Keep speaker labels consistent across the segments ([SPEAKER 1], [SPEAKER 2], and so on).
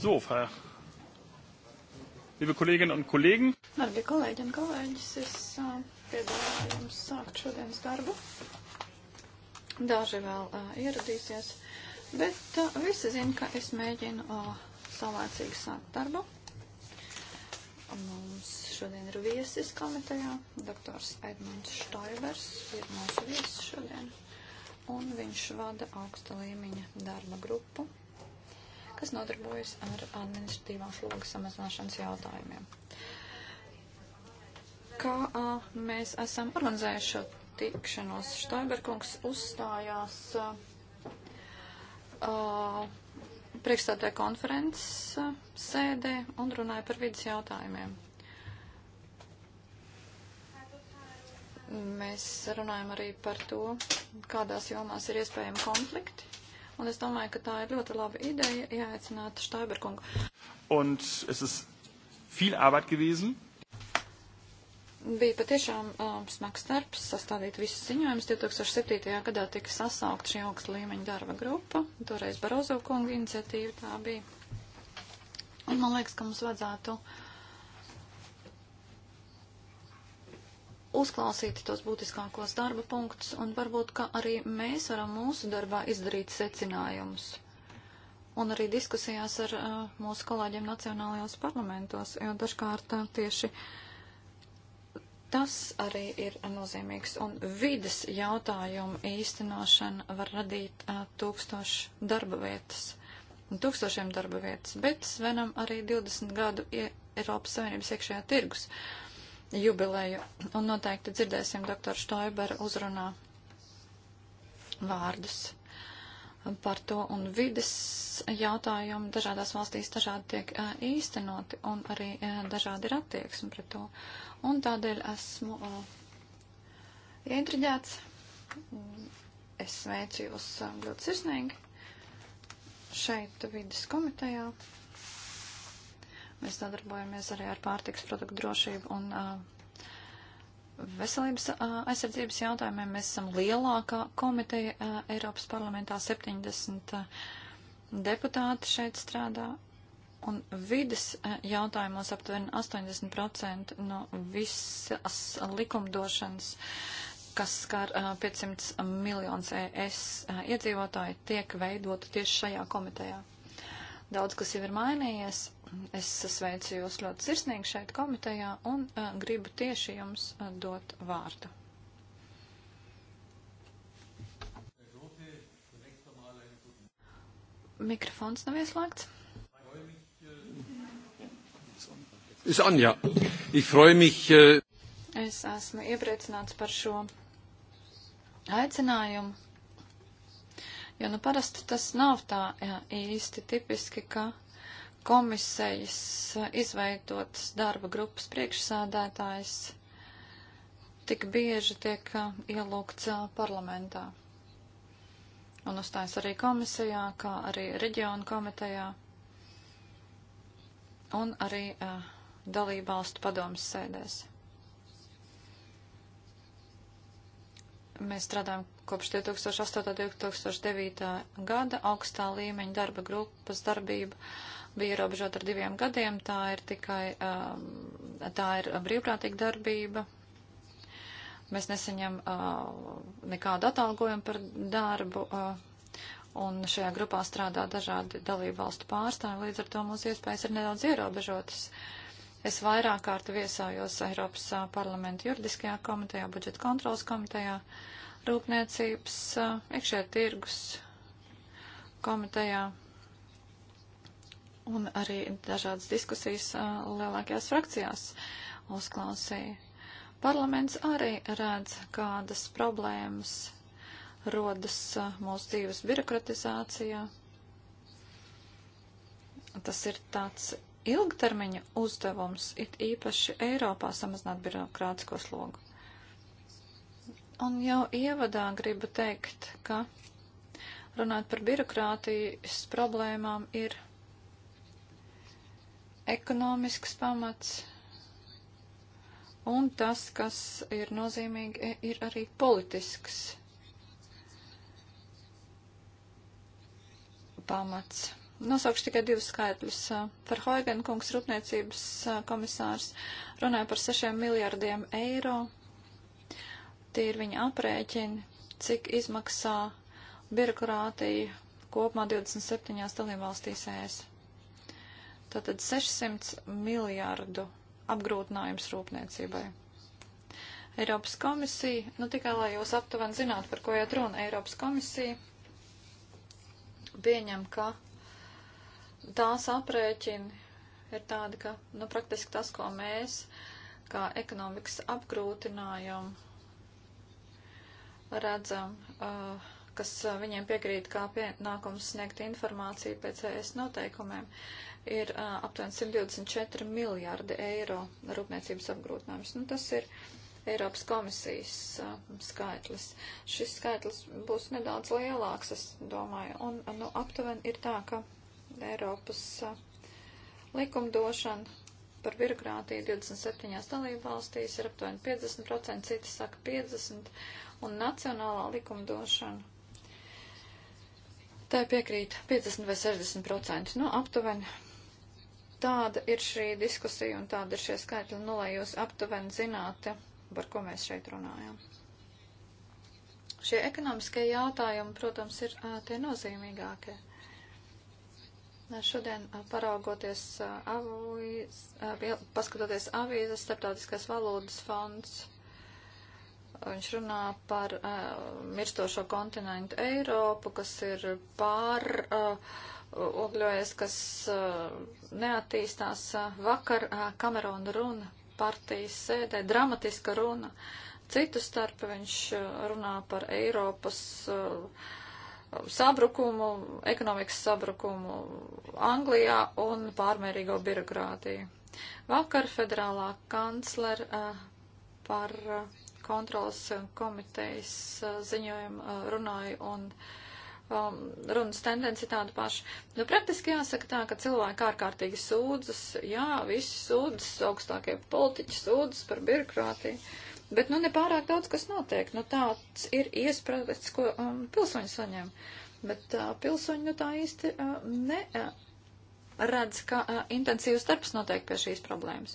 [SPEAKER 1] So, Frau. Liebe Kolleginnen un Kollegen.
[SPEAKER 2] Darbie kolēģi un kolēģis, es uh, piedāvāju jums sākt šodienas darbu. Daži vēl uh, ieradīsies, bet uh, visi zina, ka es mēģinu uh, savlaicīgi sākt darbu. Mums šodien ir viesis komitejā. Doktors Edmunds Štoibers ir mūsu viesis šodien. Un viņš vada augsta līmeņa darba grupu kas nodarbojas ar administratīvās logas samazināšanas jautājumiem. Kā a, mēs esam organizējuši šo tikšanos, Štoiberkungs uzstājās a, a, priekšstādē konferences sēdē un runāja par vidas jautājumiem. Mēs runājam arī par to, kādās jomās ir iespējami konflikti Un es domāju, ka tā ir ļoti laba ideja jāaicināt Štaiberkungu.
[SPEAKER 1] Un es esmu viel Arbeit gewesen.
[SPEAKER 2] Bija patiešām um, smags darbs sastādīt visus ziņojumus. 2007. gadā tika sasaukt šī augsta līmeņa darba grupa, toreiz Barozo kunga iniciatīva tā bija. Un man liekas, ka mums vajadzētu uh, uzklausīt tos būtiskākos darba punktus, un varbūt, ka arī mēs varam mūsu darbā izdarīt secinājumus. Un arī diskusijās ar uh, mūsu kolēģiem nacionālajos parlamentos, jo dažkārt uh, tieši tas arī ir nozīmīgs. Un vidas jautājumu īstenošana var radīt uh, tūkstošu darba vietas. Un tūkstošiem darba vietas, bet Svenam arī 20 gadu Eiropas Savienības iekšējā tirgus. Uh, jubileju, un noteikti dzirdēsim doktoru Štoiberu uzrunā vārdus par to, un vides jautājumi dažādās valstīs dažādi tiek eh, īstenoti, un arī eh, dažādi ir attieksmi pret to. Un tādēļ esmu ieintriģēts. Eh, es sveicu jūs ļoti sirsnīgi šeit vidas komitejā. Mēs nodarbojamies arī ar pārtiks produktu drošību un uh, veselības uh, aizsardzības jautājumiem. Mēs esam lielākā komiteja uh, Eiropas parlamentā, 70 uh, deputāti šeit strādā. Un vidas uh, jautājumos aptuveni 80% no visas likumdošanas uh, kas skar 500 miljonus ES iedzīvotāju, tiek veidota tieši šajā komitejā. Daudz kas jau ir mainījies, Es sveicu jūs ļoti sirsnīgi šeit komitejā un uh, gribu tieši jums uh, dot vārdu. Mikrofons nav ieslēgts.
[SPEAKER 1] Es, Anja, ich
[SPEAKER 2] freue mich. Uh... Es esmu iepriecināts par šo aicinājumu, jo nu parasti tas nav tā jā, īsti tipiski, ka komisijas izveidotas darba grupas priekšsādētājs tik bieži tiek uh, ielūgts uh, parlamentā. Un uzstājas arī komisijā, kā arī reģionu komitejā un arī uh, dalībvalstu padomas sēdēs. Mēs strādājam kopš 2008. 2009. gada augstā līmeņa darba grupas darbība. Uh, bija ierobežota ar diviem gadiem. Tā ir tikai um, tā ir brīvprātīga darbība. Mēs nesaņem uh, nekādu atalgojumu par darbu. Uh, un šajā grupā strādā dažādi dalību valstu pārstāvji, līdz ar to mūsu iespējas ir nedaudz ierobežotas. Es vairāk kārt viesājos Eiropas uh, parlamenta juridiskajā komitejā, budžeta kontrolas komitejā, rūpniecības, iekšē tirgus komitejā, un arī dažādas diskusijas lielākajās frakcijās uzklausīja. Parlaments arī redz, kādas problēmas rodas mūsu dzīves birokratizācijā. Tas ir tāds ilgtermiņa uzdevums, it īpaši Eiropā samazināt birokrātisko slogu. Un jau ievadā gribu teikt, ka runāt par birokrātijas problēmām ir ekonomisks pamats, un tas, kas ir nozīmīgi, e, ir arī politisks pamats. Nosaukšu tikai divus skaitļus. Verhoigen kungs, rūpniecības komisārs, runāja par 6 miljārdiem eiro. Tie ir viņa aprēķini, cik izmaksā birokrātija kopumā 27 dalībvalstīs ES. Tātad 600 miljārdu apgrūtinājums rūpniecībai. Eiropas komisija, nu tikai lai jūs aptuveni zinātu, par ko iet runa, Eiropas komisija pieņem, ka tās aprēķini ir tādi, ka, nu, praktiski tas, ko mēs kā ekonomikas apgrūtinājumu redzam, uh, kas viņiem piekrīt kā pienākums sniegt informāciju pēc ES noteikumiem, ir aptuveni 124 miljārdi eiro rūpniecības apgrūtinājums. Nu, tas ir Eiropas komisijas a, skaitlis. Šis skaitlis būs nedaudz lielāks, es domāju, un nu, aptuveni ir tā, ka Eiropas a, likumdošana par birokrātiju 27 dalībvalstīs ir aptuveni 50%, citi saka 50%, un nacionālā likumdošana Tā piekrīt 50 vai 60 procenti. Nu, aptuveni tāda ir šī diskusija un tāda ir šie skaitļi. Nu, lai jūs aptuveni zinātu, par ko mēs šeit runājam. Šie ekonomiskie jautājumi, protams, ir a, tie nozīmīgākie. Šodien a, paraugoties, a, avīz, paskatoties avīzes, starptautiskais valodas fonds Viņš runā par uh, mirstošo kontinentu Eiropu, kas ir pār uh, ogļojies, kas uh, neattīstās. Uh, vakar uh, Kamerona runa partijas sēdē, dramatiska runa. Citu starp viņš uh, runā par Eiropas. Uh, sabrukumu, ekonomikas sabrukumu Anglijā un pārmērīgo birokrātiju. Vakar federālā kanclera uh, par a, kontrolas eh, komitejas eh, ziņojumu eh, runāju un um, runas tendenci tāda paša. Nu, praktiski jāsaka tā, ka cilvēki ārkārtīgi sūdzas, jā, visi sūdzas, augstākie politiķi sūdzas par birokrātiju. Bet, nu, nepārāk daudz, kas notiek. Nu, tāds ir iesprāts, ko um, pilsoņi saņem. Bet uh, pilsoņi, nu, tā īsti uh, ne. Uh, redz, ka uh, intensīvs darbs notiek pie šīs problēmas.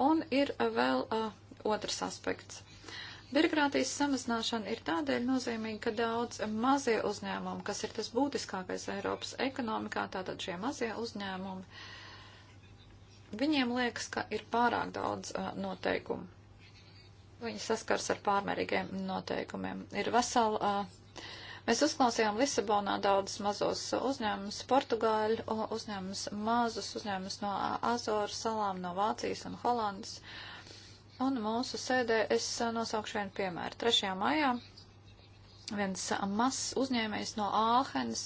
[SPEAKER 2] Un ir uh, vēl uh, otrs aspekts. Birokrātijas samazināšana ir tādēļ nozīmīga, ka daudz mazie uzņēmumi, kas ir tas būtiskākais Eiropas ekonomikā, tātad šie mazie uzņēmumi, viņiem liekas, ka ir pārāk daudz uh, noteikumu. Viņi saskars ar pārmērīgiem noteikumiem. Ir vesela. Uh, mēs uzklausījām Lisabonā daudzus mazos uzņēmumus, portugāļu uzņēmumus, mazus uzņēmumus no Azoru salām, no Vācijas un Holandas. Uh, Un mūsu sēdē es nosaukšu vienu piemēru. 3. maijā viens mazs uzņēmējs no Āhenes,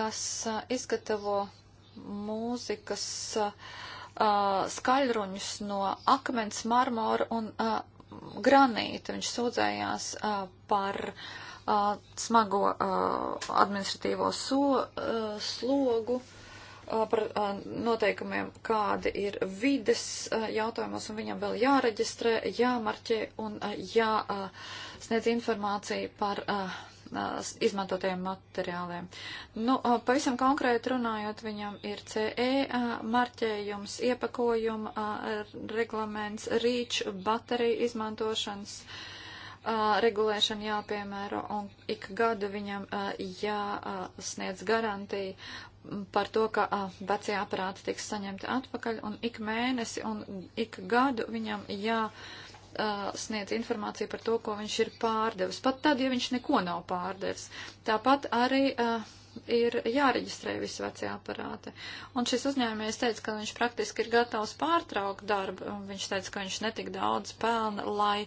[SPEAKER 2] kas izgatavo mūzikas uh, skaļruņus no akmens, marmora un uh, granīta. Viņš sūdzējās uh, par uh, smago uh, administratīvo so, uh, slogu. Uh, Uh, par uh, noteikumiem, kādi ir vides uh, jautājumos, un viņam vēl jāreģistrē, jāmarķē un jāsniedz informācija par izmantotajiem materiāliem. Nu, pavisam konkrēti runājot, viņam ir CE marķējums, iepakojuma reglaments, rīč, bateriju izmantošanas regulēšana jāpiemēro un ik gadu viņam jāsniedz garantija par to, ka vecie aparāti tiks saņemti atpakaļ un ik mēnesi un ik gadu viņam jā sniedz informāciju par to, ko viņš ir pārdevis, pat tad, ja viņš neko nav pārdevis. Tāpat arī uh, ir jāreģistrē visi vecie aparāti. Un šis uzņēmējs teica, ka viņš praktiski ir gatavs pārtraukt darbu, un viņš teica, ka viņš netik daudz pelna, lai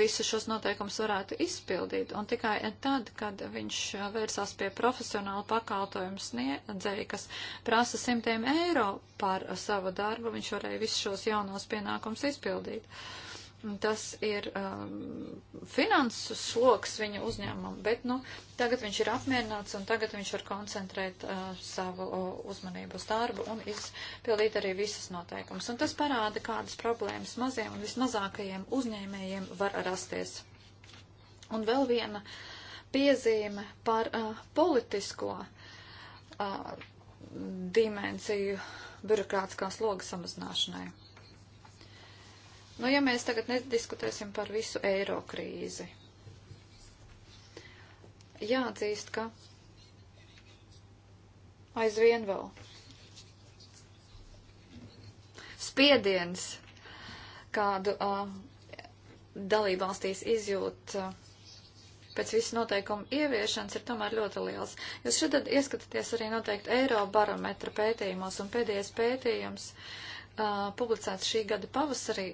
[SPEAKER 2] visu šos noteikumus varētu izpildīt. Un tikai tad, kad viņš uh, vērsās pie profesionāla pakalpojumu sniedzēja, kas prasa simtiem eiro par uh, savu darbu, viņš varēja visus šos jaunos pienākumus izpildīt. Uh, tas ir um, finanses sloks viņa uzņēmumam, bet nu, tagad viņš ir apmierināts un tagad viņš var koncentrēt uh, savu uzmanību uz darbu un izpildīt arī visas noteikumus. Un tas parāda, kādas problēmas maziem un vismazākajiem uzņēmējiem var rasties. Un vēl viena piezīme par uh, politisko uh, dimensiju birokrātiskās logas samazināšanai Nu, ja mēs tagad nediskutēsim par visu eiro krīzi, jāatzīst, ka aizvien vēl spiediens, kādu uh, dalībvalstīs izjūt uh, pēc visu noteikumu ieviešanas, ir tomēr ļoti liels. Jūs šodien ieskatāties arī noteikti Eirobarometra pētījumos, un pēdējais pētījums uh, uh, publicēts šī gada pavasarī,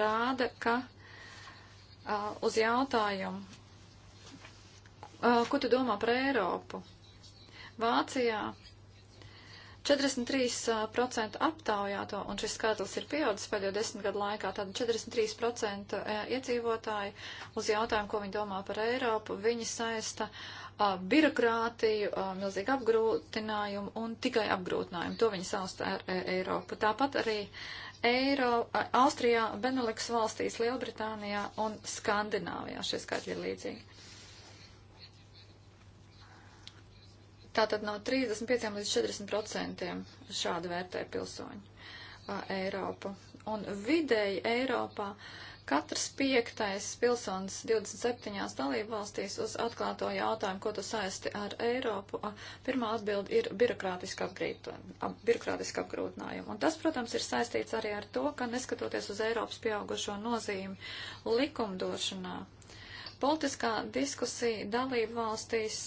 [SPEAKER 2] rāda, ka uh, uz jautājumu, uh, ko tu domā par Eiropu, Vācijā 43% aptaujāto, un šis skaitlis ir pieaudzis pēdējo desmit gadu laikā, tad 43% iedzīvotāji uz jautājumu, ko viņi domā par Eiropu, viņi saista birokrātiju, milzīgu apgrūtinājumu un tikai apgrūtinājumu. To viņi saust ar e, Eiropu. Tāpat arī Eiro, Austrijā, Beneleks valstīs, Lielbritānijā un Skandināvijā šie skaitļi ir līdzīgi. Tātad no 35 līdz 40 procentiem šādi vērtē pilsoņi Eiropu. Un vidēji Eiropā Katrs piektais pilsonis 27 dalību valstīs uz atklāto jautājumu, ko tu saisti ar Eiropu, pirmā atbilda ir birokrātiska, apgrīt, ap, birokrātiska apgrūtinājuma. Un tas, protams, ir saistīts arī ar to, ka neskatoties uz Eiropas pieaugušo nozīmi likumdošanā, politiskā diskusija dalību valstīs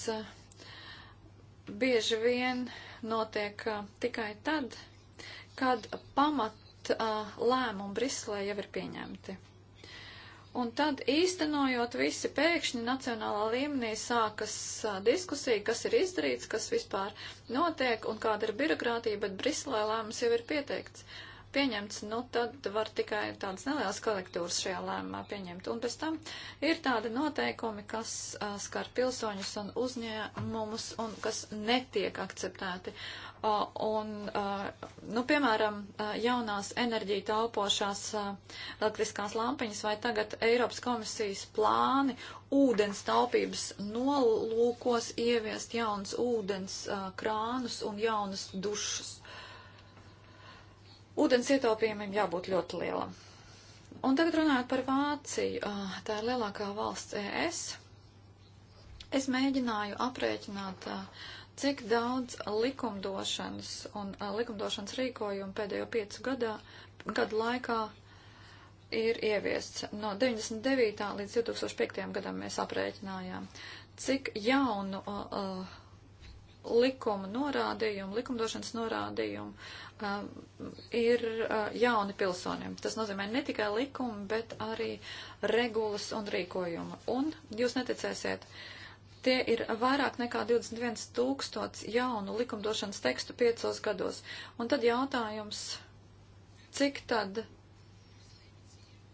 [SPEAKER 2] bieži vien notiek tikai tad, kad pamat lēmumi Briselē jau ir pieņemti. Un tad īstenojot visi pēkšņi nacionālā līmenī sākas diskusija, kas ir izdarīts, kas vispār notiek un kāda ir birokrātija, bet Briselē lēmums jau ir pieteikts pieņemts, nu tad var tikai tādas nelielas korektūras šajā lēmumā pieņemt. Un bez tam ir tādi noteikumi, kas uh, skar pilsoņus un uzņēmumus un kas netiek akceptēti. Uh, un, uh, nu, piemēram, uh, jaunās enerģija taupošās uh, elektriskās lampiņas vai tagad Eiropas komisijas plāni ūdens taupības nolūkos ieviest jaunas ūdens uh, krānus un jaunas dušas Ūdens ietaupījumiem jābūt ļoti lielam. Un tagad runājot par Vāciju, ah, tā ir lielākā valsts ES. Es mēģināju aprēķināt, ah, cik daudz likumdošanas un ah, likumdošanas rīkojumu pēdējo piecu gadā, gadu laikā ir ieviests. No 99. līdz 2005. gadam mēs aprēķinājām, cik jaunu uh, likuma norādījumi, likumdošanas norādījumi um, ir uh, jauni pilsoniem. Tas nozīmē ne tikai likumi, bet arī regulas un rīkojumi. Un jūs neticēsiet, tie ir vairāk nekā 21 tūkstots jaunu likumdošanas tekstu piecos gados. Un tad jautājums, cik tad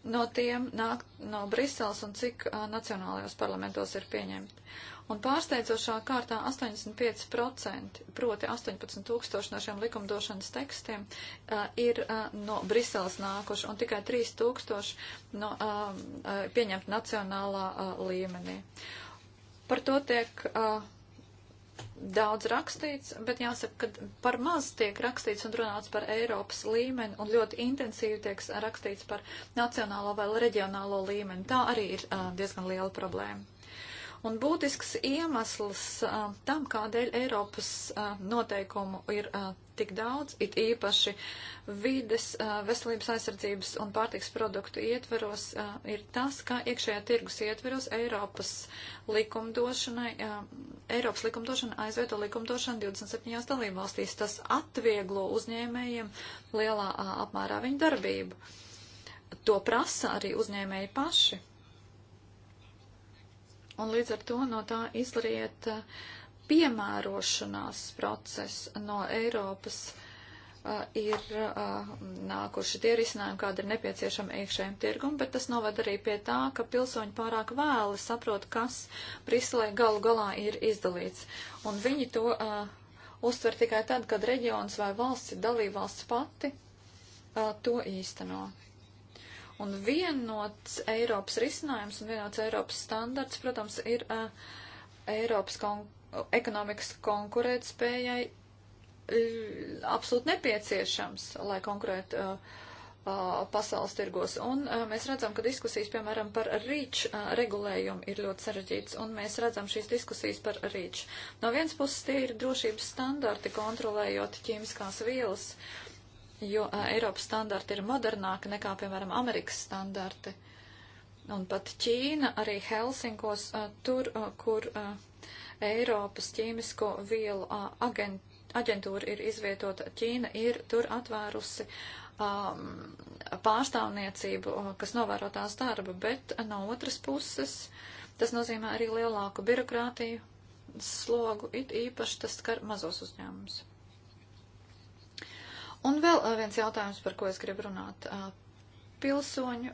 [SPEAKER 2] no tiem nāk no Briseles un cik uh, nacionālajos parlamentos ir pieņemti. Un pārsteidzošā kārtā 85%, proti 18 tūkstoši no šiem likumdošanas tekstiem, uh, ir uh, no Briseles nākuši, un tikai 3 tūkstoši no, uh, pieņemt nacionālā uh, līmenī. Par to tiek uh, daudz rakstīts, bet jāsaka, ka par maz tiek rakstīts un runāts par Eiropas līmeni, un ļoti intensīvi tiek rakstīts par nacionālo vai reģionālo līmeni. Tā arī ir uh, diezgan liela problēma. Un būtisks iemesls uh, tam, kādēļ Eiropas uh, noteikumu ir uh, tik daudz, it īpaši vides, uh, veselības aizsardzības un pārtiks produktu ietveros, uh, ir tas, ka iekšējā tirgus ietveros Eiropas likumdošanai, uh, Eiropas likumdošana aizvieto likumdošanu 27. dalībvalstīs. Tas atvieglo uzņēmējiem lielā uh, apmērā viņu darbību. To prasa arī uzņēmēji paši Un līdz ar to no tā izriet uh, piemērošanās process no Eiropas uh, ir uh, nākuši tie risinājumi, kāda ir nepieciešama iekšējiem tirgumam, bet tas noved arī pie tā, ka pilsoņi pārāk vēli saprot, kas Briselē galu galā ir izdalīts. Un viņi to uh, uztver tikai tad, kad reģions vai valsts ir dalībvalsts pati uh, to īsteno. Un vienots Eiropas risinājums un vienots Eiropas standarts, protams, ir uh, Eiropas kon ekonomikas konkurētspējai absolūti nepieciešams, lai konkurētu uh, uh, pasaules tirgos. Un uh, mēs redzam, ka diskusijas, piemēram, par rīču regulējumu ir ļoti sarežģītas, un mēs redzam šīs diskusijas par rīču. No vienas puses tie ir drošības standarti, kontrolējot ķīmiskās vielas. Uh, jo Eiropas standarti ir modernāki nekā, piemēram, Amerikas standarti. Un pat Ķīna, arī Helsinkos, tur, kur Eiropas ķīmisko vielu aģentūra ir izvietota, Ķīna ir tur atvērusi pārstāvniecību, kas novēro tās darbu, bet no otras puses tas nozīmē arī lielāku birokrātiju slogu, it īpaši tas skar mazos uzņēmumus. Un vēl viens jautājums, par ko es gribu runāt. Pilsoņu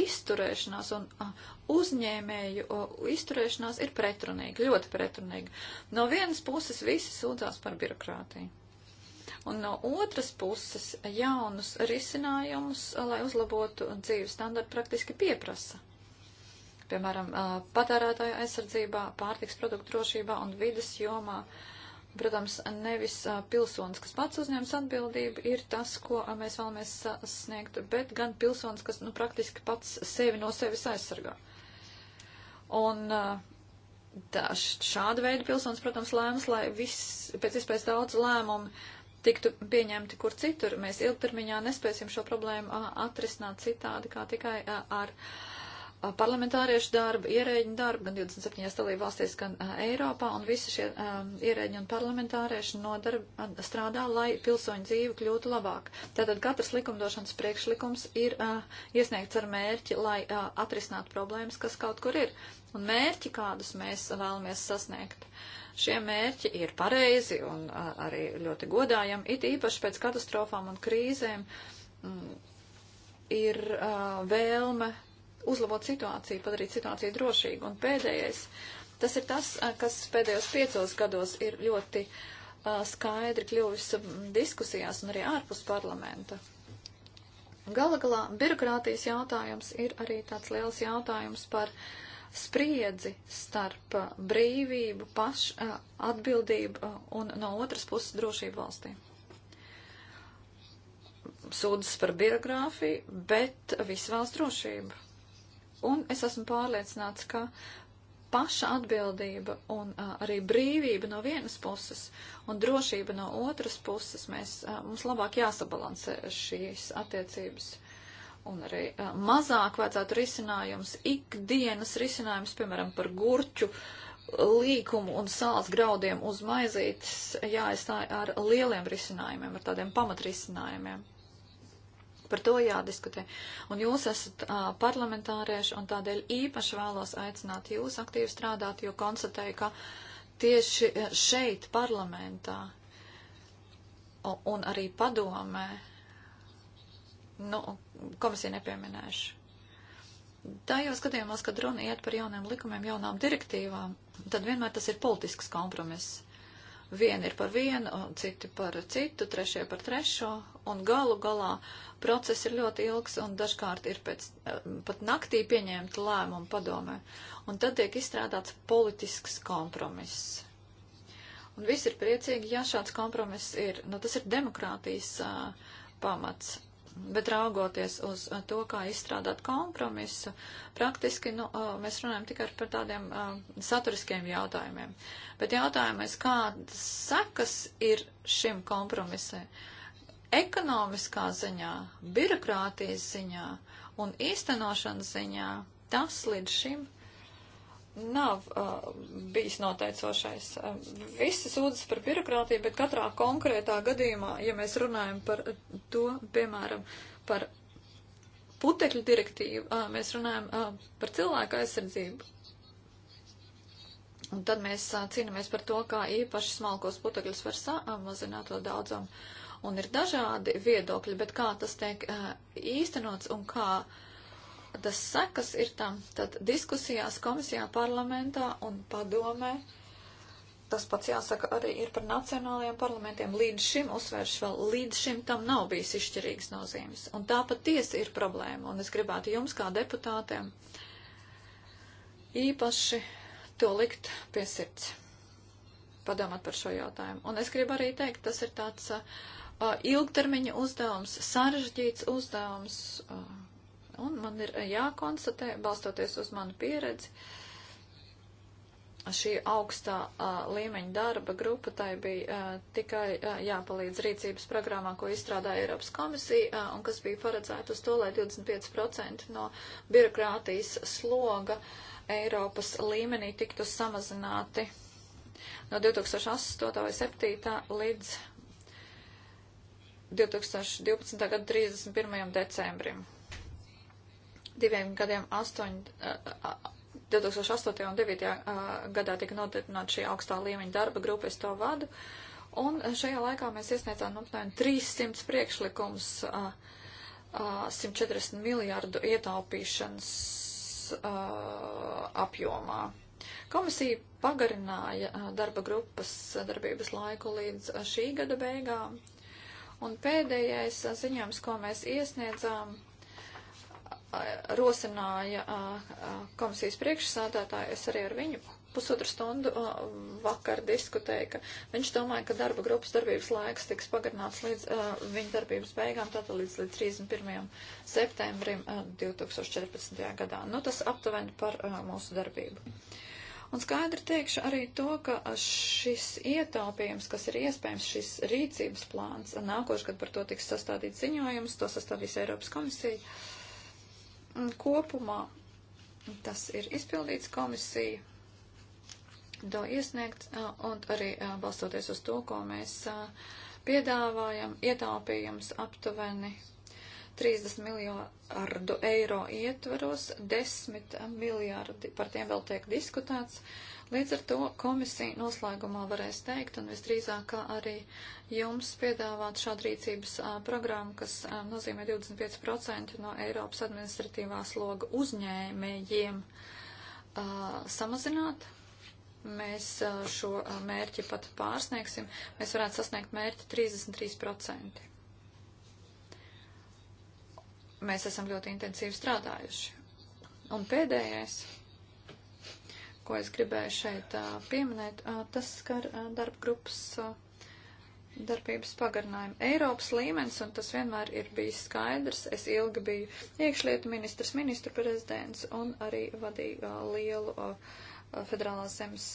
[SPEAKER 2] izturēšanās un uzņēmēju izturēšanās ir pretrunīga, ļoti pretrunīga. No vienas puses visi sūdzās par birokrātiju. Un no otras puses jaunus risinājumus, lai uzlabotu dzīves standartu, praktiski pieprasa piemēram, patērētāju aizsardzībā, pārtiks produktu drošībā un vidas jomā. Uh, Protams, nevis pilsonis, kas pats uzņems atbildību, ir tas, ko mēs vēlamies sasniegt, bet gan pilsonis, kas nu, praktiski pats sevi no sevis aizsargā. Un tā, šāda veida pilsonis, protams, lēmas, lai viss, pēc iespējas daudz lēmumu tiktu pieņemti kur citur. Mēs ilgtermiņā nespēsim šo problēmu atrisināt citādi, kā tikai ar. ar parlamentāriešu darba, ierēģiņu darba gan 27 dalību valstīs, gan uh, Eiropā, un visi šie um, ierēģi un parlamentārieši nodarba, strādā, lai pilsoņu dzīve kļūtu labāk. Tātad katrs likumdošanas priekšlikums ir uh, iesniegts ar mērķi, lai uh, atrisinātu problēmas, kas kaut kur ir, un mērķi, kādus mēs vēlamies sasniegt. Šie mērķi ir pareizi un uh, arī ļoti godājami, it īpaši pēc katastrofām un krīzēm. Mm, ir uh, vēlme uzlabot situāciju, padarīt situāciju drošīgu. Un pēdējais, tas ir tas, kas pēdējos piecos gados ir ļoti uh, skaidri kļuvis diskusijās un arī ārpus parlamenta. Gala galā birokrātijas jautājums ir arī tāds liels jautājums par spriedzi starp brīvību, pašu uh, atbildību un no otras puses drošību valstī sūdzas par biogrāfiju, bet visu valsts drošību. Un es esmu pārliecināts, ka paša atbildība un a, arī brīvība no vienas puses un drošība no otras puses, mēs, a, mums labāk jāsabalansē šīs attiecības. Un arī a, mazāk vajadzētu risinājums, ikdienas risinājums, piemēram, par gurķu līkumu un sāls graudiem uz maizītes jāaizstāja ar lieliem risinājumiem, ar tādiem pamatrisinājumiem. Par to jādiskutē. Un jūs esat uh, parlamentārieši, un tādēļ īpaši vēlos aicināt jūs aktīvi strādāt, jo konstatēju, ka tieši šeit, parlamentā un arī padomē, nu, komisija nepieminēšu. Tajos gadījumos, kad runa iet par jauniem likumiem, jaunām direktīvām, tad vienmēr tas ir politisks kompromiss. Viena ir par vienu, citi par citu, trešie par trešo, un galu galā process ir ļoti ilgs, un dažkārt ir pēc, eh, pat naktī pieņemta lēmuma padomē. Un tad tiek izstrādāts politisks kompromiss. Un visi ir priecīgi, ja šāds kompromiss ir, nu tas ir demokrātijas uh, pamats. Bet raugoties uz uh, to, kā izstrādāt kompromisu, praktiski nu, uh, mēs runājam tikai par tādiem uh, saturiskiem jautājumiem. Bet jautājumais, kādas sekas ir šim kompromisai? Ekonomiskā ziņā, birokrātijas ziņā un īstenošanas ziņā tas līdz šim nav uh, bijis noteicošais. Uh, visi sūdzas par birokrātiju, bet katrā konkrētā gadījumā, ja mēs runājam par to, piemēram, par putekļu direktīvu, uh, mēs runājam uh, par cilvēku aizsardzību. Un tad mēs uh, cīnāmies par to, kā īpaši smalkos putekļus var samazināt uh, to daudzumu. Un ir dažādi viedokļi, bet kā tas tiek uh, īstenots un kā uh, kādas sekas ir tam, tad diskusijās komisijā, parlamentā un padomē, tas pats jāsaka arī ir par nacionālajiem parlamentiem, līdz šim uzsvēršu vēl, līdz šim tam nav bijis izšķirīgas nozīmes. Un tā patiesi ir problēma, un es gribētu jums kā deputātiem īpaši to likt pie sirds. Padomāt par šo jautājumu. Un es gribu arī teikt, tas ir tāds uh, uh ilgtermiņa uzdevums, sarežģīts uzdevums. Uh, Un man ir eh, jākonstatē, balstoties uz manu pieredzi, šī augstā uh, līmeņa darba grupa, tai bija uh, tikai uh, jāpalīdz rīcības programmā, ko izstrādāja Eiropas komisija, uh, un kas bija paredzēta uz to, lai 25% no birokrātijas sloga Eiropas līmenī tiktu samazināti no 2008. vai 2007. līdz 2012. gada 31. decembrim diviem gadiem astoņi. 2008. un 2009. gadā tika nodarbināta šī augstā līmeņa darba grupa, es to vadu. Un šajā laikā mēs iesniedzām apmēram 300 priekšlikums, 140 miljārdu ietaupīšanas apjomā. Komisija pagarināja darba grupas darbības laiku līdz šī gada beigām. Un pēdējais ziņojums, ko mēs iesniedzām, rosināja komisijas priekšsādātāju, es arī ar viņu pusotru stundu vakar diskutēju, ka viņš domāja, ka darba grupas darbības laiks tiks pagarināts līdz uh, viņa darbības beigām, tātad līdz, līdz 31. septembrim uh, 2014. gadā. Nu, tas aptuveni par uh, mūsu darbību. Un skaidri teikšu arī to, ka šis ietaupījums, kas ir iespējams, šis rīcības plāns, nākošais, kad par to tiks sastādīts ziņojums, to sastādīs Eiropas komisija. Uh, Kopumā tas ir izpildīts komisija, to iesniegts, un arī balstoties uz to, ko mēs piedāvājam, ietaupījums aptuveni 30 miljārdu eiro ietvaros, 10 miljārdi, par tiem vēl tiek diskutēts, Līdz ar to komisija noslēgumā varēs teikt, un visdrīzāk arī jums piedāvāt šādu rīcības a, programmu, kas a, nozīmē 25% no Eiropas administratīvā sloga uzņēmējiem a, samazināt. Mēs šo mērķi pat pārsniegsim. Mēs varētu sasniegt mērķi 33%. Mēs esam ļoti intensīvi strādājuši. Un pēdējais ko es gribēju šeit pieminēt, tas skar darba grupas darbības pagarinājumu. Eiropas līmenis, un tas vienmēr ir bijis skaidrs, es ilgi biju iekšlietu ministrs, ministru prezidents un arī vadīju lielu federālās zemes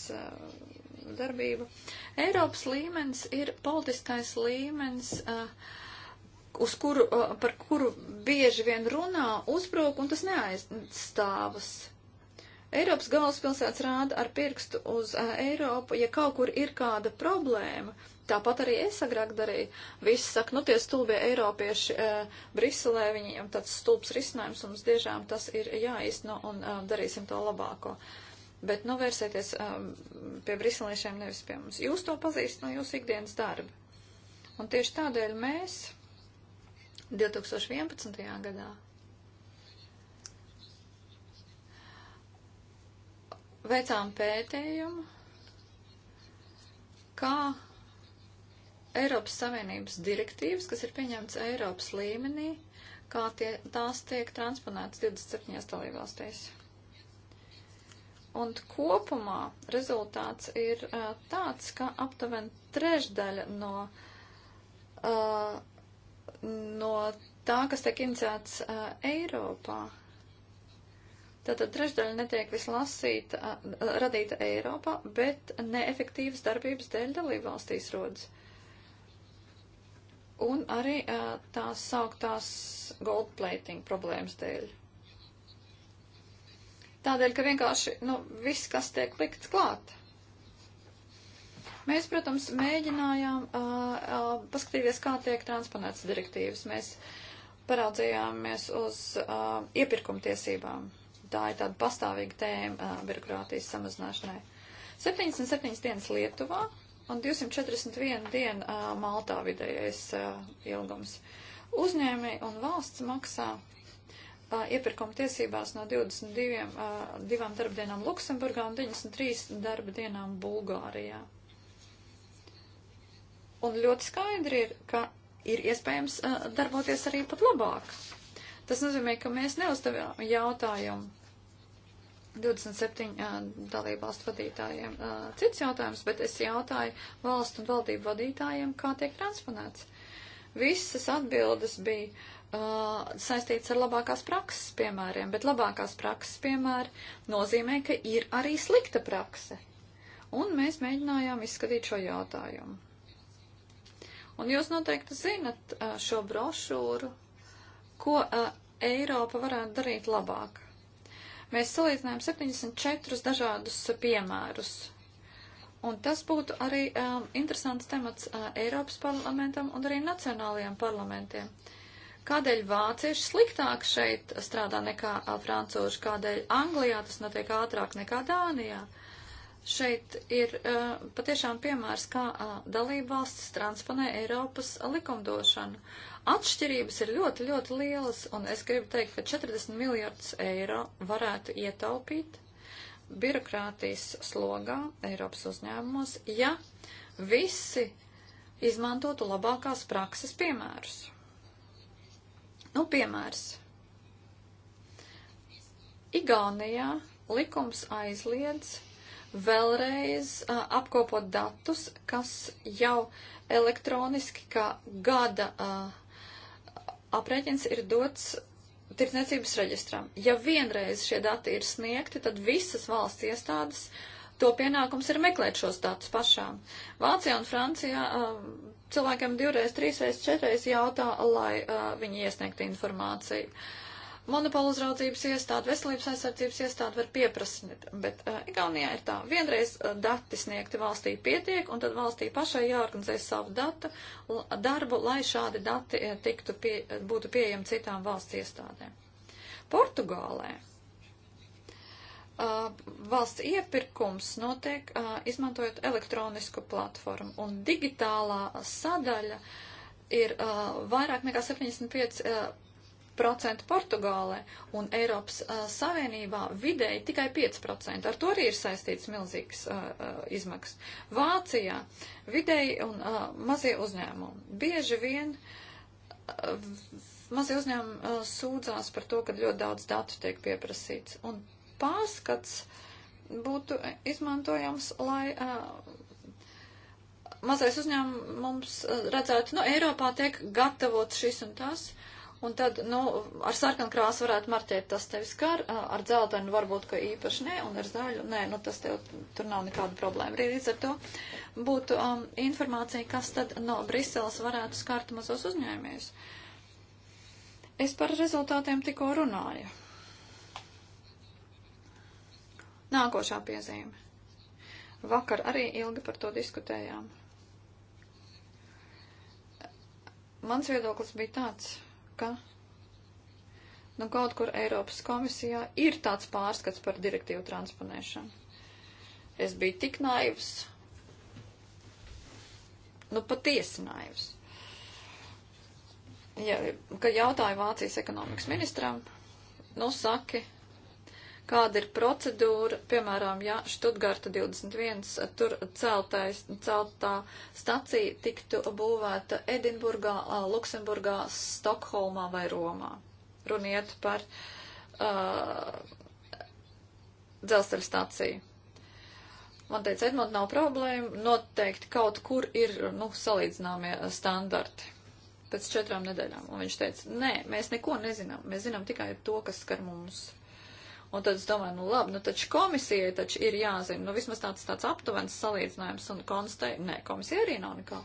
[SPEAKER 2] darbību. Eiropas līmenis ir politiskais līmenis, uz kuru, par kuru bieži vien runā, uzbruk, un tas neaizstāvas Eiropas galvaspilsētas rāda ar pirkstu uz Eiropu, ja kaut kur ir kāda problēma. Tāpat arī es agrāk darīju. Visi saka, nu tie stulbie Eiropieši uh, Briselē, viņiem tāds stulbs risinājums, mums diežām tas ir jāizno un uh, darīsim to labāko. Bet nu vērsieties um, pie briseliešiem, nevis pie mums. Jūs to pazīst no jūsu ikdienas darba. Un tieši tādēļ mēs 2011. gadā veicām pētījumu, kā Eiropas Savienības direktīvas, kas ir pieņemts Eiropas līmenī, kā tie, tās tiek transponētas 27 dalībvalstīs. Un kopumā rezultāts ir uh, tāds, ka aptuveni trešdaļa no, uh, no tā, kas tiek inicēts uh, Eiropā, Tātad trešdaļa netiek vislasīta, radīta Eiropā, bet neefektīvas darbības dēļ dalībvalstīs rodas. Un arī tās sauktās gold plating problēmas dēļ. Tādēļ, ka vienkārši, nu, viss, kas tiek likts klāt. Mēs, protams, mēģinājām uh, uh, paskatīties, kā tiek transponētas direktīvas. Mēs paraudzījāmies uz uh, iepirkumtiesībām. tiesībām tā ir tāda pastāvīga tēma uh, birokrātijas samazināšanai. 77 dienas Lietuvā un 241 diena uh, Maltā vidējais uh, ilgums. Uzņēmēji un valsts maksā uh, iepirkuma tiesībās no 22 uh, divām darbdienām Luksemburgā un 93 darba dienām Bulgārijā. Un ļoti skaidri ir, ka ir iespējams uh, darboties arī pat labāk. Tas nozīmē, ka mēs neuzdevām jautājumu 27 uh, dalībvalstu vadītājiem uh, cits jautājums, bet es jautāju valstu un valdību vadītājiem, kā tiek transponēts. Visas atbildes bija uh, saistīts ar labākās prakses piemēriem, bet labākās prakses piemēri nozīmē, ka ir arī slikta prakse. Un mēs mēģinājām izskatīt šo jautājumu. Un jūs noteikti zinat uh, šo brošūru, Ko uh, Eiropa varētu darīt labāk? Mēs salīdzinājām 74 dažādus piemērus. Un tas būtu arī um, interesants temats uh, Eiropas parlamentam un arī nacionālajiem parlamentiem. Kādēļ vācieši sliktāk šeit strādā nekā uh, francūži, kādēļ Anglijā tas notiek ātrāk nekā Dānijā? Uh, Šeit ir uh, patiešām piemērs, kā uh, dalība valstis transponē Eiropas likumdošanu. Atšķirības ir ļoti, ļoti lielas, un es gribu teikt, ka 40 miljardus eiro varētu ietaupīt birokrātijas slogā Eiropas uzņēmumos, ja visi izmantotu labākās prakses piemērus. Nu, piemērs. Igaunijā likums aizliedz vēlreiz a, apkopot datus, kas jau elektroniski kā gada a, aprēķins ir dots tirdzniecības reģistram. Ja vienreiz šie dati ir sniegti, tad visas valsts iestādes to pienākums ir meklēt šos datus pašām. Vācijā un Francijā a, cilvēkiem divreiz, trīsreiz, četreiz jautā, lai viņi iesniegtu informāciju. Uh, Monopola uzraudzības iestāde, veselības aizsardzības iestāde var pieprasīt, bet uh, Igaunijā ir tā. Vienreiz uh, dati sniegti valstī pietiek, un tad valstī pašai jāorganizē savu datu, darbu, lai šādi dati uh, tiktu pie, būtu pieejami citām valsts iestādēm. Portugālē Uh, valsts iepirkums notiek uh, izmantojot elektronisku platformu, un digitālā sadaļa ir uh, vairāk nekā 75 10% Portugālē un Eiropas uh, Savienībā vidēji tikai 5%. Ar to arī ir saistīts milzīgs uh, izmaksas. Vācijā vidēji un uh, mazie uzņēmumi. Bieži vien uh, mazie uzņēmumi uh, sūdzās par to, ka ļoti daudz datu tiek pieprasīts. Un pārskats būtu izmantojams, lai. Uh, mazais uzņēmums redzētu, nu, Eiropā tiek gatavots šis un tas, uh, Un tad, nu, ar sarkanu krāsu varētu marķēt, tas tevi skar, ar dzeltenu varbūt, ka īpaši nē, un ar zaļu nē, nu, tas tev tur nav nekāda problēma. Līdz ar to būtu um, informācija, kas tad no Briseles varētu skart mazos uzņēmējus. Es par rezultātiem tikko runāju. Nākošā piezīme. Vakar arī ilgi par to diskutējām. Mans viedoklis bija tāds ka nu, kaut kur Eiropas komisijā ir tāds pārskats par direktīvu transponēšanu. Es biju tik naivs, nu patiesi naivs, ja, kad jautāju Vācijas ekonomikas ministram, nu saki, Kāda ir procedūra, piemēram, ja Študgarta 21 eh, tur celtais, celtā stacija tiktu būvēta Edinburgā, eh, Luksemburgā, Stokholmā vai Romā? Runiet par uh, dzelzceļa stāciju. Man teica, Edmund, nav problēma, noteikti kaut kur ir, nu, salīdzināmie standarti pēc četrām nedēļām. Un viņš teica, nē, mēs neko nezinām, mēs zinām tikai to, kas skar mums. Un tad es domāju, nu labi, nu taču komisijai taču ir jāzina, nu vismaz tāds, tāds aptuvens salīdzinājums un konstatē, nē, komisija arī nav nekā.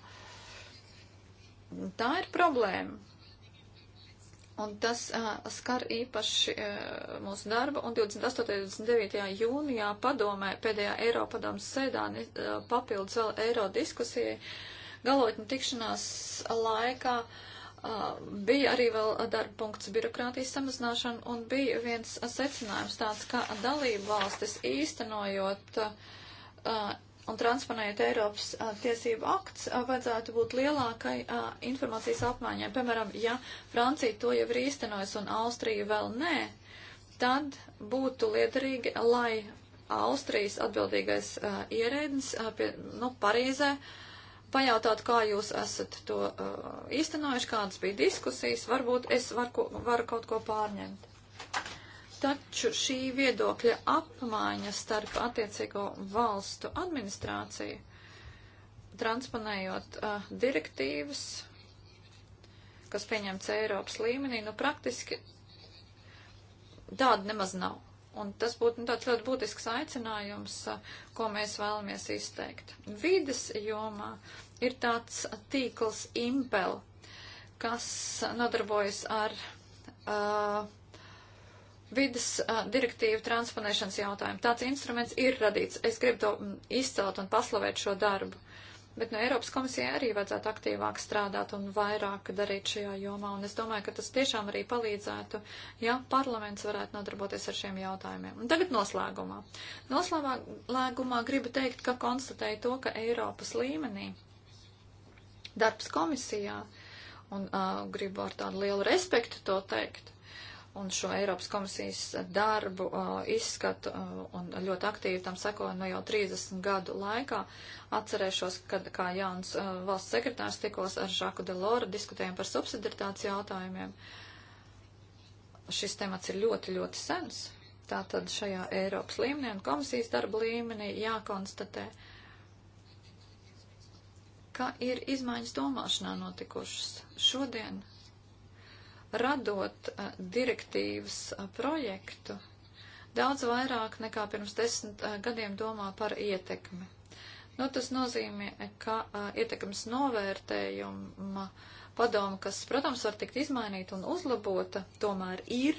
[SPEAKER 2] Tā ir problēma. Un tas uh, skar īpaši uh, mūsu darba, un 28. un 29. jūnijā padomē, pēdējā Eiropadomas sēdā uh, papildus vēl Eiro diskusijai, galotņu tikšanās laikā uh, bija arī vēl darba punkts birokrātijas samazināšana un bija viens secinājums tāds, ka dalību valstis īstenojot un transponējot Eiropas a, tiesību akts, a, vajadzētu būt lielākai a, informācijas apmaiņai. Piemēram, ja Francija to jau ir īstenojusi un Austrija vēl nē, tad būtu liederīgi, lai Austrijas atbildīgais ierēdnis pie, nu, Parīzē uh, pajautāt, kā jūs esat to uh, īstenojuši, kādas bija diskusijas, varbūt es varu, varu kaut ko pārņemt. Taču šī viedokļa apmaiņa starp attiecīgo valstu administrāciju, transponējot uh, direktīvas, kas pieņemts Eiropas līmenī, nu praktiski tāda nemaz nav. Un tas būtu nu, tāds ļoti būtisks aicinājums, ko mēs vēlamies izteikt. Vides jomā ir tāds tīkls Impel, kas nodarbojas ar uh, vidas uh, direktīvu transponēšanas jautājumu. Tāds instruments ir radīts. Es gribu to izcelt un paslavēt šo darbu. Bet no Eiropas komisijai arī vajadzētu aktīvāk strādāt un vairāk darīt šajā jomā. Un es domāju, ka tas tiešām arī palīdzētu, ja parlaments varētu nodarboties ar šiem jautājumiem. Un tagad noslēgumā. Noslēgumā gribu teikt, ka konstatēju to, ka Eiropas līmenī darbs komisijā, un uh, gribu ar tādu lielu respektu to teikt, un šo Eiropas komisijas darbu uh, izskatu uh, un ļoti aktīvi tam sekoju no nu, jau 30 gadu laikā. Atcerēšos, kad kā jauns uh, valsts sekretārs tikos ar Žaku Deloru, diskutējām par subsidiritātes jautājumiem. Šis temats ir ļoti, ļoti sens. Tātad šajā Eiropas līmenī un komisijas darba līmenī jākonstatē, ka ir izmaiņas domāšanā notikušas. Šodien radot direktīvas projektu, daudz vairāk nekā pirms desmit gadiem domā par ietekmi. Nu, tas nozīmē, ka ietekmes novērtējuma padoma, kas, protams, var tikt izmainīta un uzlabota, tomēr ir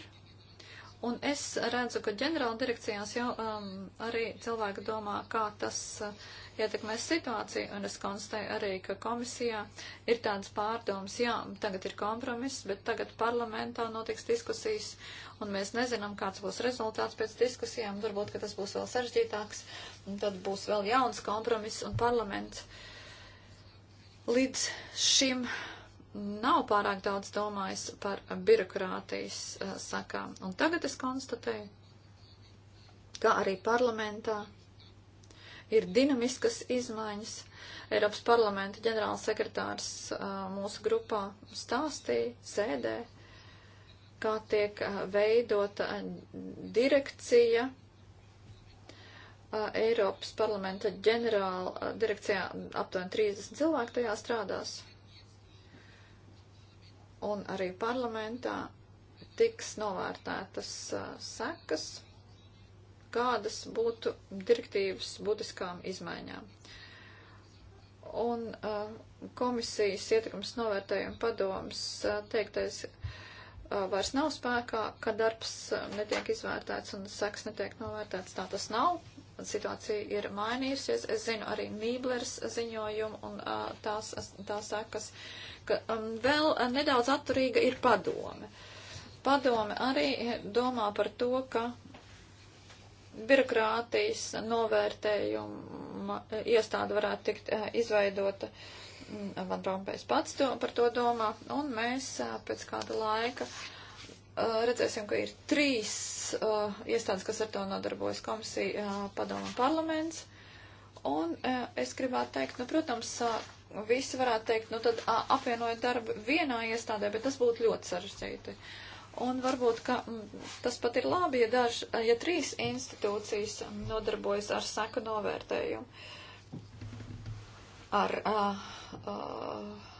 [SPEAKER 2] Un es redzu, ka ģenerāla direkcijās jau um, arī cilvēki domā, kā tas uh, ietekmēs situāciju, un es konstatēju arī, ka komisijā ir tāds pārdoms, jā, tagad ir kompromiss, bet tagad parlamentā notiks diskusijas, un mēs nezinām, kāds būs rezultāts pēc diskusijām, varbūt, ka tas būs vēl sarežģītāks, un tad būs vēl jauns kompromiss un parlaments. Līdz šim nav pārāk daudz domājis par birokrātijas uh, sakām. Un tagad es konstatēju, ka arī parlamentā ir dinamiskas izmaiņas. Eiropas parlamenta ģenerālsekretārs uh, mūsu grupā stāstīja, sēdē, kā tiek uh, veidota direkcija Eiropas parlamenta ģenerāla direkcijā aptuveni 30 cilvēku tajā strādās un arī parlamentā tiks novērtētas sekas, kādas būtu direktīvas būtiskām izmaiņām. Un komisijas ietekmes novērtējuma padoms teiktais vairs nav spēkā, ka darbs netiek izvērtēts un seks netiek novērtēts. Tā tas nav situācija ir mainījusies. Es zinu arī Nīblers ziņojumu un uh, tās, tās sekas, ka um, vēl uh, nedaudz atturīga ir padome. Padome arī domā par to, ka birokrātijas novērtējuma iestāde varētu tikt uh, izveidota. Mm, Van Rompējs pats to, par to domā, un mēs uh, pēc kāda laika uh, redzēsim, ka ir trīs uh, iestādes, kas ar to nodarbojas - komisija, uh, padoma, parlaments. Un uh, es gribētu teikt, nu, protams, uh, visi varētu teikt, nu, tad uh, apvienojot darbu vienā iestādē, bet tas būtu ļoti sarežģīti. Un varbūt, ka m, tas pat ir labi, ja, daž, ja trīs institūcijas nodarbojas ar seku novērtējumu, ar uh, uh,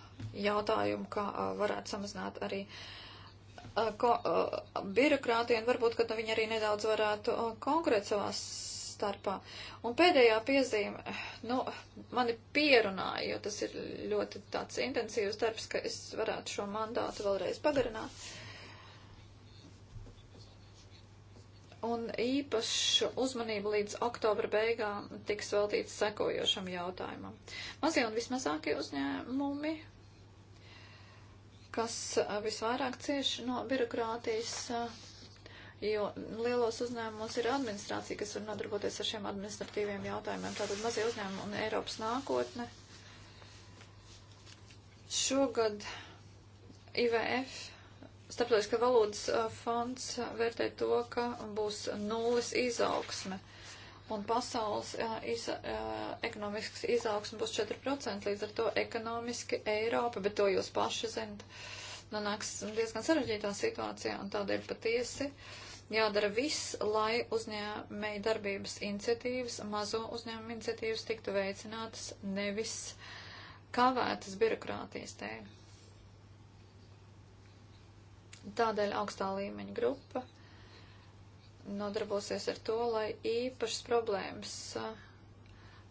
[SPEAKER 2] jautājumu, kā uh, varētu samazināt arī uh, Uh, ko, uh, birokrātija un varbūt, ka nu, viņi arī nedaudz varētu uh, konkurēt savā starpā. Un pēdējā piezīme, nu, mani pierunāja, jo tas ir ļoti tāds intensīvs darbs, ka es varētu šo mandātu vēlreiz pagarināt. Un īpašu uzmanību līdz oktobra beigām tiks veltīts sekojošam jautājumam. Mazie un vismazākie uzņēmumi kas visvairāk cieši no birokrātijas, jo lielos uzņēmumos ir administrācija, kas var nodarboties ar šiem administratīviem jautājumiem. Tātad mazie uzņēmumi un Eiropas nākotne. Šogad IVF, Starptautiskā valūtas fonds, vērtē to, ka būs nulles izaugsme un pasaules uh, iz, uh, ekonomiskas izaugsme būs 4%, līdz ar to ekonomiski Eiropa, bet to jūs paši zinat, nonāks nu, diezgan sarežģītā situācijā, un tādēļ patiesi jādara viss, lai uzņēmēji darbības iniciatīvas, mazo uzņēmumu iniciatīvas tiktu veicinātas, nevis kavētas birokrātijas tēļ. Tādēļ augstā līmeņa grupa nodarbosies ar to, lai īpašas problēmas,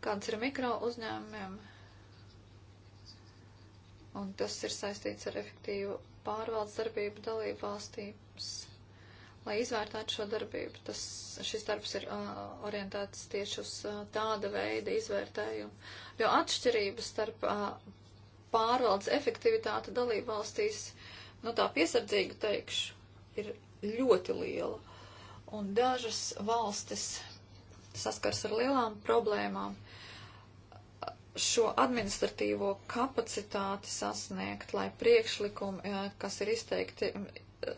[SPEAKER 2] kādas ir mikro uzņēmumiem, un tas ir saistīts ar efektīvu pārvaldes darbību dalību valstīs, lai izvērtētu šo darbību. Tas, šis darbs ir uh, orientēts tieši uz uh, tāda veida izvērtējumu, jo atšķirības starp uh, pārvaldes efektivitāti dalību valstīs, nu tā piesardzīgi teikšu, ir ļoti liela un dažas valstis saskars ar lielām problēmām šo administratīvo kapacitāti sasniegt, lai priekšlikumi, eh, kas ir izteikti,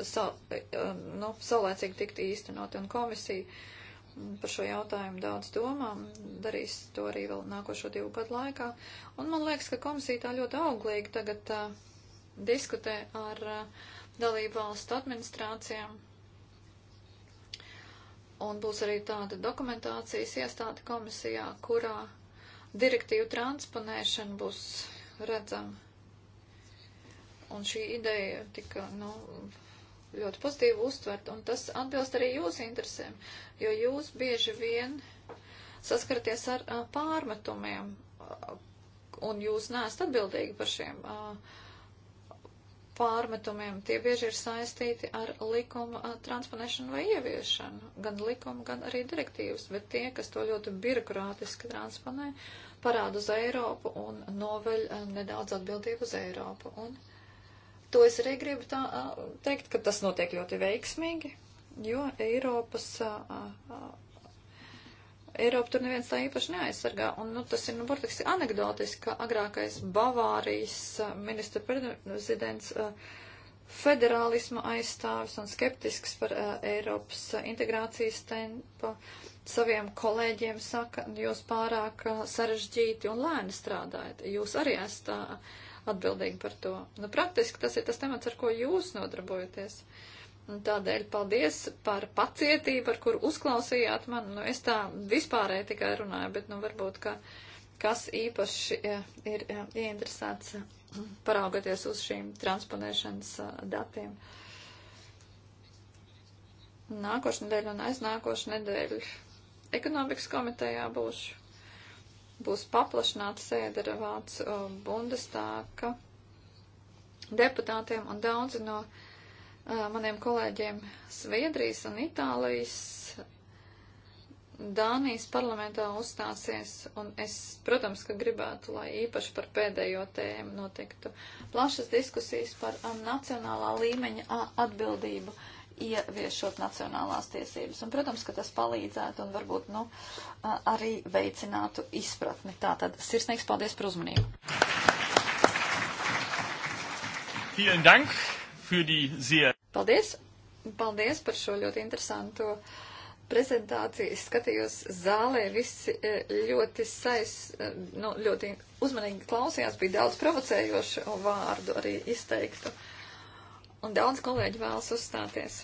[SPEAKER 2] sa, eh, nu, saulēcīgi tikt īstenoti, un komisija par šo jautājumu daudz domā, darīs to arī vēl nākošo divu gadu laikā, un man liekas, ka komisija tā ļoti auglīgi tagad uh, diskutē ar uh, dalību valstu administrācijām un būs arī tāda dokumentācijas iestāde komisijā, kurā direktīvu transponēšana būs redzama. Un šī ideja tika, nu, ļoti pozitīvi uztvert, un tas atbilst arī jūsu interesēm, jo jūs bieži vien saskaraties ar a, pārmetumiem, a, un jūs neesat atbildīgi par šiem. A, pārmetumiem. Tie bieži ir saistīti ar likuma transponēšanu vai ieviešanu, gan likuma, gan arī direktīvas, bet tie, kas to ļoti birokrātiski transponē, parāda uz Eiropu un noveļ nedaudz atbildību uz Eiropu. Un to es arī gribu tā, teikt, ka tas notiek ļoti veiksmīgi, jo Eiropas Eiropu tur neviens tā īpaši neaizsargā. Un, nu, tas ir, nu, burtiski anegdotiski, ka agrākais Bavārijas eh, ministra prezidents eh, federālisma aizstāvis un skeptisks par uh, Eiropas integrācijas tempu saviem kolēģiem saka, jūs pārāk uh, sarežģīti un lēni strādājat. Jūs arī esat uh, atbildīgi par to. Nu, praktiski tas ir tas temats, ar ko jūs nodarbojaties. Uh, Un tādēļ paldies par pacietību, ar kur uzklausījāt mani. Nu, es tā vispārēji tikai runāju, bet, nu, varbūt, ka kas īpaši ja, ir ja, ieinteresēts mm, paraugoties uz šīm transponēšanas datiem. Nākošu nedēļu un aiznākošu nedēļu ekonomikas komitejā būšu. Būs paplašināta sēde ar Vācu Bundestāka deputātiem un daudzi no. Uh, maniem kolēģiem Sviedrijas un Itālijas, Dānijas parlamentā uzstāsies, un es, protams, ka gribētu, lai īpaši par pēdējo tēmu notiktu plašas diskusijas par nacionālā līmeņa atbildību ieviešot nacionālās tiesības. Un, protams, ka tas palīdzētu un varbūt, nu, arī veicinātu izpratni. Tātad sirsnīgs paldies par uzmanību.
[SPEAKER 1] Vielen Dank für die sehr.
[SPEAKER 2] Paldies! Paldies par šo ļoti interesantu prezentāciju. Es skatījos zālē, visi e, ļoti sais, e, nu, ļoti uzmanīgi klausījās, bija daudz provocējošu vārdu arī izteiktu. Un daudz kolēģi vēlas uzstāties.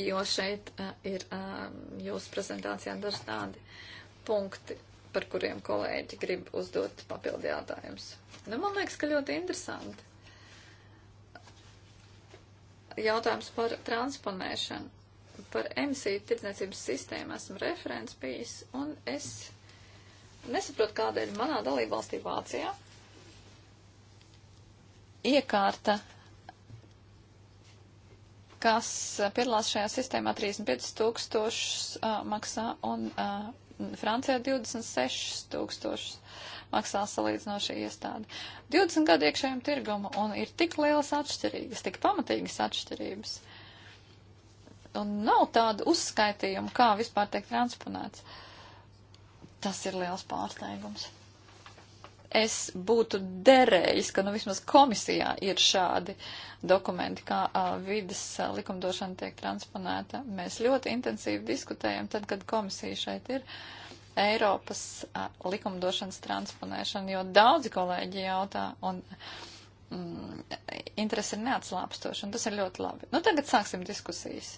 [SPEAKER 2] Jo šeit e, ir jūsu prezentācijā daži tādi punkti, par kuriem kolēģi grib uzdot papildi jautājumus. Nu, man liekas, ka ļoti interesanti jautājums par transponēšanu. Par emisiju tirdzniecības sistēmu esmu referents bijis, un es nesaprotu, kādēļ manā dalībvalstī Vācijā iekārta, kas piedalās šajā sistēmā 35 tūkstošus uh, maksā, un uh, Francijā 26 tūkstošus. Uh, maksā salīdzinoši iestādi. 20 gadu iekšējiem tirgumu un ir tik lielas atšķirības, tik pamatīgas atšķirības. Un nav tādu uzskaitījumu, kā vispār tiek transponēts. Tas ir liels pārsteigums. Es būtu derējis, ka nu vismaz komisijā ir šādi dokumenti, kā uh, vidas uh, likumdošana tiek transponēta. Mēs ļoti intensīvi diskutējam tad, kad komisija šeit ir. Uh, Eiropas uh, likumdošanas transponēšanu, jo daudzi kolēģi jautā un mm, interesi ir neatslāpstoši, un tas ir ļoti labi. Nu, tagad sāksim diskusijas.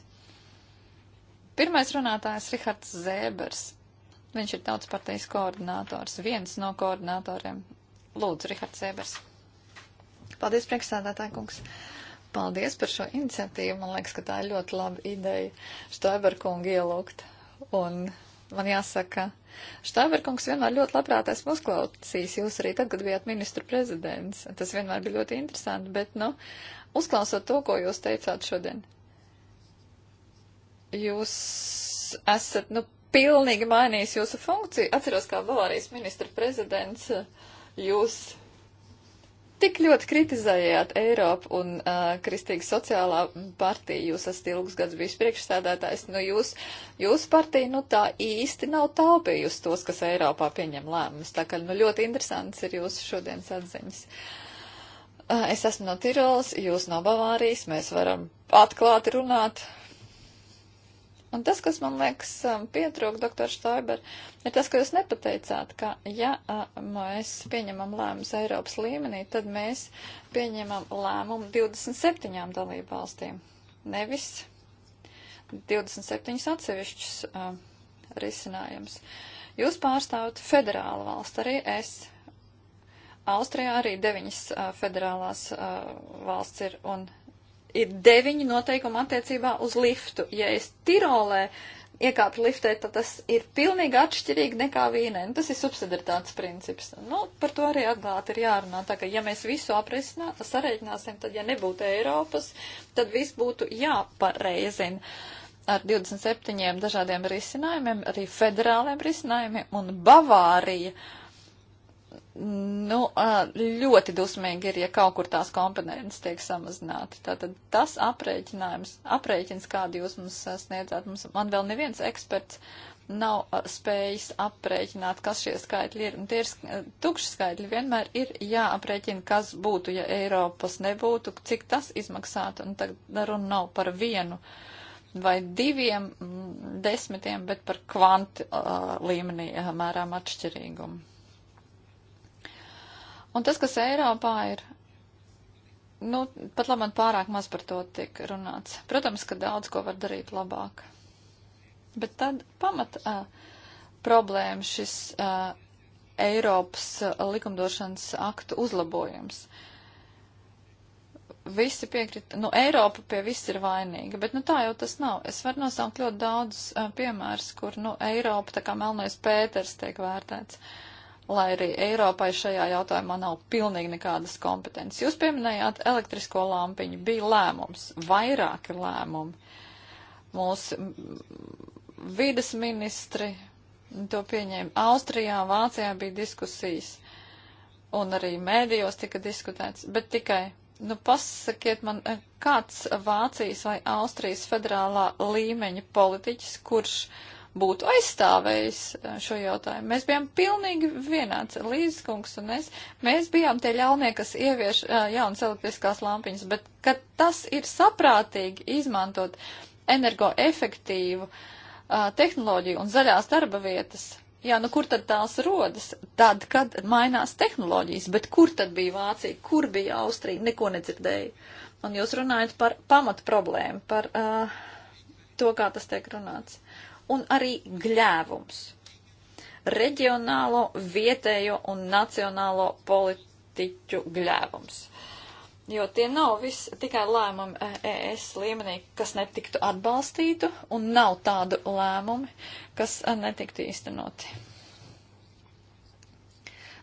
[SPEAKER 2] Pirmais runātājs Rihards Zēbers. Viņš ir tautas partijas koordinātors, viens no koordinātoriem. Lūdzu, Rihards Zēbers. Paldies, priekšsādātāji kungs. Paldies par šo iniciatīvu. Man liekas, ka tā ir ļoti laba ideja Štoiberkungu ielūgt. Un man jāsaka, Štāverkungs vienmēr ļoti labprāt esmu uzklausījis jūs arī tad, kad bijāt ministru prezidents. Tas vienmēr bija ļoti interesanti, bet, nu, uzklausot to, ko jūs teicāt šodien, jūs esat, nu, pilnīgi mainījis jūsu funkciju. Atceros, kā Bavārijas ministra prezidents eh, jūs Tik ļoti kritizējāt Eiropu un uh, Kristīgi sociālā partija, jūs esat ilgus gadus bijis priekšsēdētājs, nu jūs, jūsu partija, nu tā īsti nav taupījusi tos, kas Eiropā pieņem lēmumus, tā kā, nu ļoti interesants ir jūsu šodienas atziņas. Uh, es esmu no Tirols, jūs no Bavārijas, mēs varam atklāti runāt, Un tas, kas man liekas um, pietrūk, doktor Štoiber, ir tas, ka jūs nepateicāt, ka ja uh, mēs pieņemam lēmumus Eiropas līmenī, tad mēs pieņemam lēmumu 27 dalību valstīm, nevis 27 atsevišķus uh, risinājumus. Jūs pārstāvat federālu valstu, arī es. Austrijā arī deviņas uh, federālās uh, valsts ir un ir deviņi noteikumi attiecībā uz liftu. Ja es Tirolē iekāpju liftē, tad tas ir pilnīgi atšķirīgi nekā vīnē. Nu, tas ir subsidaritātes princips. Nu, par to arī atklāti ir jārunā. Tā ka, ja mēs visu apresinā, sareiķināsim, tad, ja nebūtu Eiropas, tad viss būtu jāpareizina ar 27 dažādiem risinājumiem, arī federāliem risinājumiem, un Bavārija uh, nu, ļoti dusmīgi ir, ja kaut kur tās komponentes tiek samazināti. Tātad tas aprēķinājums, aprēķins, kādu jūs mums sniedzāt, mums, man vēl neviens eksperts nav spējis aprēķināt, kas šie skaitļi ir. Un tie ir tukši skaitļi. Vienmēr ir jāaprēķina, kas būtu, ja Eiropas nebūtu, cik tas izmaksātu. Un tagad runa nav par vienu vai diviem desmitiem, bet par kvantu uh, līmenī uh, mērām atšķirīgumu. Un tas, kas Eiropā ir, nu, pat labāk pārāk maz par to tiek runāts. Protams, ka daudz ko var darīt labāk. Bet tad pamat uh, problēma šis uh, Eiropas uh, likumdošanas aktu uzlabojums. Uh, visi piekrita, nu, Eiropa pie viss ir vainīga, bet, nu, tā jau tas nav. Es varu nosaukt ļoti daudz uh, piemērs, kur, nu, Eiropa tā kā melnais Pēters tiek vērtēts lai arī Eiropai šajā jautājumā nav pilnīgi nekādas kompetences. Jūs pieminējāt elektrisko lampiņu, bija lēmums, vairāki lēmumi. Mūsu vides ministri to pieņēma. Austrijā, Vācijā bija diskusijas, un arī mēdījos tika diskutēts, bet tikai, nu, pasakiet man, eh, kāds Vācijas vai Austrijas federālā līmeņa politiķis, kurš uh, būtu aizstāvējis eh, šo jautājumu. Mēs bijām pilnīgi vienāds, Līdzkungs un es. Mēs bijām tie ļaunie, kas ievieš eh, jaunas elektriskās lampiņas, bet kad tas ir saprātīgi izmantot energoefektīvu a, eh, tehnoloģiju un zaļās darba vietas, Jā, nu kur tad tās rodas? Tad, kad mainās tehnoloģijas, bet kur tad bija Vācija, kur bija Austrija, neko nedzirdēju. Un jūs runājat par pamat problēmu, par uh, to, kā tas tiek runāts. Uh, un arī gļēvums. Reģionālo, vietējo un nacionālo politiķu gļēvums. Jo tie nav viss tikai lēmumi ES eh, e līmenī, kas netiktu atbalstītu, un nav tādu lēmumu, kas eh, netiktu īstenoti.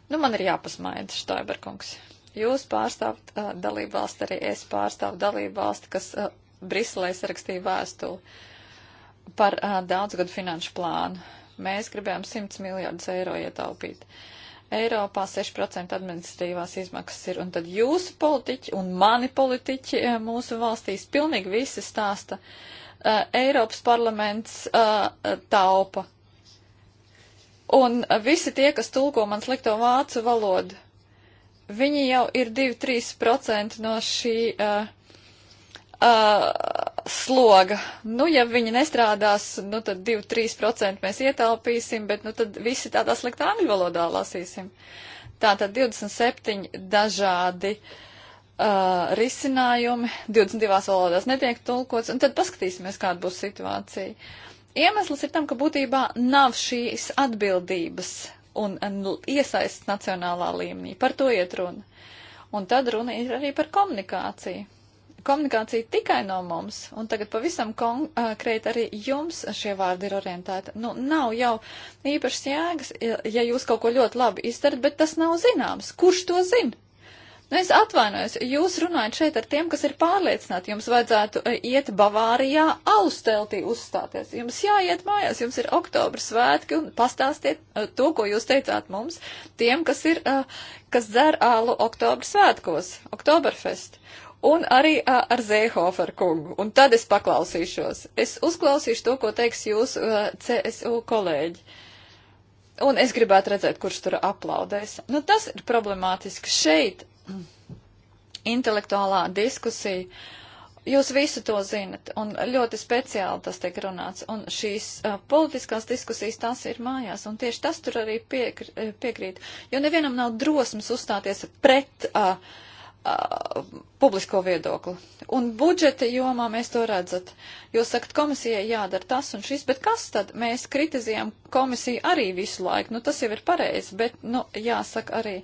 [SPEAKER 2] Nu, man ir jāpasmaida, Štāberkungs. Jūs pārstāvat uh, eh, dalību valsti, arī es pārstāvu dalību valsti, kas uh, Briselē sarakstīja vēstuli. Uh, par uh, daudzgadu finanšu plānu. Mēs gribējām 100 miljardus eiro ietaupīt. Eiropā 6% administratīvās izmaksas ir, un tad jūsu politiķi un mani politiķi mūsu valstīs pilnīgi visi stāsta, uh, Eiropas parlaments uh, taupa. Un visi tie, kas tulko man slikto vācu valodu, viņi jau ir 2-3% no šī uh, uh, sloga. Nu, ja viņi nestrādās, nu tad 2-3% mēs ietaupīsim, bet nu tad visi tādā sliktā angļu valodā lasīsim. Tātad 27 dažādi uh, risinājumi, 22 valodās netiek tulkots, un tad paskatīsimies, kāda būs situācija. Iemesls ir tam, ka būtībā nav šīs atbildības un, un iesaists nacionālā līmenī. Par to iet runa. Un tad runa ir arī par komunikāciju komunikācija tikai no mums, un tagad pavisam konkrēti arī jums šie vārdi ir orientēti. Nu, nav jau īpašas jēgas, ja jūs kaut ko ļoti labi izdarat, bet tas nav zināms. Kurš to zina? Nu, es atvainojos, jūs runājat šeit ar tiem, kas ir pārliecināti. Jums vajadzētu eh, iet Bavārijā austeltī uzstāties. Jums jāiet mājās, jums ir oktobra svētki un pastāstiet eh, to, ko jūs teicāt mums, tiem, kas ir, eh, kas dzer ālu oktobra svētkos, oktoberfest un arī uh, ar Zēhofer kungu. Un tad es paklausīšos. Es uzklausīšu to, ko teiks jūsu uh, CSU kolēģi. Un es gribētu redzēt, kurš tur aplaudēs. Nu, tas ir problemātiski. Šeit intelektuālā diskusija. Jūs visu to zinat, un ļoti speciāli tas tiek runāts, un šīs uh, politiskās diskusijas tās ir mājās, un tieši tas tur arī piekr, e, piekrīt, jo nevienam nav drosmas uzstāties pret uh, publisko viedokli. Un budžeta jomā mēs to redzat. Jūs sakat, komisijai jādara tas un šis, bet kas tad? Mēs kritizējam komisiju arī visu laiku. Nu, tas jau ir pareizi, bet, nu, jāsaka arī.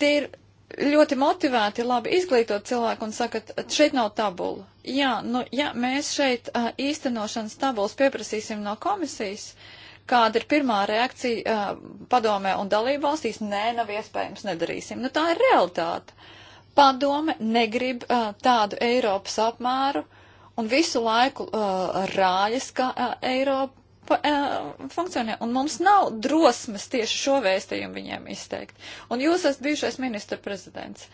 [SPEAKER 2] Tie ir ļoti motivēti, labi izglītot cilvēku un sakat, šeit nav tabula. Jā, nu, ja mēs šeit uh, īstenošanas tabulas pieprasīsim no komisijas, uh, Kāda ir pirmā reakcija padomē un dalību valstīs? Nē, nav iespējams, nedarīsim. Nu, tā ir realitāte. Padome negrib tādu Eiropas apmēru un visu laiku rāļas, ka Eiropa funkcionē, un mums nav drosmes tieši šo vēstījumu viņiem izteikt. Un jūs esat bijušais ministra prezidents.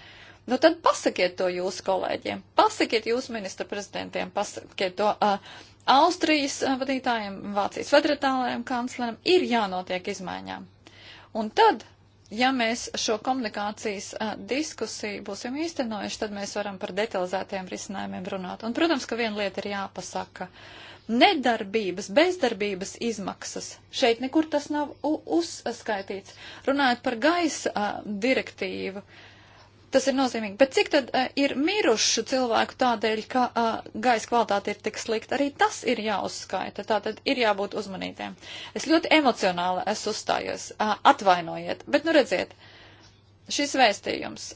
[SPEAKER 2] Nu tad pasakiet to jūsu kolēģiem, pasakiet jūsu ministra prezidentiem, pasakiet to uh, Austrijas eh, vadītājiem, Vācijas federatālajiem kanclerim ir jānotiek izmaiņām. Un tad, ja mēs šo komunikācijas a, eh, diskusiju būsim īstenojuši, tad mēs varam par detalizētiem risinājumiem runāt. Un, protams, ka viena lieta ir jāpasaka. Nedarbības, bezdarbības izmaksas. Šeit nekur tas nav uzskaitīts. Runājot par gaisa a, eh, direktīvu, uh, tas ir nozīmīgi. Bet cik tad uh, ir mirušu cilvēku tādēļ, ka uh, gaisa kvalitāte ir tik slikta? Arī tas ir jāuzskaita. Tātad ir jābūt uzmanītiem. Es ļoti emocionāli esmu uzstājies. Uh, atvainojiet. Bet nu redziet, šis vēstījums.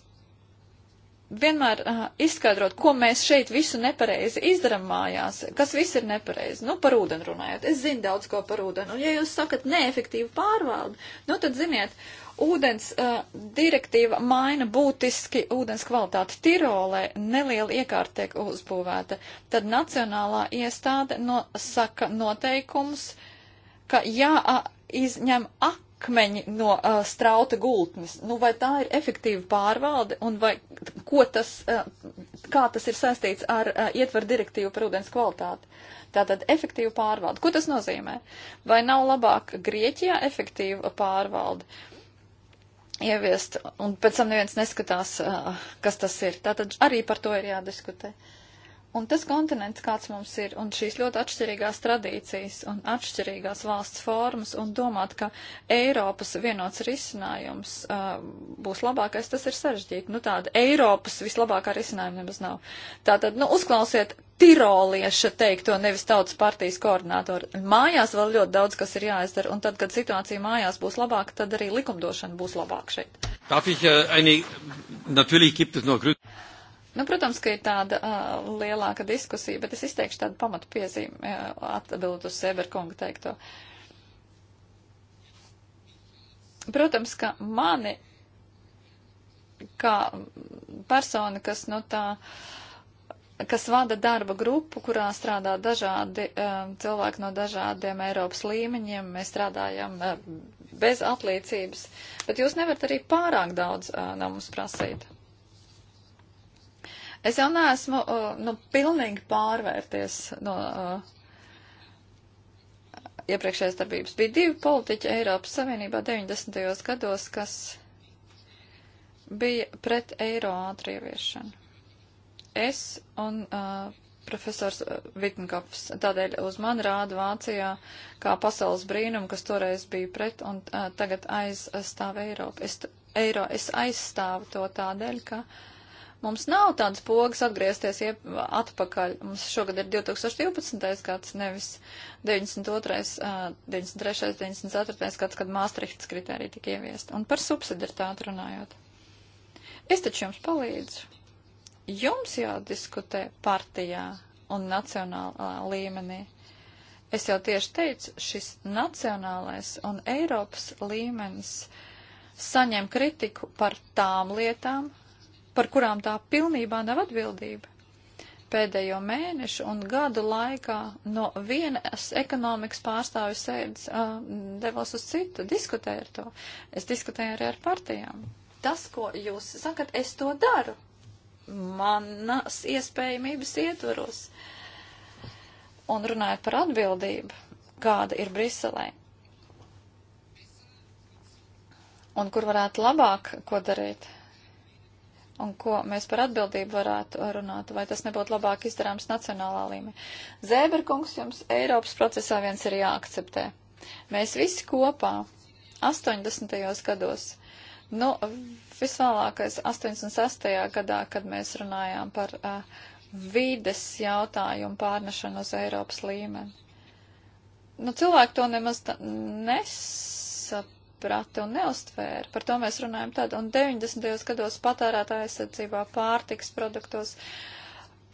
[SPEAKER 2] Vienmēr uh, izskaidrot, ko mēs šeit visu nepareizi izdarām mājās, kas viss ir nepareizi. Nu, par ūdeni runājot. Es zinu daudz ko par ūdeni. Un ja jūs sakat neefektīvu pārvaldu, nu tad ziniet, uh, Ūdens uh, direktīva maina būtiski ūdens kvalitāti. Tirolē neliela iekārta tiek uzbūvēta. Tad nacionālā iestāde nosaka noteikums, ka jāizņem akmeņi no uh, strauta gultnes. Nu, vai tā ir efektīva pārvalde un vai, ko tas, uh, kā tas ir saistīts ar uh, ietvaru direktīvu par ūdens kvalitāti? Uh, Tātad efektīva pārvalde. Ko tas nozīmē? Vai nav labāk Grieķijā efektīva pārvalde? ieviest, un pēc tam neviens neskatās, kas tas ir. Tātad arī par to ir jādiskutē. Uh, Un tas kontinents, kāds mums ir, un šīs ļoti atšķirīgās tradīcijas un atšķirīgās valsts formas, un domāt, ka Eiropas vienots risinājums uh, būs labākais, tas ir sarežģīti. Nu, tāda Eiropas vislabākā risinājuma nemaz nav. Tātad, nu, uzklausiet tirolieša teikto, nevis tautas partijas koordinātori. Mājās vēl ļoti daudz, kas ir jāizdara, un tad, kad situācija mājās būs labāka, tad arī likumdošana būs labāka šeit. Darf ich, äh, eine, natürlich gibt es noch Nu, protams, ka ir tāda uh, lielāka diskusija, bet es izteikšu tādu pamatu piezīmi uh, atbildot uz Seberkonga teikto. Protams, ka mani kā persona, kas no nu, tā, kas vada darba grupu, kurā strādā dažādi um, cilvēki no dažādiem Eiropas līmeņiem, mēs strādājam uh, bez atlīdzības, bet jūs nevarat arī pārāk daudz uh, no mums prasīt. Es jau neesmu, uh, nu, pilnīgi pārvērties no uh, iepriekšējās darbības. Bija divi politiķi Eiropas Savienībā 90. gados, kas bija pret eiro atrieviešanu. Es un uh, profesors Vitnkops tādēļ uz mani rāda Vācijā kā pasaules brīnumu, kas toreiz bija pret un uh, tagad aizstāv Eiropu. Es, eiro, es aizstāvu to tādēļ, ka. Uh, Mums nav tādas pogas atgriezties iep, atpakaļ. Mums šogad ir 2012. gads, nevis 92., 93., 94. gads, kad Māstrihtas kriterija tika ieviest. Un par subsidaritāti runājot. Es taču jums palīdzu. Jums jādiskutē partijā un nacionālā līmenī. Es jau tieši teicu, šis nacionālais un Eiropas līmenis saņem kritiku par tām lietām, par kurām tā pilnībā nav atbildība. Pēdējo mēnešu un gadu laikā no vienas ekonomikas pārstāvju sēdes uh, devos uz citu, diskutēju ar to. Es diskutēju arī ar partijām. Tas, ko jūs sakat, es to daru. Manas iespējamības ietvaros. Un runājot par atbildību, kāda ir Briselē. Un kur varētu labāk ko darīt? un ko mēs par atbildību varētu runāt, vai tas nebūtu labāk izdarāms nacionālā līmenī. Zēberkungs jums Eiropas procesā viens ir jāakceptē. Mēs visi kopā 80. gados, nu, visvēlākais 86. gadā, kad mēs runājām par uh, eh, vides jautājumu pārnešanu uz Eiropas līmeni. Nu, cilvēki to nemaz nes saprata un neustvēra. Par to mēs runājam tad. Un 90. gados patērētā aizsardzībā pārtiks produktos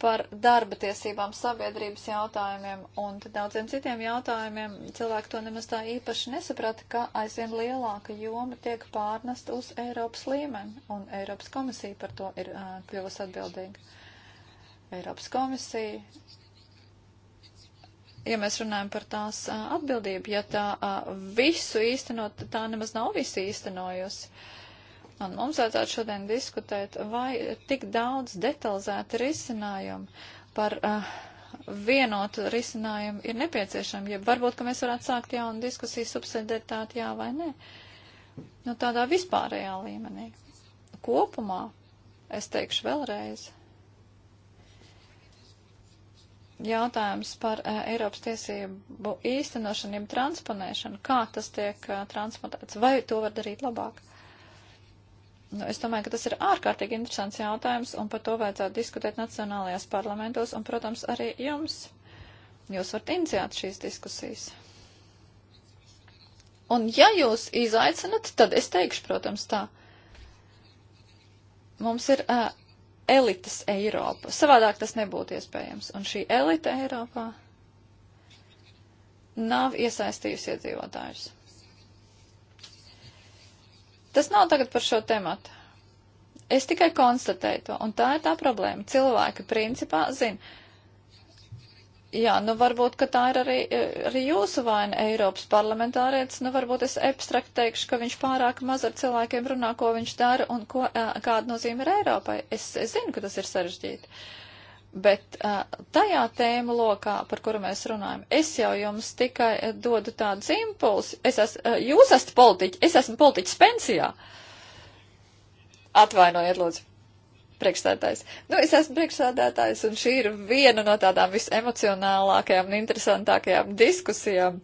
[SPEAKER 2] par darba tiesībām, sabiedrības jautājumiem un daudziem citiem jautājumiem cilvēki to nemaz tā īpaši nesaprata, ka aizvien lielāka joma tiek pārnesta uz Eiropas līmeni, un Eiropas komisija par to ir uh, kļuvusi atbildīga. Eiropas komisija ja mēs runājam par tās atbildību, ja tā visu īstenot, tā nemaz nav visu īstenojusi. Un mums vajadzētu šodien diskutēt, vai tik daudz detalizēta risinājuma par uh, vienotu risinājumu ir nepieciešama, ja varbūt, ka mēs varētu sākt jaunu diskusiju subsidētāti jā vai nē. Nu, tādā vispārējā līmenī. Kopumā, es teikšu vēlreiz, jautājums par uh, Eiropas tiesību īstenošanu, jeb transponēšanu, kā tas tiek uh, eh, transponēts, vai to var darīt labāk. Nu, es domāju, ka tas ir ārkārtīgi interesants jautājums, un par to vajadzētu diskutēt nacionālajās parlamentos, un, protams, arī jums. Jūs varat iniciēt šīs diskusijas. Un ja jūs izaicinat, tad es teikšu, protams, tā. Mums ir uh, elites Eiropa. Savādāk tas nebūtu iespējams. Un šī elite Eiropā nav iesaistījusi iedzīvotājus. Tas nav tagad par šo tematu. Es tikai konstatēju to, un tā ir tā problēma. Cilvēki principā zina, Jā, nu varbūt, ka tā ir arī, e, arī jūsu vaina Eiropas parlamentārietis. Nu varbūt es abstrakt teikšu, ka viņš pārāk maz ar cilvēkiem runā, ko viņš dara un ko, e, kāda nozīme ir Eiropai. Es, es zinu, ka tas ir sarežģīti. Bet e, tajā tēmu lokā, par kuru mēs runājam, es jau jums tikai dodu tādus impulsus. Es es, jūs esat politiķi, es esmu politiķis pensijā. Atvainojiet, lūdzu priekšsēdētājs. Nu, es esmu priekšsēdētājs, un šī ir viena no tādām visemocionālākajām un interesantākajām diskusijām.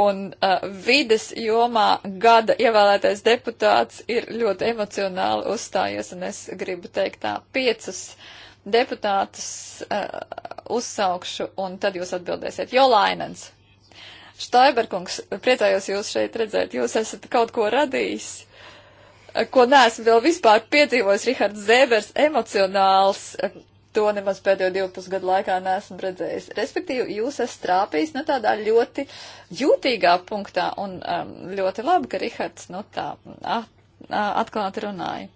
[SPEAKER 2] Un uh, vides jomā gada ievēlētais deputāts ir ļoti emocionāli uzstājies, un es gribu teikt tā piecus deputātus uh, uzsaukšu, un tad jūs atbildēsiet. Jolainens, Štaiberkungs, priecājos jūs šeit redzēt, jūs esat kaut ko radījis ko neesmu vēl vispār piedzīvojis. Rihards Zēbers emocionāls, to nemaz pēdējo 12 gadu laikā neesmu redzējis. Respektīvi, jūs esat trāpījis nu, tādā ļoti jūtīgā punktā un um, ļoti labi, ka Rihards nu, tā at, atklāti runāja.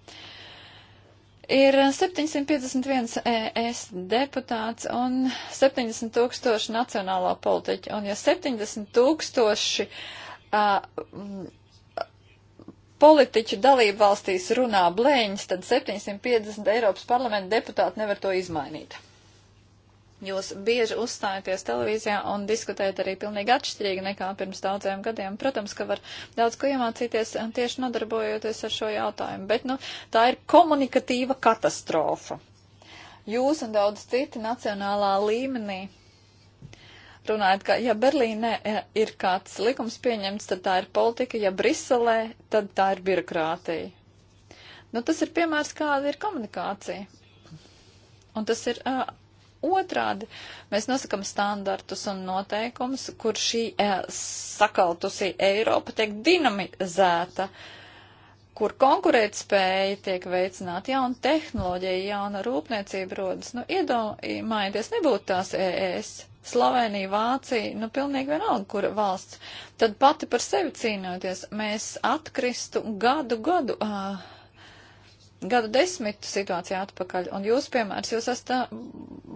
[SPEAKER 2] Ir 751 ES deputāts un 70 tūkstoši nacionālā politiķa, un ja 70 tūkstoši uh, politiķu dalību valstīs runā blēņas, tad 750 Eiropas parlamenta deputāti nevar to izmainīt. Jūs bieži uzstājaties televīzijā un diskutējat arī pilnīgi atšķirīgi nekā pirms daudziem gadiem. Protams, ka var daudz ko iemācīties eh, tieši nodarbojoties ar šo jautājumu, bet nu, tā ir komunikatīva katastrofa. Jūs un daudz citi nacionālā līmenī runājat, ka ja Berlīnē e, ir kāds likums pieņemts, tad tā ir politika, ja Briselē, tad tā ir birokrātija. Nu, tas ir piemērs, kāda ir komunikācija. Un tas ir uh, otrādi. Mēs nosakam standartus un noteikumus, kur šī uh, sakaltusī Eiropa tiek dinamizēta. Uh, kur konkurētspēja tiek veicināta, jauna tehnoloģija, jauna rūpniecība rodas. Nu, iedomājieties, nebūtu tās ES, e Slovenija, Vācija, nu, pilnīgi vienalga, kur valsts. Tad pati par sevi cīnoties, mēs atkristu gadu, gadu, uh, gadu desmitu situācijā atpakaļ, un jūs, piemērs, jūs esat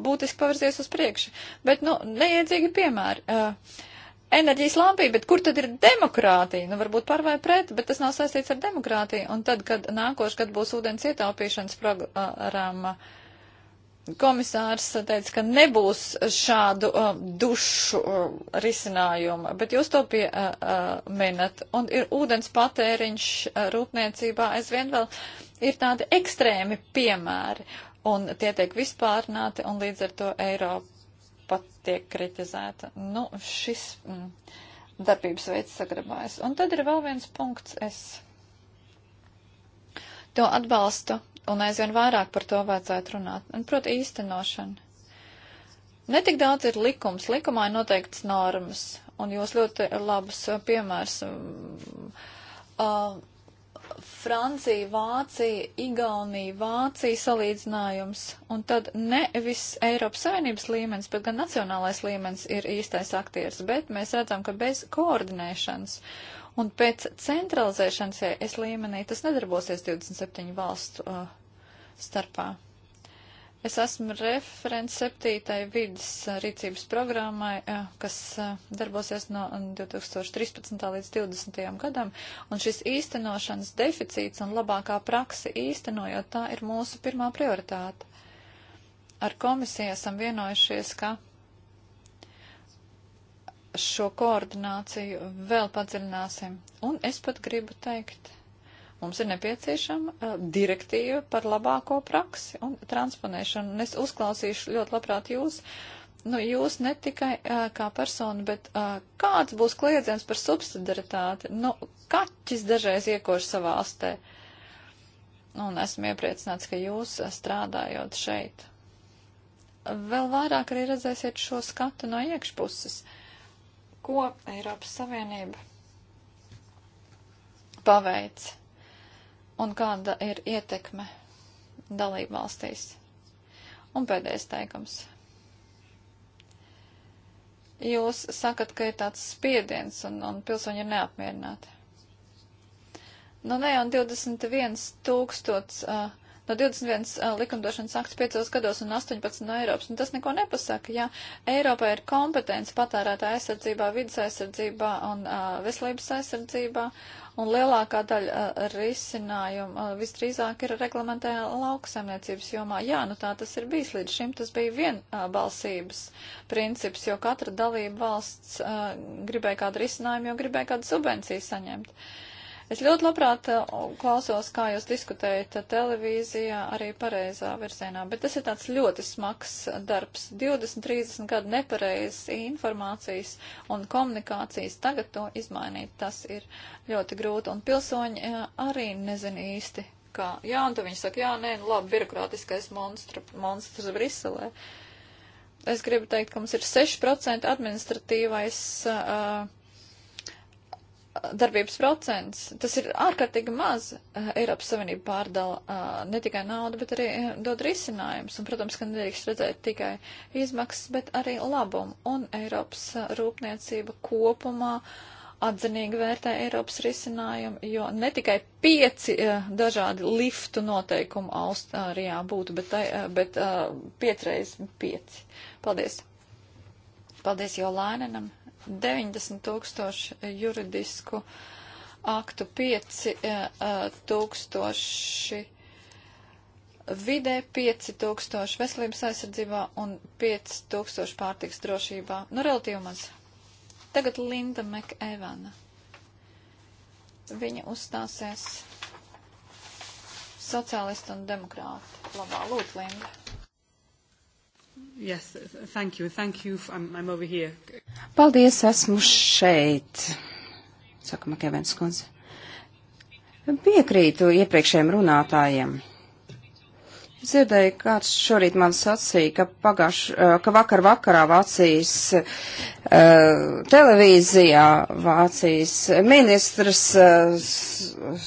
[SPEAKER 2] būtiski pavirzies uz priekšu. Bet, nu, neiedzīgi piemēri. Uh, enerģijas lampība, bet kur tad ir demokrātija? Nu, varbūt par vai pret, bet tas nav saistīts ar demokrātiju. Un tad, kad nākošais gadu būs ūdens ietaupīšanas programma, komisārs teica, ka nebūs šādu uh, dušu uh, risinājumu, bet jūs to pieminat. Uh, uh, un ir ūdens patēriņš uh, rūpniecībā aizvien vēl ir tādi ekstrēmi piemēri. Un tie tiek vispārnāti, un līdz ar to Eiropa pat tiek kritizēta. Nu, šis mm, darbības veids sagrabājas. Un tad ir vēl viens punkts. Es to atbalstu un aizvien vairāk par to vajadzētu runāt. Un, proti, īstenošana. Netik daudz ir likums. Likumā ir noteikts normas. Un jūs ļoti labus piemērs. Mm, uh, uh, Francija, Vācija, Igaunija, Vācija salīdzinājums, un tad nevis Eiropas Savienības līmenis, bet gan nacionālais līmenis ir īstais aktieris, bet mēs redzam, ka bez koordinēšanas un pēc centralizēšanas es līmenī tas nedarbosies 27 valstu uh, starpā. Es esmu referents septītai vidas rīcības programmai, kas darbosies no 2013. līdz 2020. gadam, un šis īstenošanas deficīts un labākā praksa īstenojot tā ir mūsu pirmā prioritāte. Ar komisiju esam vienojušies, ka šo koordināciju vēl padziļināsim, un es pat gribu teikt Mums ir nepieciešama uh, direktīva par labāko praksi un transponēšanu. Un es uzklausīšu ļoti labprāt jūs. Nu, jūs ne tikai uh, kā persona, bet uh, kāds būs kliedziens par subsidaritāti? Nu, kaķis dažreiz iekož savā astē. Un esmu iepriecināts, ka jūs uh, strādājot šeit. Vēl vairāk arī redzēsiet šo skatu no iekšpuses. Ko Eiropas Savienība paveic? un kāda ir ietekme dalību valstīs. Un pēdējais teikums. Jūs sakat, ka ir tāds spiediens un, un pilsoņi ir neapmierināti. Nu, ne jau 21 tūkstots uh, no 21 uh, likumdošanas akts 5 gados un 18 no Eiropas. Un nu, tas neko nepasaka, ja Eiropā ir kompetence patērētā aizsardzībā, vidas aizsardzībā un uh, veselības aizsardzībā, un lielākā daļa uh, risinājumu uh, visdrīzāk ir reglamentē lauksaimniecības jomā. Jā, nu tā tas ir bijis līdz šim, tas bija vienbalsības uh, princips, jo katra dalība valsts uh, gribēja kādu risinājumu, jo gribēja kādu subvenciju saņemt. Uh, Es ļoti labprāt eh, klausos, kā jūs diskutējat televīzijā arī pareizā virzienā, bet tas ir tāds ļoti smags darbs. 20, 30 gadu nepareizas informācijas un komunikācijas tagad to izmainīt, tas ir ļoti grūti. Un pilsoņi eh, arī nezin īsti, kā. Jā, un tad viņi saka, jā, nē, nu labi, birokrātiskais monstru, monstrs Briselē. Es gribu teikt, ka mums ir 6% administratīvais. Uh, darbības procents. Tas ir ārkārtīgi maz. Eh, Eiropas Savienība pārdala eh, ne tikai naudu, bet arī eh, dod risinājumus. Un, protams, ka nedrīkst redzēt tikai izmaksas, bet arī labumu. Un Eiropas rūpniecība kopumā atzinīgi vērtē Eiropas risinājumu, jo ne tikai pieci dažādi liftu noteikumu Austrijā būtu, bet, tai, bet piecreiz pieci. Paldies. Paldies Jolēnenam 90 tūkstoši juridisku aktu, 5 eh, eh, tūkstoši vidē, 5 tūkstoši veselības aizsardzībā un 5 tūkstoši pārtiks drošībā. Nu, relatīvi maz. Tagad Linda McEvana. Viņa uzstāsies sociālistu un demokrātu labā. Lūdzu, Linda.
[SPEAKER 1] Yes, thank you. Thank you. I'm, I'm over here.
[SPEAKER 3] Paldies, esmu šeit. Saka Makēvens kundze. Piekrītu iepriekšējiem runātājiem. Es dzirdēju, kāds šorīt man sacīja, ka, pagāš, eh, ka vakar vakarā Vācijas uh, televīzijā Vācijas ministrs uh,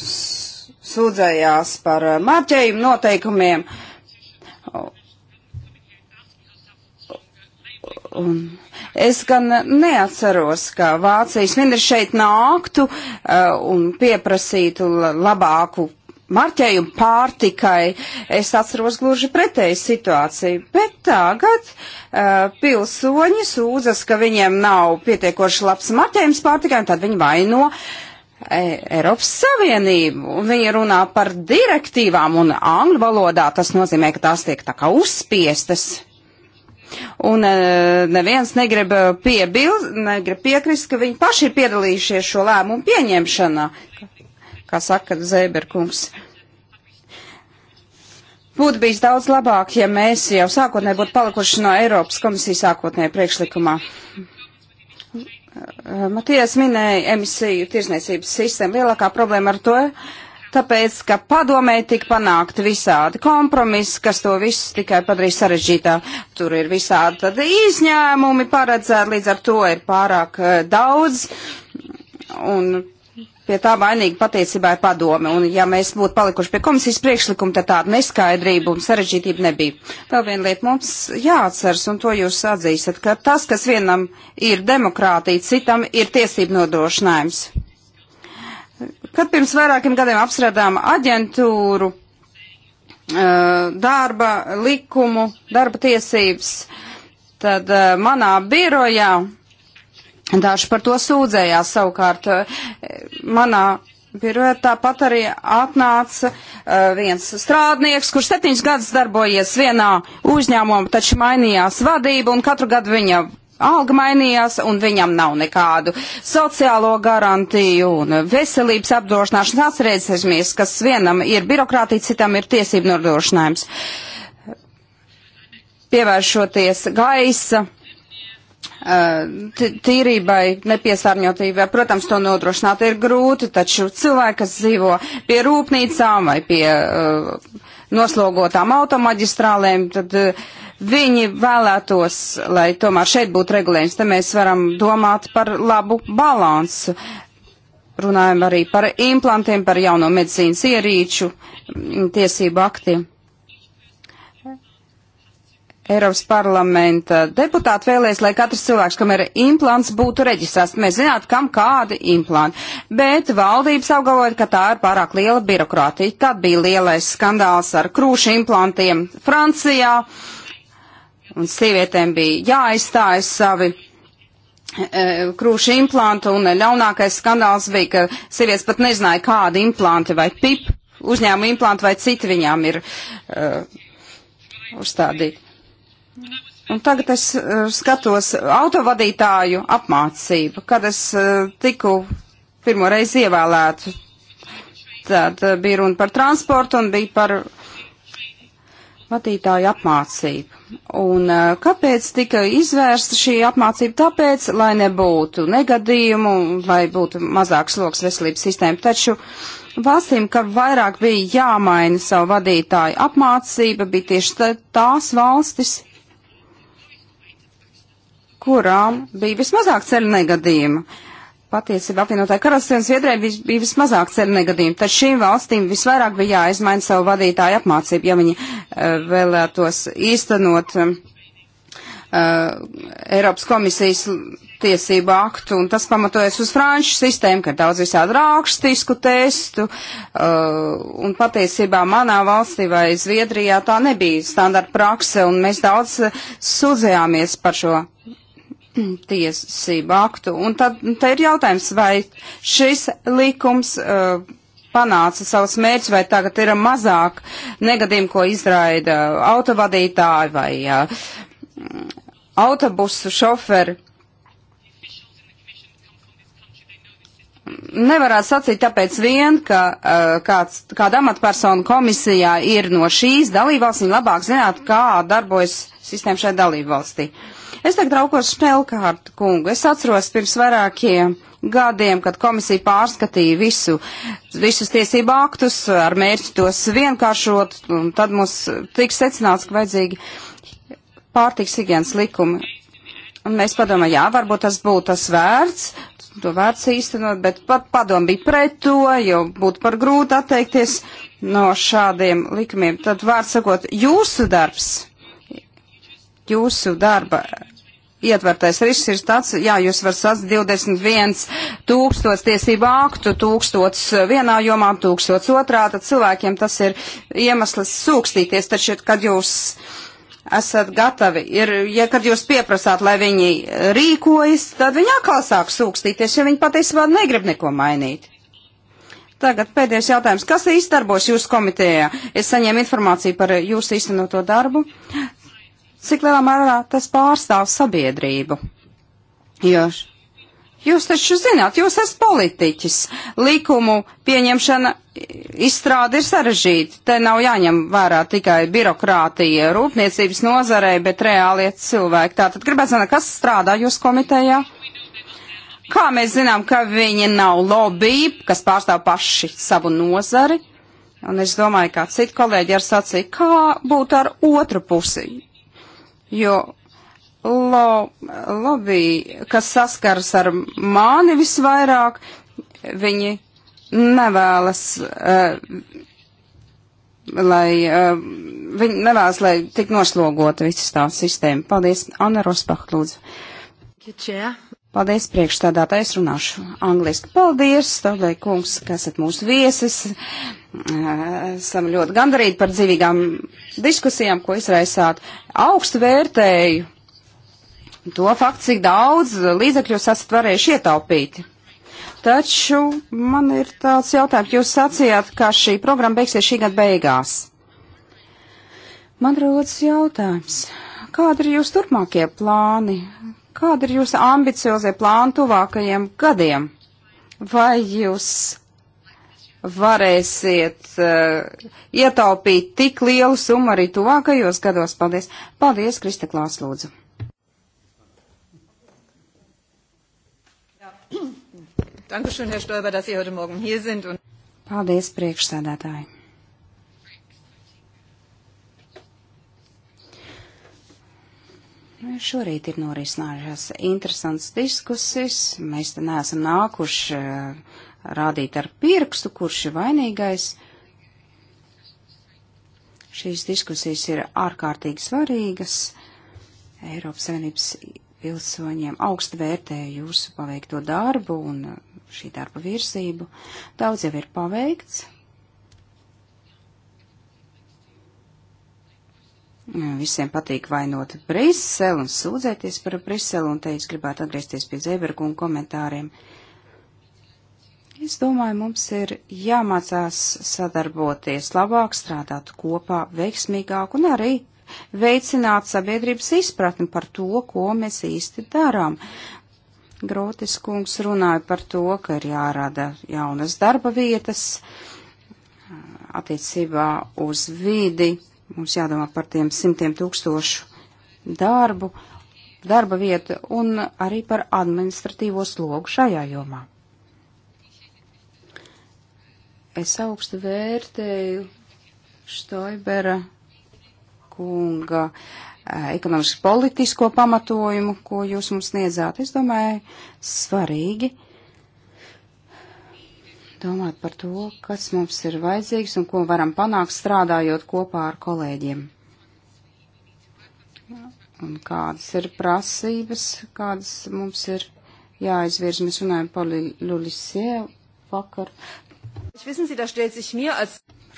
[SPEAKER 3] sūdzējās par marķējumu noteikumiem. Uh, Un es gan neatceros, ka Vācijas ministrs šeit nāktu uh, un pieprasītu labāku marķējumu pārtikai. Es atceros gluži pretēju situāciju, bet tagad uh, pilsoņi sūdzas, ka viņiem nav pietiekoši labs marķējums pārtikai, un tad viņi vaino e, Eiropas Savienību, un viņi runā par direktīvām, un angļu valodā tas nozīmē, ka tās tiek tā kā uzspiestas. Un e, neviens negrib, e, piebilst, negrib piekrist, ka viņi paši ir piedalījušies šo lēmumu pieņemšanā, kā saka Zēberkungs. Būtu bijis daudz labāk, ja mēs jau sākotnē būtu palikuši no Eiropas komisijas sākotnē priekšlikumā. Matijas minēja emisiju tirzniecības sistēmu. Lielākā problēma ar to tāpēc, ka padomē tika panākt visādi kompromisi, kas to visu tikai padarīja sarežģītā. Tur ir visādi tad izņēmumi paredzēti, līdz ar to ir pārāk uh, daudz. Un pie tā vainīga patiesībā ir padome. Un ja mēs būtu palikuši pie komisijas priekšlikuma, tad tāda neskaidrība un sarežģītība nebija. Vēl viena lieta mums jāatceras, un to jūs atzīstat, ka tas, kas vienam ir demokrātija, citam ir tiesību nodrošinājums. Kad pirms vairākiem gadiem apstrādām aģentūru eh, darba likumu, darba tiesības, tad eh, manā birojā daži par to sūdzējās savukārt eh, manā Birojā tāpat arī atnāca uh, viens strādnieks, kurš septiņus gadus darbojies vienā uzņēmumā, taču mainījās vadība un katru gadu viņa alga mainījās un viņam nav nekādu sociālo garantiju un veselības apdrošināšanas. Atcerēsimies, kas vienam ir birokrātija, citam ir tiesību nodrošinājums. Pievēršoties gaisa eh, tīrībai, nepiesārņotībai. Protams, to nodrošināt ir grūti, taču cilvēki, kas dzīvo pie rūpnīcām vai pie uh, noslogotām automaģistrālēm, tad uh, Viņi vēlētos, lai tomēr šeit būtu regulējums, te mēs varam domāt par labu balansu. Runājam arī par implantiem, par jauno medicīnas ierīču mm, tiesību aktiem. Eiropas parlamenta deputāti vēlēs, lai katrs cilvēks, kam ir implants, būtu reģistrēts. Mēs zinātu, kam kādi implanti. Bet valdības apgalvoja, ka tā ir pārāk liela birokrātija. Tad bija lielais skandāls ar krūšu implantiem Francijā. Uh, un sievietēm bija jāaizstājas savi e, krūšu implantu, un ļaunākais skandāls bija, ka sievietes pat nezināja, kādi implanti vai pip uzņēmu implanti vai citi viņām ir uh, uzstādīti. Un tagad es uh, skatos autovadītāju apmācību, kad es uh, tiku pirmo reizi ievēlētu. Tad uh, bija runa par transportu un bija par uh, vadītāju apmācību. Un eh, kāpēc tika izvērsta šī apmācība? Tāpēc, lai nebūtu negadījumu, lai būtu mazāks sloks veselības sistēma. Taču valstīm, ka vairāk bija jāmaina savu vadītāju apmācība, bija tieši tās valstis, kurām bija vismazāk ceļu negadījumu patiesībā apvienotāji karalistē un Zviedrijai bija, bija vismazāk ceļu negadījumu, tad šīm valstīm visvairāk bija jāizmaina savu vadītāju apmācību, ja viņi uh, vēlētos īstenot uh, Eiropas komisijas tiesību aktu, un tas pamatojas uz franču sistēmu, ka daudz visādu rākstisku testu, uh, un patiesībā manā valstī vai Zviedrijā tā nebija standarta prakse, un mēs daudz sudzējāmies par šo tiesību aktu. Un tad te ir jautājums, vai šis likums uh, panāca savus mērķus, vai tagad ir mazāk negadījumu, ko izraida autovadītāji vai uh, autobusu šoferi. Nevarētu sacīt tāpēc vien, ka uh, kāds, kāda amatpersona komisijā ir no šīs dalībvalsts, viņi labāk zinātu, kā darbojas sistēma šai dalībvalstī. Uh, Es tagad raukos Špelkārtu kungu. Es atceros pirms vairākiem gadiem, kad komisija pārskatīja visu, visus tiesību aktus ar mērķi tos vienkāršot, un tad mums tika secināts, ka vajadzīgi pārtiks higienas likumi. Un mēs padomājām, jā, varbūt tas būtu tas vērts, to vērts īstenot, bet pat padomu bija pret to, jo būtu par grūti atteikties no šādiem likumiem. Tad vārds sakot, jūsu darbs, jūsu darba ietvertais risks ir tāds, jā, jūs varat sasniegt 21 tūkstots tiesību aktu, tūkstots eh, vienā jomā, tūkstots otrā, tad cilvēkiem tas ir iemesls sūkstīties, taču, kad jūs esat gatavi, ir, ja kad jūs pieprasāt, lai viņi rīkojas, tad viņi atkal sāk sūkstīties, ja viņi patiesībā negrib neko mainīt. Tagad pēdējais jautājums. Kas īstarbos jūsu komitejā? Es saņēmu informāciju par jūsu īstenoto darbu cik lielā mērā tas pārstāv sabiedrību. Jo jūs taču zināt, jūs esat politiķis. Likumu pieņemšana izstrāde ir sarežģīta. Te nav jāņem vērā tikai birokrātija rūpniecības nozarei, bet reālie cilvēki. Tātad gribētu zināt, kas strādā jūs komitejā? Kā mēs zinām, ka viņi nav lobby, kas pārstāv paši savu nozari? Un es domāju, kā citi kolēģi ar sacīja, kā būtu ar otru pusi jo lo, lobby, kas saskars ar mani visvairāk, viņi nevēlas, uh, lai, uh, viņi nevēlas, lai tik noslogota visa tā sistēma. Paldies, Anna Rosbach, lūdzu. Kičē. Paldies priekšstādātājs runāšu angliski. Paldies, Staudai kungs, ka esat mūsu viesis. Esam ļoti gandarīti par dzīvīgām diskusijām, ko izraisāt. Augstu vērtēju to faktu, cik daudz līdzekļus esat varējuši ietaupīt. Taču man ir tāds jautājums, jūs sacījāt, ka šī programma beigsies šī gada beigās. Man rodas jautājums, kādi ir jūs turpmākie plāni? Kāda ir jūsu ambiciozie plāni tuvākajiem gadiem? Vai jūs varēsiet uh, ietaupīt tik lielu summu arī tuvākajos gados? Paldies! Paldies, Krista Klās, lūdzu!
[SPEAKER 1] Dankeschön, Herr Stolber, dass
[SPEAKER 3] Sie heute Morgen hier sind. Und Paldies, priekšsēdētāji! Šorīt ir norisinājušās interesants diskusijas. Mēs te neesam nākuši eh, rādīt ar pirkstu, kurš ir vainīgais. Šīs diskusijas ir ārkārtīgi svarīgas. Eiropas Savienības pilsoņiem augstu vērtēju jūsu paveikto darbu un šī darba virzību. Daudz jau ir paveikts, Visiem patīk vainot Briseli un sūdzēties par Briseli, un te es gribētu atgriezties pie Zēberga un komentāriem. Es domāju, mums ir jāmācās sadarboties labāk, strādāt kopā, veiksmīgāk un arī veicināt sabiedrības izpratni par to, ko mēs īsti darām. Grotis kungs runāja par to, ka ir jārada jaunas darba vietas attiecībā uz vidi Mums jādomā par tiem simtiem tūkstošu darbu, darba vietu un arī par administratīvo slogu šajā jomā. Es augstu vērtēju Štoibera kunga ekonomiski politisko pamatojumu, ko jūs mums sniedzāt. Es domāju, svarīgi domāt par to, kas mums ir vajadzīgs un ko varam panākt strādājot kopā ar kolēģiem. Un kādas ir prasības, kādas mums ir jāizvirz. Mēs runājam par Lulisie vakar.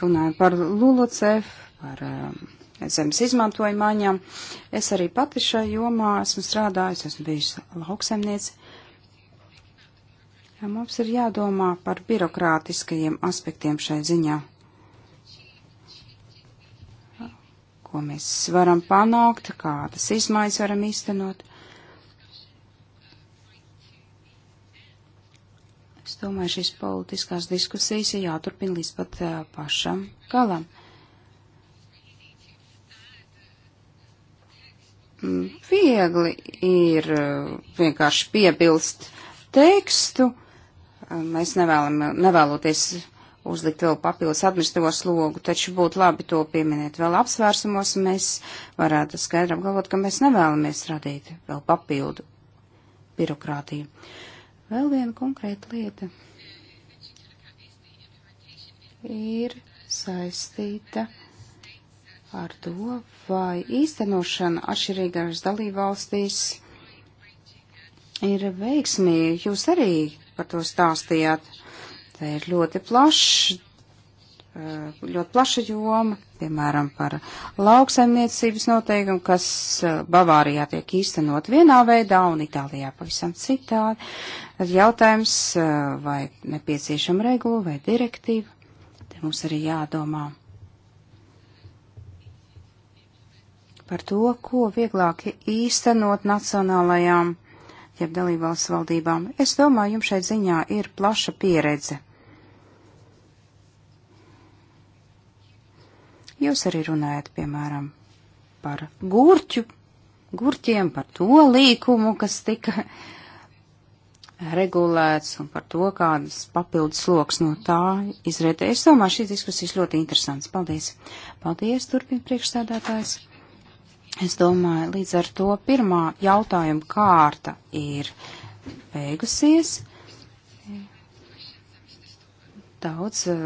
[SPEAKER 3] Runājam par Lulucef, par um, zemes izmantojumāņām. Es arī pati šajā jomā esmu strādājusi, esmu bijusi lauksemniece. Mums ir jādomā par birokrātiskajiem aspektiem šai ziņā. Ko mēs varam panākt, kādas izmaiņas varam īstenot. Es domāju, šīs politiskās diskusijas ir jāturpina līdz pat pašam galam. Mm, viegli ir vienkārši piebilst tekstu Mēs nevēlam, nevēloties uzlikt vēl papildus administratīvo slogu, taču būtu labi to pieminēt vēl apsvērsumos, un mēs varētu skaidri apgalvot, ka mēs nevēlamies radīt vēl papildu birokrātiju. Vēl viena konkrēta lieta ir saistīta ar to, vai īstenošana atšķirīgās dalībvalstīs ir veiksmīga. Jūs arī par to stāstījāt. Tā ir ļoti plaša, eh, ļoti plaša joma, piemēram, par lauksaimniecības noteikumu, kas eh, Bavārijā tiek īstenot vienā veidā un Itālijā pavisam citādi. Tad jautājums, eh, vai nepieciešama regula vai direktīva, te mums arī jādomā. Par to, ko vieglāk īstenot nacionālajām jeb dalībvalsts valdībām. Es domāju, jums šai ziņā ir plaša pieredze. Jūs arī runājat, piemēram, par gurķu, gurķiem, par to līkumu, kas tika regulēts un par to, kādas papildus sloks no tā izrietē. Es domāju, šīs diskusijas ļoti interesants. Paldies. Paldies, turpina priekšstādātājs. Es domāju, līdz ar to pirmā jautājuma kārta ir beigusies. Daudz eh,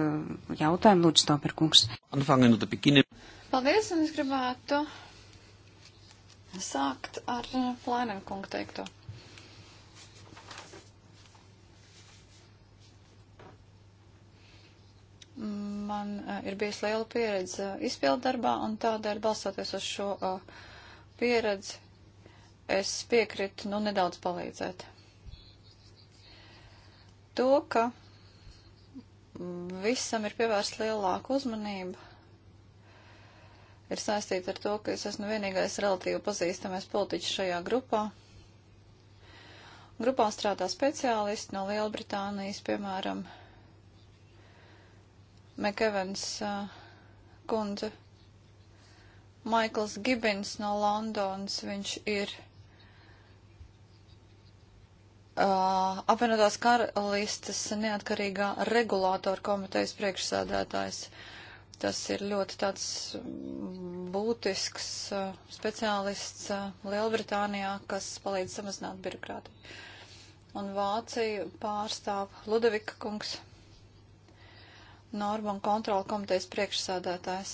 [SPEAKER 3] jautājumu, lūdzu, Stoperkungs.
[SPEAKER 2] Paldies, un es gribētu sākt ar eh, Lainam kungu teikto. Man ir bijis liela pieredze izpildu darbā, un tādēļ, balstoties uz šo pieredzi, es piekritu, nu, nedaudz palīdzēt. To, ka mm, visam ir pievērsta lielāka uzmanība, ir saistīta ar to, ka es esmu vienīgais relatīvi pazīstamais politiķis šajā grupā. Grupā strādā speciālisti no Lielbritānijas, piemēram, Mekevens kundze. Maikls Gibins no Londonas, viņš ir uh, apvienotās karalistes neatkarīgā regulātora komitejas priekšsādātājs. Tas ir ļoti tāds būtisks uh, speciālists uh, Lielbritānijā, kas palīdz samazināt birokrātiju. Un Vāciju pārstāv Ludovika kungs norma un kontrola komitejas priekšsādātājs.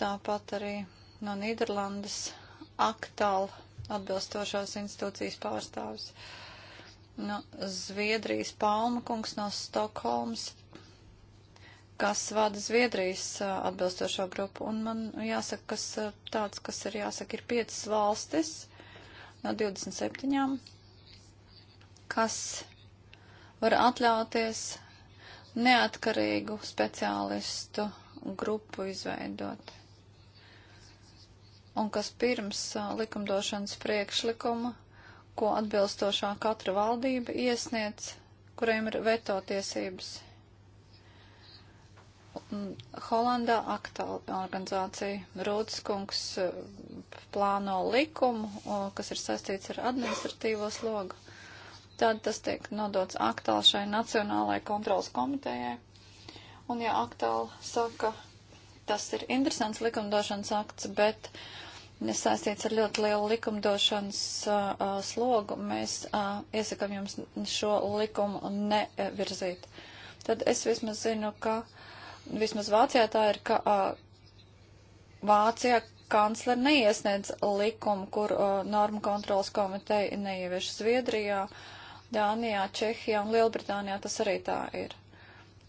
[SPEAKER 2] Tāpat arī no Nīderlandes aktāla atbilstošās institūcijas pārstāvis. No Zviedrijas Palma kungs no Stokholmas, kas vada Zviedrijas atbilstošo grupu. Un man jāsaka, kas tāds, kas ir jāsaka, ir piecas valstis no 27, kas var atļauties neatkarīgu speciālistu grupu izveidot. Un kas pirms likumdošanas priekšlikuma, ko atbilstošā katra valdība iesniedz, kuriem ir veto tiesības. Holandā aktuāla organizācija Rūtiskungs plāno likumu, kas ir saistīts ar administratīvo slogu tad tas tiek nodots aktāli šai Nacionālajai kontrolas komitejai. Un ja aktāli saka, tas ir interesants likumdošanas akts, bet nesaistīts ar ļoti lielu likumdošanas uh, slogu, mēs uh, iesakam jums šo likumu nevirzīt. Tad es vismaz zinu, ka vismaz Vācijā tā ir, ka uh, Vācijā kancler neiesniedz likumu, kur uh, norma kontrolas komiteja neievieš Zviedrijā. Uh, Dānijā, Čehijā un Lielbritānijā tas arī tā ir.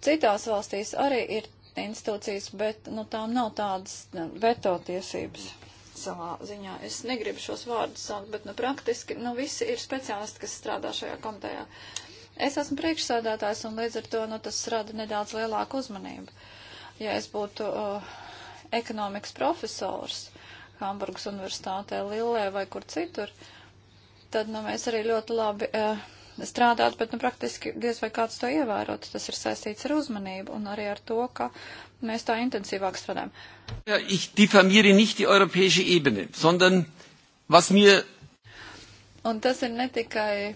[SPEAKER 2] Citās valstīs arī ir institūcijas, bet nu, tām nav tādas veto tiesības savā ziņā. Es negribu šos vārdus saukt, bet nu, praktiski nu, visi ir speciālisti, kas strādā šajā komitejā. Es esmu priekšsādātājs un līdz ar to nu, tas rada nedaudz lielāku uzmanību. Ja es būtu uh, ekonomikas profesors Hamburgas universitātē, Lillē vai kur citur, tad nu, mēs arī ļoti labi. Uh, strādāt, bet nu, praktiski diez vai kāds to ievērot. Tas ir saistīts ar uzmanību un arī ar to, ka mēs tā intensīvāk strādājam.
[SPEAKER 1] Ja, ich diffamiere nicht die europäische Ebene, sondern
[SPEAKER 3] was mir.
[SPEAKER 2] Un tas ir ne tikai,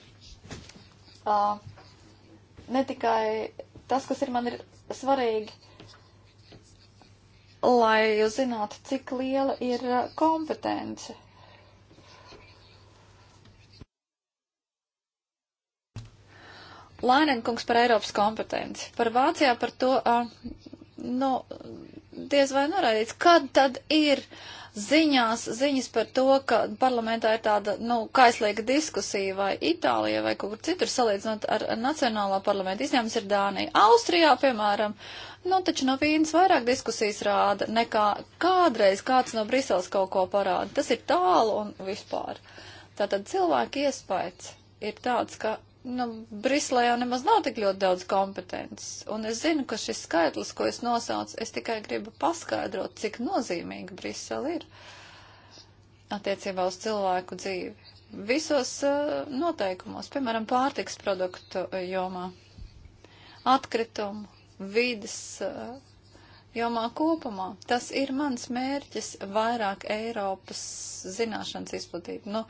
[SPEAKER 2] uh, ne tikai tas, kas ir man ir svarīgi, lai jūs zinātu, cik liela ir kompetence Lainenkungs par Eiropas kompetenci. Par Vācijā par to, uh, nu, diez vai norādīts, kad tad ir ziņās, ziņas par to, ka parlamentā ir tāda, nu, kaislīga diskusija vai Itālija vai kaut kur citur salīdzinot ar nacionālā parlamenta izņēmums ir Dānija. Austrijā, piemēram, nu, taču no vīnas vairāk diskusijas rāda nekā kādreiz kāds no Briseles kaut ko parāda. Tas ir tālu un vispār. Tātad cilvēki iespējas ir tāds, ka nu, Brislē jau nemaz nav tik ļoti daudz kompetences. Un es zinu, ka šis skaitlis, ko es nosaucu, es tikai gribu paskaidrot, cik nozīmīga Brisele ir attiecībā uz cilvēku dzīvi. Visos uh, noteikumos, piemēram, pārtiks produktu eh, jomā, atkritumu, vidas. Uh, eh, jomā kopumā. Tas ir mans mērķis - vairāk Eiropas zināšanas izplatīt. Nu,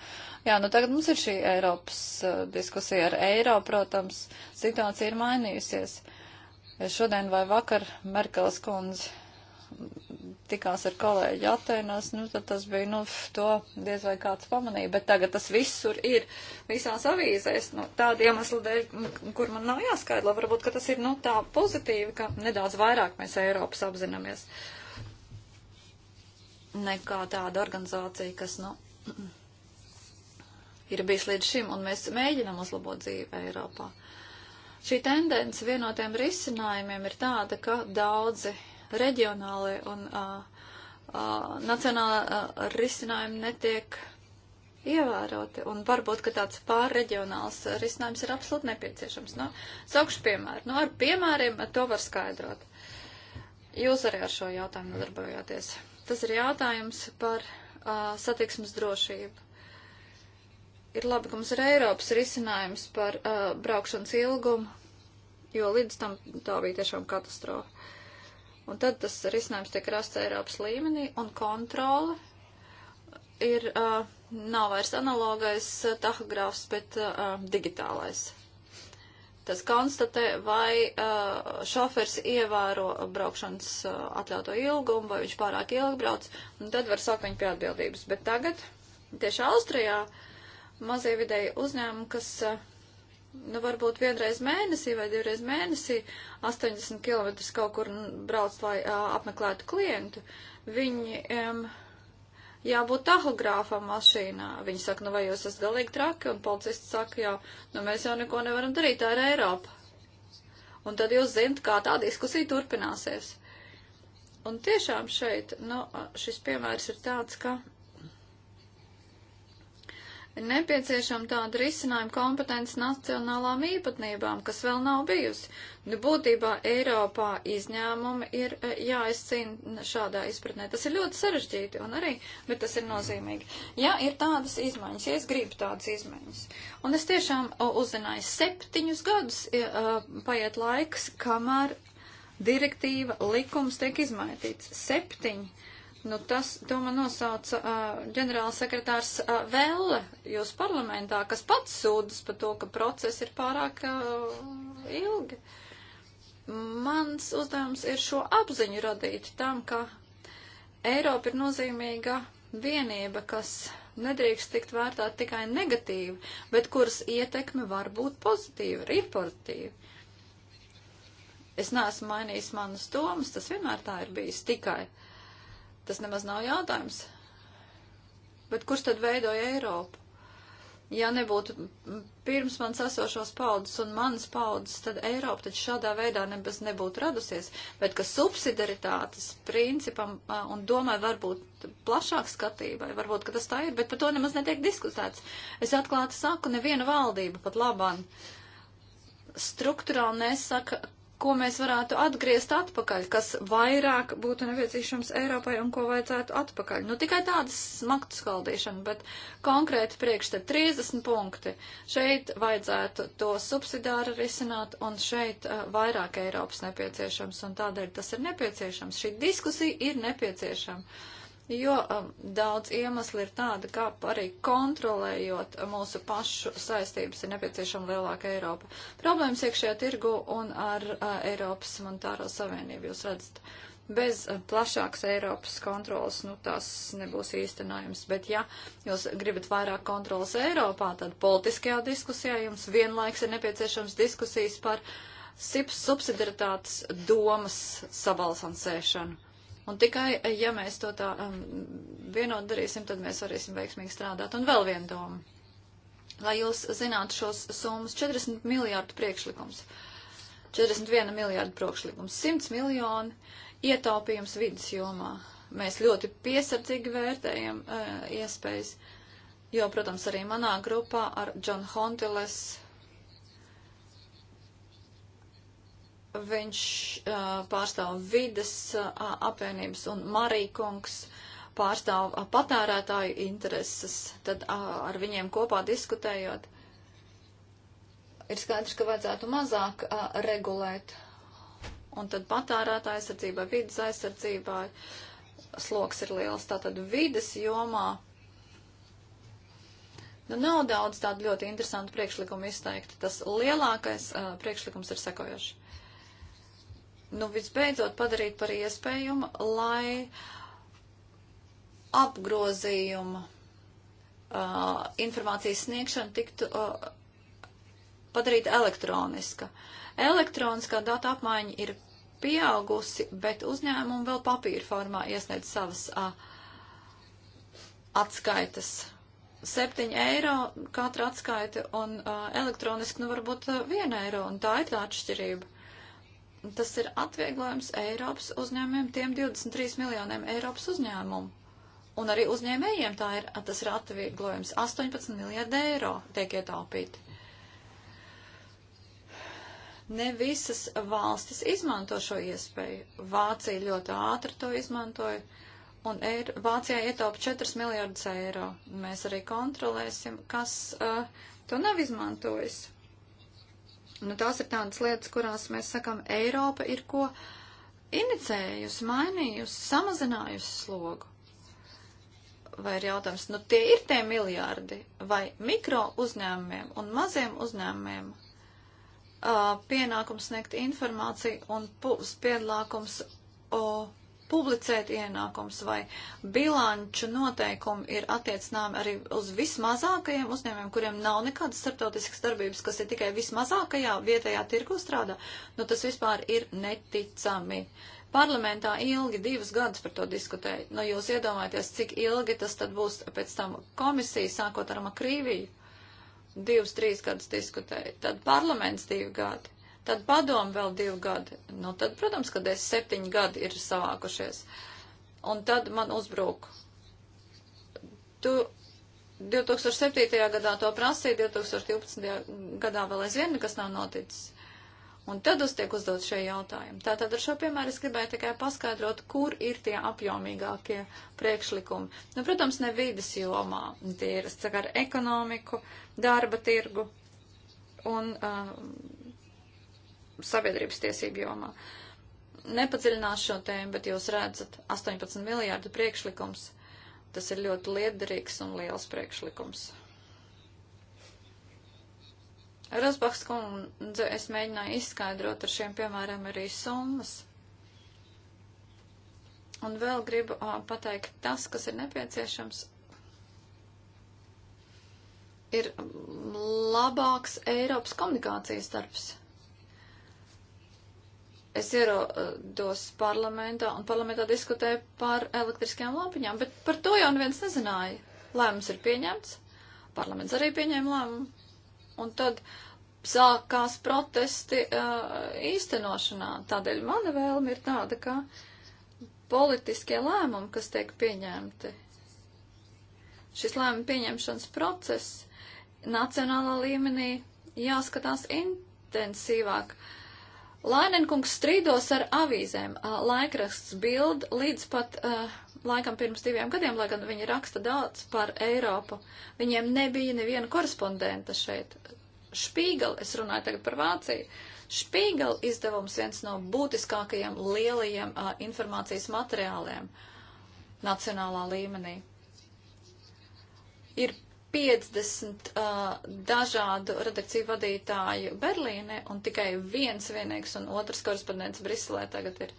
[SPEAKER 2] jā, nu tagad mums ir šī Eiropas uh, diskusija ar eiro, protams, situācija ir mainījusies. Šodien vai vakar Merkels kundze tikās ar kolēģi Atenās, nu tad tas bija, nu, to diez vai kāds pamanīja, bet tagad tas visur ir, visās avīzēs, nu, tāda iemesla dēļ, kur man nav jāskaidro, varbūt, ka tas ir, nu, tā pozitīvi, ka nedaudz vairāk mēs Eiropas apzināmies nekā tāda organizācija, kas, nu, ir bijis līdz šim, un mēs mēģinam uzlabot dzīvi Eiropā. Šī tendence vienotiem risinājumiem ir tāda, ka daudzi reģionālie un uh, uh, nacionālā uh, risinājumi netiek ievēroti, un varbūt, ka tāds pārreģionāls risinājums ir absolūti nepieciešams. Nu, saukšu piemēru. Nu, ar piemēriem to var skaidrot. Jūs arī ar šo jautājumu nodarbojāties. Tas ir jautājums par uh, satiksmes drošību. Ir labi, ka mums ir Eiropas risinājums par uh, braukšanas ilgumu, jo līdz tam tā bija tiešām katastrofa. Un tad tas risinājums tiek rasts Eiropas līmenī, un kontrole ir, uh, nav vairs analogais uh, tahogrāfs, bet uh, digitālais. Tas konstatē, vai uh, šofers ievēro braukšanas uh, atļauto ilgumu, vai viņš pārāk ilgi brauc, un tad var sākt viņu pie atbildības. Bet tagad tieši Austrijā mazie vidēji uzņēmumi, kas. Uh, nu, varbūt vienreiz mēnesī vai divreiz mēnesī 80 km kaut kur brauc, lai uh, apmeklētu klientu. Viņi, um, jābūt tahogrāfam mašīnā. Viņi saka, nu vai jūs esat galīgi traki, un policisti saka, jā, nu mēs jau neko nevaram darīt, tā ir Eiropa. Un tad jūs zinat, kā tā diskusija turpināsies. Un tiešām šeit, nu, šis piemērs ir tāds, ka nepieciešama tāda risinājuma kompetence nacionālām īpatnībām, kas vēl nav bijusi. Nu, būtībā Eiropā izņēmumi ir e, jāizcīna šādā izpratnē. Tas ir ļoti sarežģīti un arī, bet tas ir nozīmīgi. Ja ir tādas izmaiņas, ja es gribu tādas izmaiņas, un es tiešām uzzināju septiņus gadus e, e, paiet laiks, kamēr direktīva likums tiek izmainīts. Septiņi Nu, tas, to man nosauca uh, ģenerālsekretārs uh, Vēle jūs parlamentā, kas pats sūdzas par to, ka process ir pārāk uh, ilgi. Mans uzdevums ir šo apziņu radīt tam, ka Eiropa ir nozīmīga vienība, kas nedrīkst tikt vērtāt tikai negatīvi, bet kuras ietekme var būt pozitīva, arī pozitīva. Es neesmu mainījis manas domas, tas vienmēr tā ir bijis tikai. Uh, Tas nemaz nav jautājums. Bet kurš tad veidoja Eiropu? Ja nebūtu pirms manas esošos paudzes un manas paudzes, tad Eiropa taču šādā veidā nebaz nebūtu radusies, bet ka subsidaritātes principam un domai varbūt plašāk skatībai, varbūt, ka tas tā ir, bet par to nemaz netiek diskutēts. Es atklāti saku, neviena valdība pat labāk struktūrā nesaka, ko mēs varētu atgriezt atpakaļ, kas vairāk būtu nepieciešams Eiropai un ko vajadzētu atpakaļ. Nu, tikai tādas smaktu skaldīšana, bet konkrēti priekšstat 30 punkti. Šeit vajadzētu to subsidāri risināt un šeit uh, vairāk Eiropas nepieciešams un tādēļ tas ir nepieciešams. Šī diskusija ir nepieciešama jo um, daudz iemesli ir tāda, kā arī kontrolējot mūsu pašu saistības ir nepieciešama lielāka Eiropa. Problēmas iekšējā tirgu un ar uh, Eiropas monetāro savienību jūs redzat. Bez uh, plašākas Eiropas kontrolas, nu, tas nebūs īstenojums. Bet, ja jūs gribat vairāk kontrolas Eiropā, tad politiskajā diskusijā jums vienlaiks ir nepieciešams diskusijas par subsidiaritātes domas sabalsansēšanu Un tikai, ja mēs to tā um, vienot darīsim, tad mēs varēsim veiksmīgi strādāt. Un vēl viena doma. Lai jūs zinātu šos summas, 40 miljārdu priekšlikums, 41 miljārdu priekšlikums, 100 miljoni ietaupījums vidas jomā. Mēs ļoti piesardzīgi vērtējam uh, iespējas, jo, protams, arī manā grupā ar John Hontiles viņš uh, pārstāv vides uh, apvienības un Marija kungs pārstāv uh, patērētāju intereses, tad uh, ar viņiem kopā diskutējot, ir skaidrs, ka vajadzētu mazāk uh, regulēt. Un tad patērētāja aizsardzībai, vidas aizsardzībai sloks ir liels. Tātad vidas jomā Nu, nav daudz tādu ļoti interesantu priekšlikumu izteikti. Tas lielākais uh, priekšlikums ir sekojošs nu, visbeidzot padarīt par iespējumu, lai apgrozījuma uh, informācijas sniegšana tiktu uh, padarīta elektroniska. Elektroniskā data apmaiņa ir pieaugusi, bet uzņēmumi vēl papīra formā iesniedz savas uh, atskaitas. 7 eiro katra atskaita un uh, elektroniski nu varbūt 1 eiro, un tā ir tā atšķirība. Tas ir atvieglojums Eiropas uzņēmumiem, tiem 23 miljoniem Eiropas uzņēmumu. Un arī uzņēmējiem tā ir, tas ir atvieglojums. 18 miljardi eiro tiek ietaupīti. Ne visas valstis izmanto šo iespēju. Vācija ļoti ātri to izmantoja, un eir, Vācijā ietaupa 4 miljardus eiro. Mēs arī kontrolēsim, kas uh, to nav izmantojis. Nu, tās ir tādas lietas, kurās mēs sakam, Eiropa ir ko inicējusi, mainījusi, samazinājusi slogu. Vai ir jautājums, nu tie ir tie miljārdi, vai mikro uzņēmumiem un maziem uzņēmumiem uh, pienākums sniegt informāciju un pienākums. Uh, publicēt ienākums vai bilanču noteikumi ir attiecināmi arī uz vismazākajiem uzņēmumiem, kuriem nav nekādas starptautiskas darbības, kas ir tikai vismazākajā vietējā tirgu strādā, nu tas vispār ir neticami. Parlamentā ilgi divus gadus par to diskutēja. Nu, jūs iedomājaties, cik ilgi tas tad būs pēc tam komisija, sākot ar Makrīviju, divus, trīs gadus diskutēja, tad parlaments divi gadi Tad padomu vēl divi gadi. Nu, tad, protams, kad es septiņi gadi ir savākušies. Un tad man uzbruk. Tu 2007. gadā to prasīji, 2012. gadā vēl aizvien nekas nav noticis. Un tad uz tiek uzdot šie jautājumi. Tātad ar šo piemēru es gribēju tikai paskaidrot, kur ir tie apjomīgākie priekšlikumi. Nu, protams, ne vīdes jomā, tie ir, es ceru, ekonomiku, darba tirgu un uh, sabiedrības tiesību jomā. Nepadziļināšu šo tēmu, bet jūs redzat 18 miljārdu priekšlikums. Tas ir ļoti liederīgs un liels priekšlikums. Rosbachs kundze, es mēģināju izskaidrot ar šiem piemēram arī summas. Un vēl gribu uh, pateikt, tas, kas ir nepieciešams, ir labāks Eiropas komunikācijas darbs es ierados parlamentā un parlamentā diskutēju par elektriskajām lampiņām, bet par to jau neviens nezināja. Lēmums ir pieņemts, parlaments arī pieņēma lēmumu. Un tad sākās protesti uh, īstenošanā. Tādēļ mana vēlme ir tāda, ka politiskie lēmumi, kas tiek pieņemti, šis lēmuma pieņemšanas process nacionālā līmenī jāskatās intensīvāk. Uh, Lainenkungs strīdos ar avīzēm. Laikraksts bild līdz pat uh, laikam pirms diviem gadiem, lai gan viņi raksta daudz par Eiropu, viņiem nebija neviena korespondenta šeit. Špīgal, es runāju tagad par Vāciju, Špīgal izdevums viens no būtiskākajiem lielajiem uh, informācijas materiāliem nacionālā līmenī. Ir 50 uh, dažādu redakciju vadītāju Berlīne un tikai viens vienīgs un otrs korespondents Briselē tagad ir.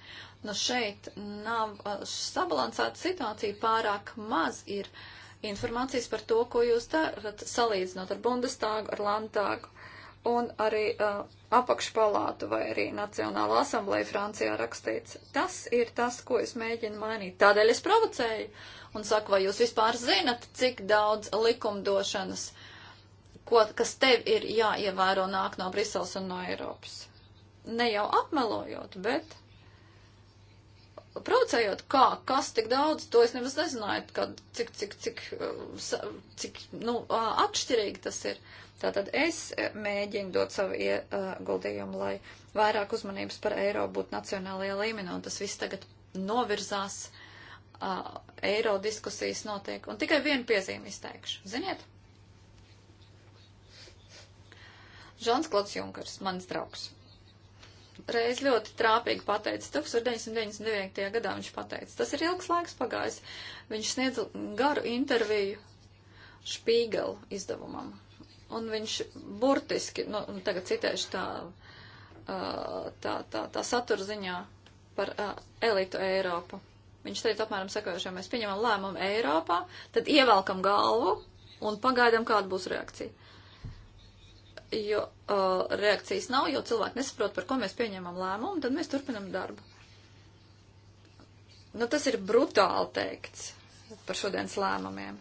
[SPEAKER 2] Nu šeit nav uh, sabalansēta situācija, pārāk maz ir informācijas par to, ko jūs darat, salīdzinot ar Bundestāgu, ar Landtāgu un arī uh, apakšpalātu vai arī Nacionālo asamblēju Francijā rakstīts. Tas ir tas, ko es mēģinu mainīt. Tādēļ es provocēju un saku, vai jūs vispār zinat, cik daudz likumdošanas, ko, kas tev ir jāievēro, nāk no Briseles un no Eiropas. Ne jau apmelojot, bet provocējot, kā, kas tik daudz, to es nemaz nezināju, kad, cik, cik, cik, uh, cik, nu, uh, atšķirīgi tas ir. Uh, Tātad es eh, mēģinu dot savu ieguldījumu, eh, lai vairāk uzmanības par eiro būtu nacionālajā līmenī, un tas viss tagad novirzās, uh, eiro diskusijas notiek, un tikai vienu piezīmi izteikšu. Ziniet? Žans Klods Junkers, mans draugs, reiz ļoti trāpīgi pateica, 1999. gadā viņš pateica, tas ir ilgs laiks pagājis, viņš sniedza garu interviju Špīgel izdevumam un viņš burtiski, nu, tagad citēšu tā, tā, tā, tā satura ziņā par uh, elitu Eiropu. Viņš teica apmēram sekojošo, mēs pieņemam lēmumu Eiropā, tad ievelkam galvu un pagaidām kāda būs reakcija. Jo uh, reakcijas nav, jo cilvēki nesaprot, par ko mēs pieņemam lēmumu, tad mēs turpinam darbu. Nu, tas ir brutāli teikts par šodienas lēmumiem.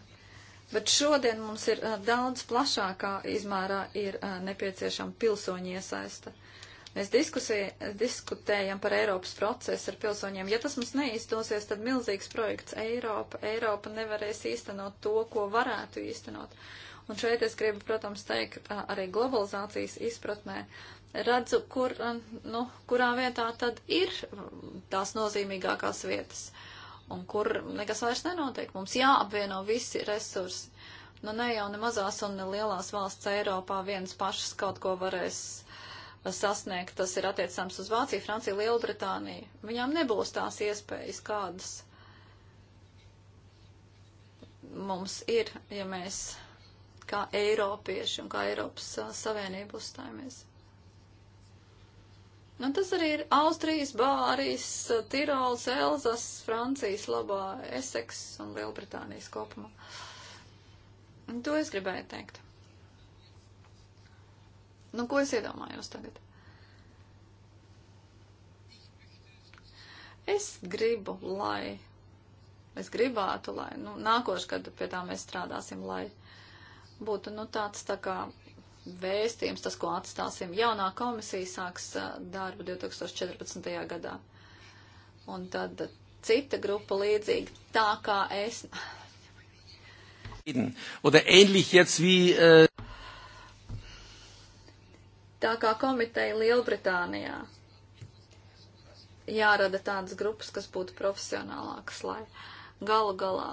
[SPEAKER 2] Bet šodien mums ir daudz plašākā izmērā ir nepieciešama pilsoņu iesaista. Mēs diskutējam par Eiropas procesu ar pilsoņiem. Ja tas mums neizdosies, tad milzīgs projekts Eiropa. Eiropa nevarēs īstenot to, ko varētu īstenot. Un šeit es gribu, protams, teikt arī globalizācijas izpratnē. Redzu, kur, nu, kurā vietā tad ir tās nozīmīgākās vietas. Uh, un kur nekas vairs nenotiek. Mums jāapvieno visi resursi. Nu, ne jau ne mazās un ne lielās valsts Eiropā viens pašas kaut ko varēs sasniegt. Tas ir attiecams uz Vāciju, Franciju, Lielbritāniju. Viņām nebūs tās iespējas, kādas mums ir, ja mēs kā Eiropieši un kā Eiropas Savienība uzstājamies. Nu, tas arī ir Austrijas, Bārijas, Tirols, Elzas, Francijas labā, Eseks un Lielbritānijas kopumā. Un to es gribēju teikt. Nu, ko es iedomājos tagad? Es gribu, lai, es gribētu, lai, nu, nākošu, kad pie tā mēs strādāsim, lai būtu, nu, tāds tā kā vēstījums, tas, ko atstāsim. Jaunā komisija sāks uh, darbu 2014. gadā. Un tad cita grupa līdzīga tā kā es.
[SPEAKER 3] Oder ähnlich jetzt wie. Äh
[SPEAKER 2] tā kā komiteja Lielbritānijā jārada tādas grupas, kas būtu profesionālākas, lai galu galā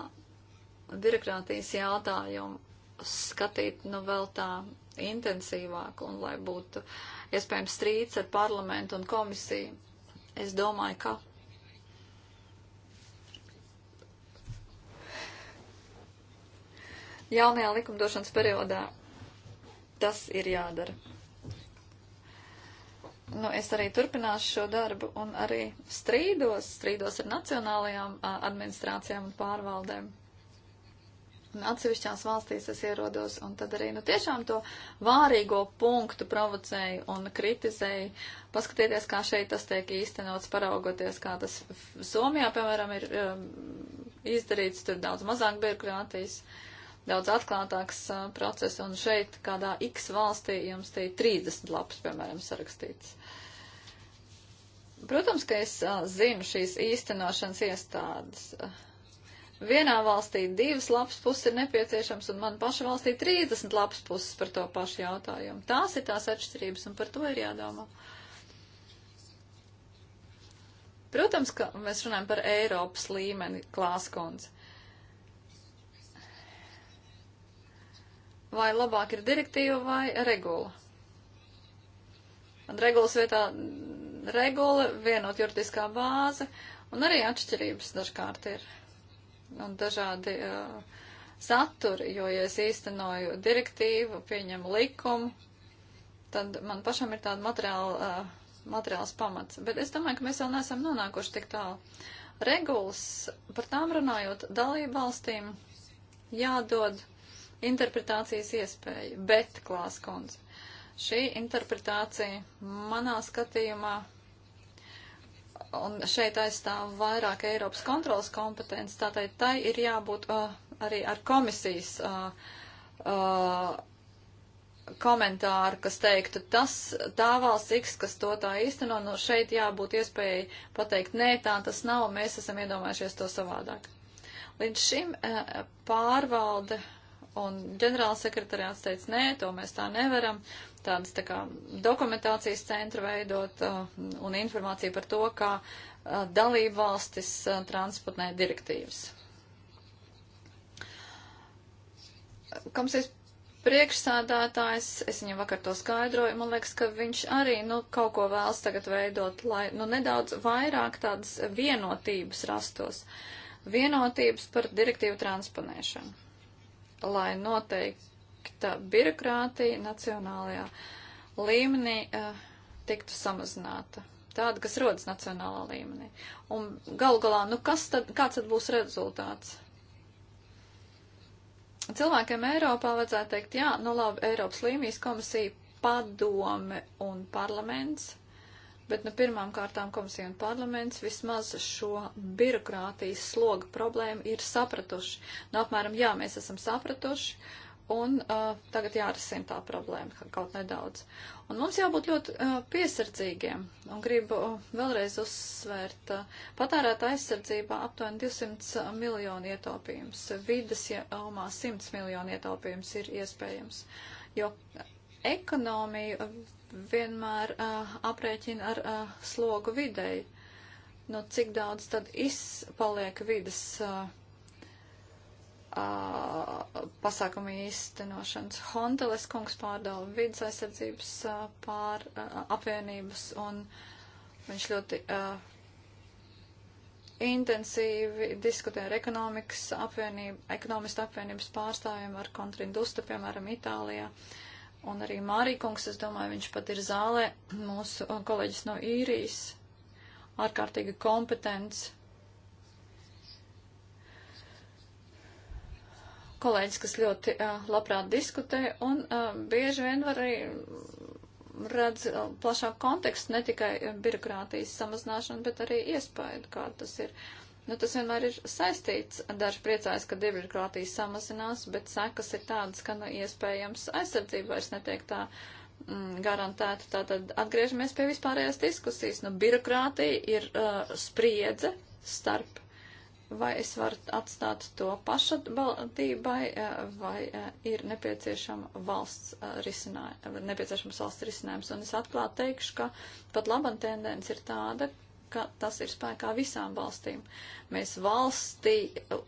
[SPEAKER 2] birokrātijas jautājumu skatīt nu vēl tā intensīvāk un lai būtu iespējams strīds ar parlamentu un komisiju. Es domāju, ka jaunajā likumdošanas periodā tas ir jādara. Nu, es arī turpināšu šo darbu un arī strīdos, strīdos ar nacionālajām administrācijām un pārvaldēm atsevišķās valstīs es ierodos un tad arī, nu, tiešām to vārīgo punktu provocēju un kritizēju. Paskatieties, kā šeit tas tiek īstenots, paraugoties, kā tas Somijā, piemēram, ir um, izdarīts, tur daudz mazāk birokrātijas, daudz atklātāks uh, process, un šeit kādā X valstī jums tie 30 lapas, piemēram, sarakstīts. Protams, ka es uh, zinu šīs īstenošanas iestādes. Uh, vienā valstī divas lapas puses ir nepieciešams, un man paša valstī 30 lapas puses par to pašu jautājumu. Tās ir tās atšķirības, un par to ir jādomā. Protams, ka mēs runājam par Eiropas līmeni, klāskundze. Vai labāk ir direktīva vai regula? Un regulas vietā regula, vienot juridiskā bāze, un arī atšķirības dažkārt ir un nu, dažādi uh, saturi, jo, ja es īstenoju direktīvu, pieņemu likumu, tad man pašam ir tāda materiāla, uh, materiāls pamats. Bet es domāju, ka mēs vēl neesam nonākuši tik tālu. Regulas, par tām runājot, dalību valstīm jādod interpretācijas iespēja, bet klāskundze. Šī interpretācija manā skatījumā un šeit aizstāv vairāk Eiropas kontrolas kompetences, tātad tai ir jābūt uh, arī ar komisijas uh, uh, komentāru, kas teiktu, tas tā valsts X, kas to tā īsteno, nu šeit jābūt iespēja pateikt, nē, tā tas nav, mēs esam iedomājušies to savādāk. Līdz šim uh, pārvalde un ģenerālsekretariāts teica, nē, to mēs tā nevaram, tādas tā kā dokumentācijas centru veidot uh, un informāciju par to, kā uh, dalību valstis uh, transportē direktīvas. Komisijas priekšsādātājs, es viņam vakar to skaidroju, man liekas, ka viņš arī, nu, kaut ko vēlas tagad veidot, lai, nu, nedaudz vairāk tādas vienotības rastos. Vienotības par direktīvu transponēšanu lai noteikta birokrātija nacionālajā līmenī uh, tiktu samazināta. Tāda, kas rodas nacionālā līmenī. Un gal galā, nu kas tad, kāds tad būs rezultāts? Cilvēkiem Eiropā vajadzētu teikt, jā, nu labi, Eiropas līmenīs komisija padome un parlaments Bet, nu, pirmām kārtām komisija un parlaments vismaz šo birokrātijas sloga problēmu ir sapratuši. Nu, apmēram, jā, mēs esam sapratuši, un uh, tagad jārisina tā problēma kaut nedaudz. Un mums jābūt ļoti uh, piesardzīgiem, un gribu uh, vēlreiz uzsvērt, uh, patērēta aizsardzībā aptuveni 200 uh, miljonu ietaupījums, vidas jomā 100 miljonu ietaupījums ir iespējams, jo ekonomija vienmēr uh, aprēķina ar uh, slogu videi. Nu, cik daudz tad izpaliek vidas uh, uh, pasākumu īstenošanas? Honteles kungs pārdala vidas aizsardzības uh, pār uh, apvienības un viņš ļoti. Uh, intensīvi diskutēja ar ekonomikas apvienību, ekonomistu apvienības pārstāvjiem, ar kontrindustru, piemēram, Itālijā. Uh, un arī Mārīkungs, es domāju, viņš pat ir zālē, mūsu uh, kolēģis no īrijas, ārkārtīgi kompetents. Kolēģis, kas ļoti uh, labprāt diskutē un uh, bieži vien var arī redz uh, plašāku kontekstu, ne tikai uh, birokrātijas samazināšanu, bet arī iespēju, kā tas ir. Uh, Nu, tas vienmēr ir saistīts. Daži priecājas, ka bibliokrātija samazinās, bet sekas ir tādas, ka, nu, iespējams, aizsardzība vairs netiek tā mm, garantēta. Tātad atgriežamies pie vispārējās diskusijas. Nu, birokrātija ir uh, spriedze starp, vai es varu atstāt to pašatbaldībai, uh, vai uh, ir nepieciešama valsts uh, risinājums, nepieciešams valsts risinājums. Un es atklāti teikšu, ka pat laba tendence ir tāda, ka tas ir spēkā visām valstīm. Mēs valstī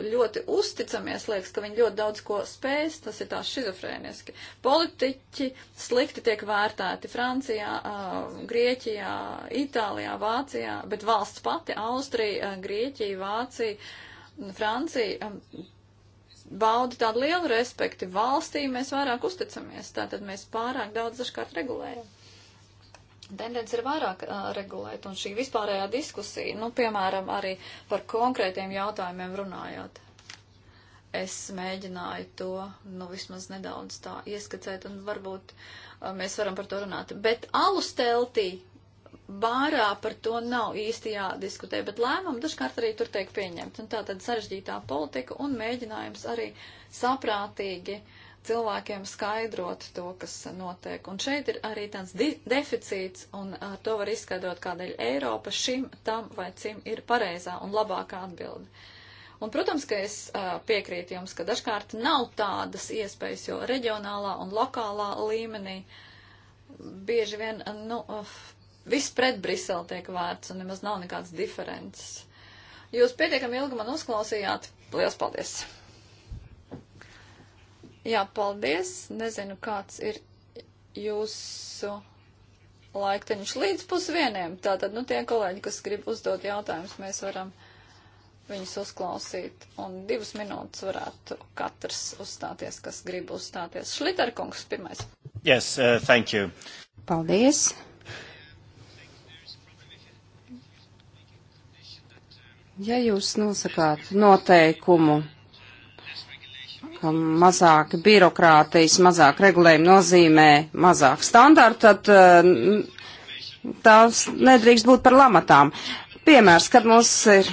[SPEAKER 2] ļoti uzticamies, liekas, ka viņi ļoti daudz ko spējas, tas ir tā šizofrēniski. Politiķi slikti tiek vērtēti Francijā, Grieķijā, Itālijā, Vācijā, bet valsts pati, Austrija, Grieķija, Vācija, Francija bauda tādu lielu respekti. Valstī mēs vairāk uzticamies, tātad mēs pārāk daudz dažkārt regulējam tendence ir vairāk uh, regulēt, un šī vispārējā diskusija, nu, piemēram, arī par konkrētiem jautājumiem runājot. Es mēģināju to, nu, vismaz nedaudz tā ieskacēt, un varbūt uh, mēs varam par to runāt. Bet alus teltī bārā par to nav īsti jādiskutē, bet lēmumu dažkārt arī tur tiek pieņemt. Un tā tad sarežģītā politika un mēģinājums arī saprātīgi uh, cilvēkiem skaidrot to, kas notiek. Un šeit ir arī tāds deficīts, un ar to var izskaidrot, kādēļ Eiropa šim, tam vai cim ir pareizā un labākā atbilde. Un, protams, ka es uh, piekrītu jums, ka dažkārt nav tādas iespējas, jo reģionālā un lokālā līmenī bieži vien, nu, uh, viss pret Briseli tiek vērts un nemaz nav nekāds diferences. Jūs pietiekami ilgi man uzklausījāt. Lielas paldies! Jā, paldies. Nezinu, kāds ir jūsu laikteņš līdz pusvieniem. Tātad, nu, tie kolēģi, kas grib uzdot jautājumus, mēs varam viņus uzklausīt. Un divas minūtes varētu katrs uzstāties, kas grib uzstāties. Šliterkungs pirmais.
[SPEAKER 3] Yes, uh, thank you. Paldies. Ja jūs nosakāt noteikumu ka um, mazāk birokrātijas, mazāk regulējuma nozīmē mazāk standārtu, tad uh, tās nedrīkst būt par lamatām. Piemērs, kad mums ir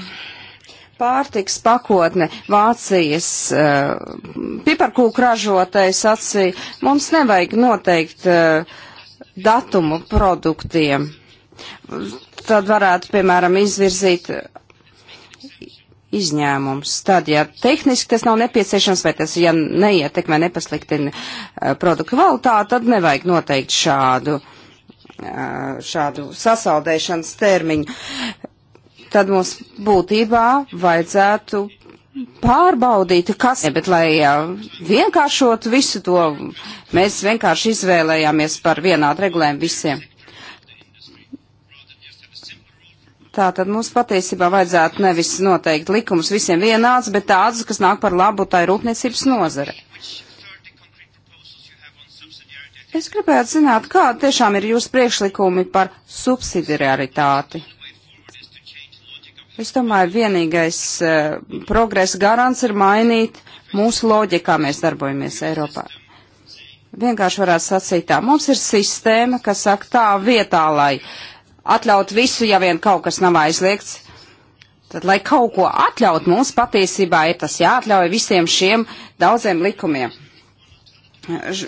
[SPEAKER 3] pārtiks pakotne Vācijas uh, piparkūku ražotais acī, mums nevajag noteikt uh, datumu produktiem. Tad varētu, piemēram, izvirzīt izņēmums. Tad, ja tehniski tas nav nepieciešams, vai tas, ja neietekmē, nepasliktina eh, produktu kvalitāti, tad nevajag noteikt šādu, eh, šādu sasaldēšanas termiņu. Tad mums būtībā vajadzētu pārbaudīt, kas, bet lai eh, vienkāršotu visu to, mēs vienkārši izvēlējāmies par vienādu regulējumu visiem. Tā tad mums patiesībā vajadzētu nevis noteikt likumus visiem vienāds, bet tādus, kas nāk par labu tai rūpniecības nozare. Es gribētu zināt, kā tiešām ir jūsu priekšlikumi par subsidiaritāti. Es domāju, vienīgais uh, progresa garants ir mainīt mūsu loģiku, kā mēs darbojamies Eiropā. Vienkārši varētu sacīt tā, mums ir sistēma, kas saka tā vietā, lai uh, atļaut visu, ja vien kaut kas nav aizliegts. Tad, lai kaut ko atļaut, mums patiesībā ir tas jāatļauj visiem šiem daudziem likumiem.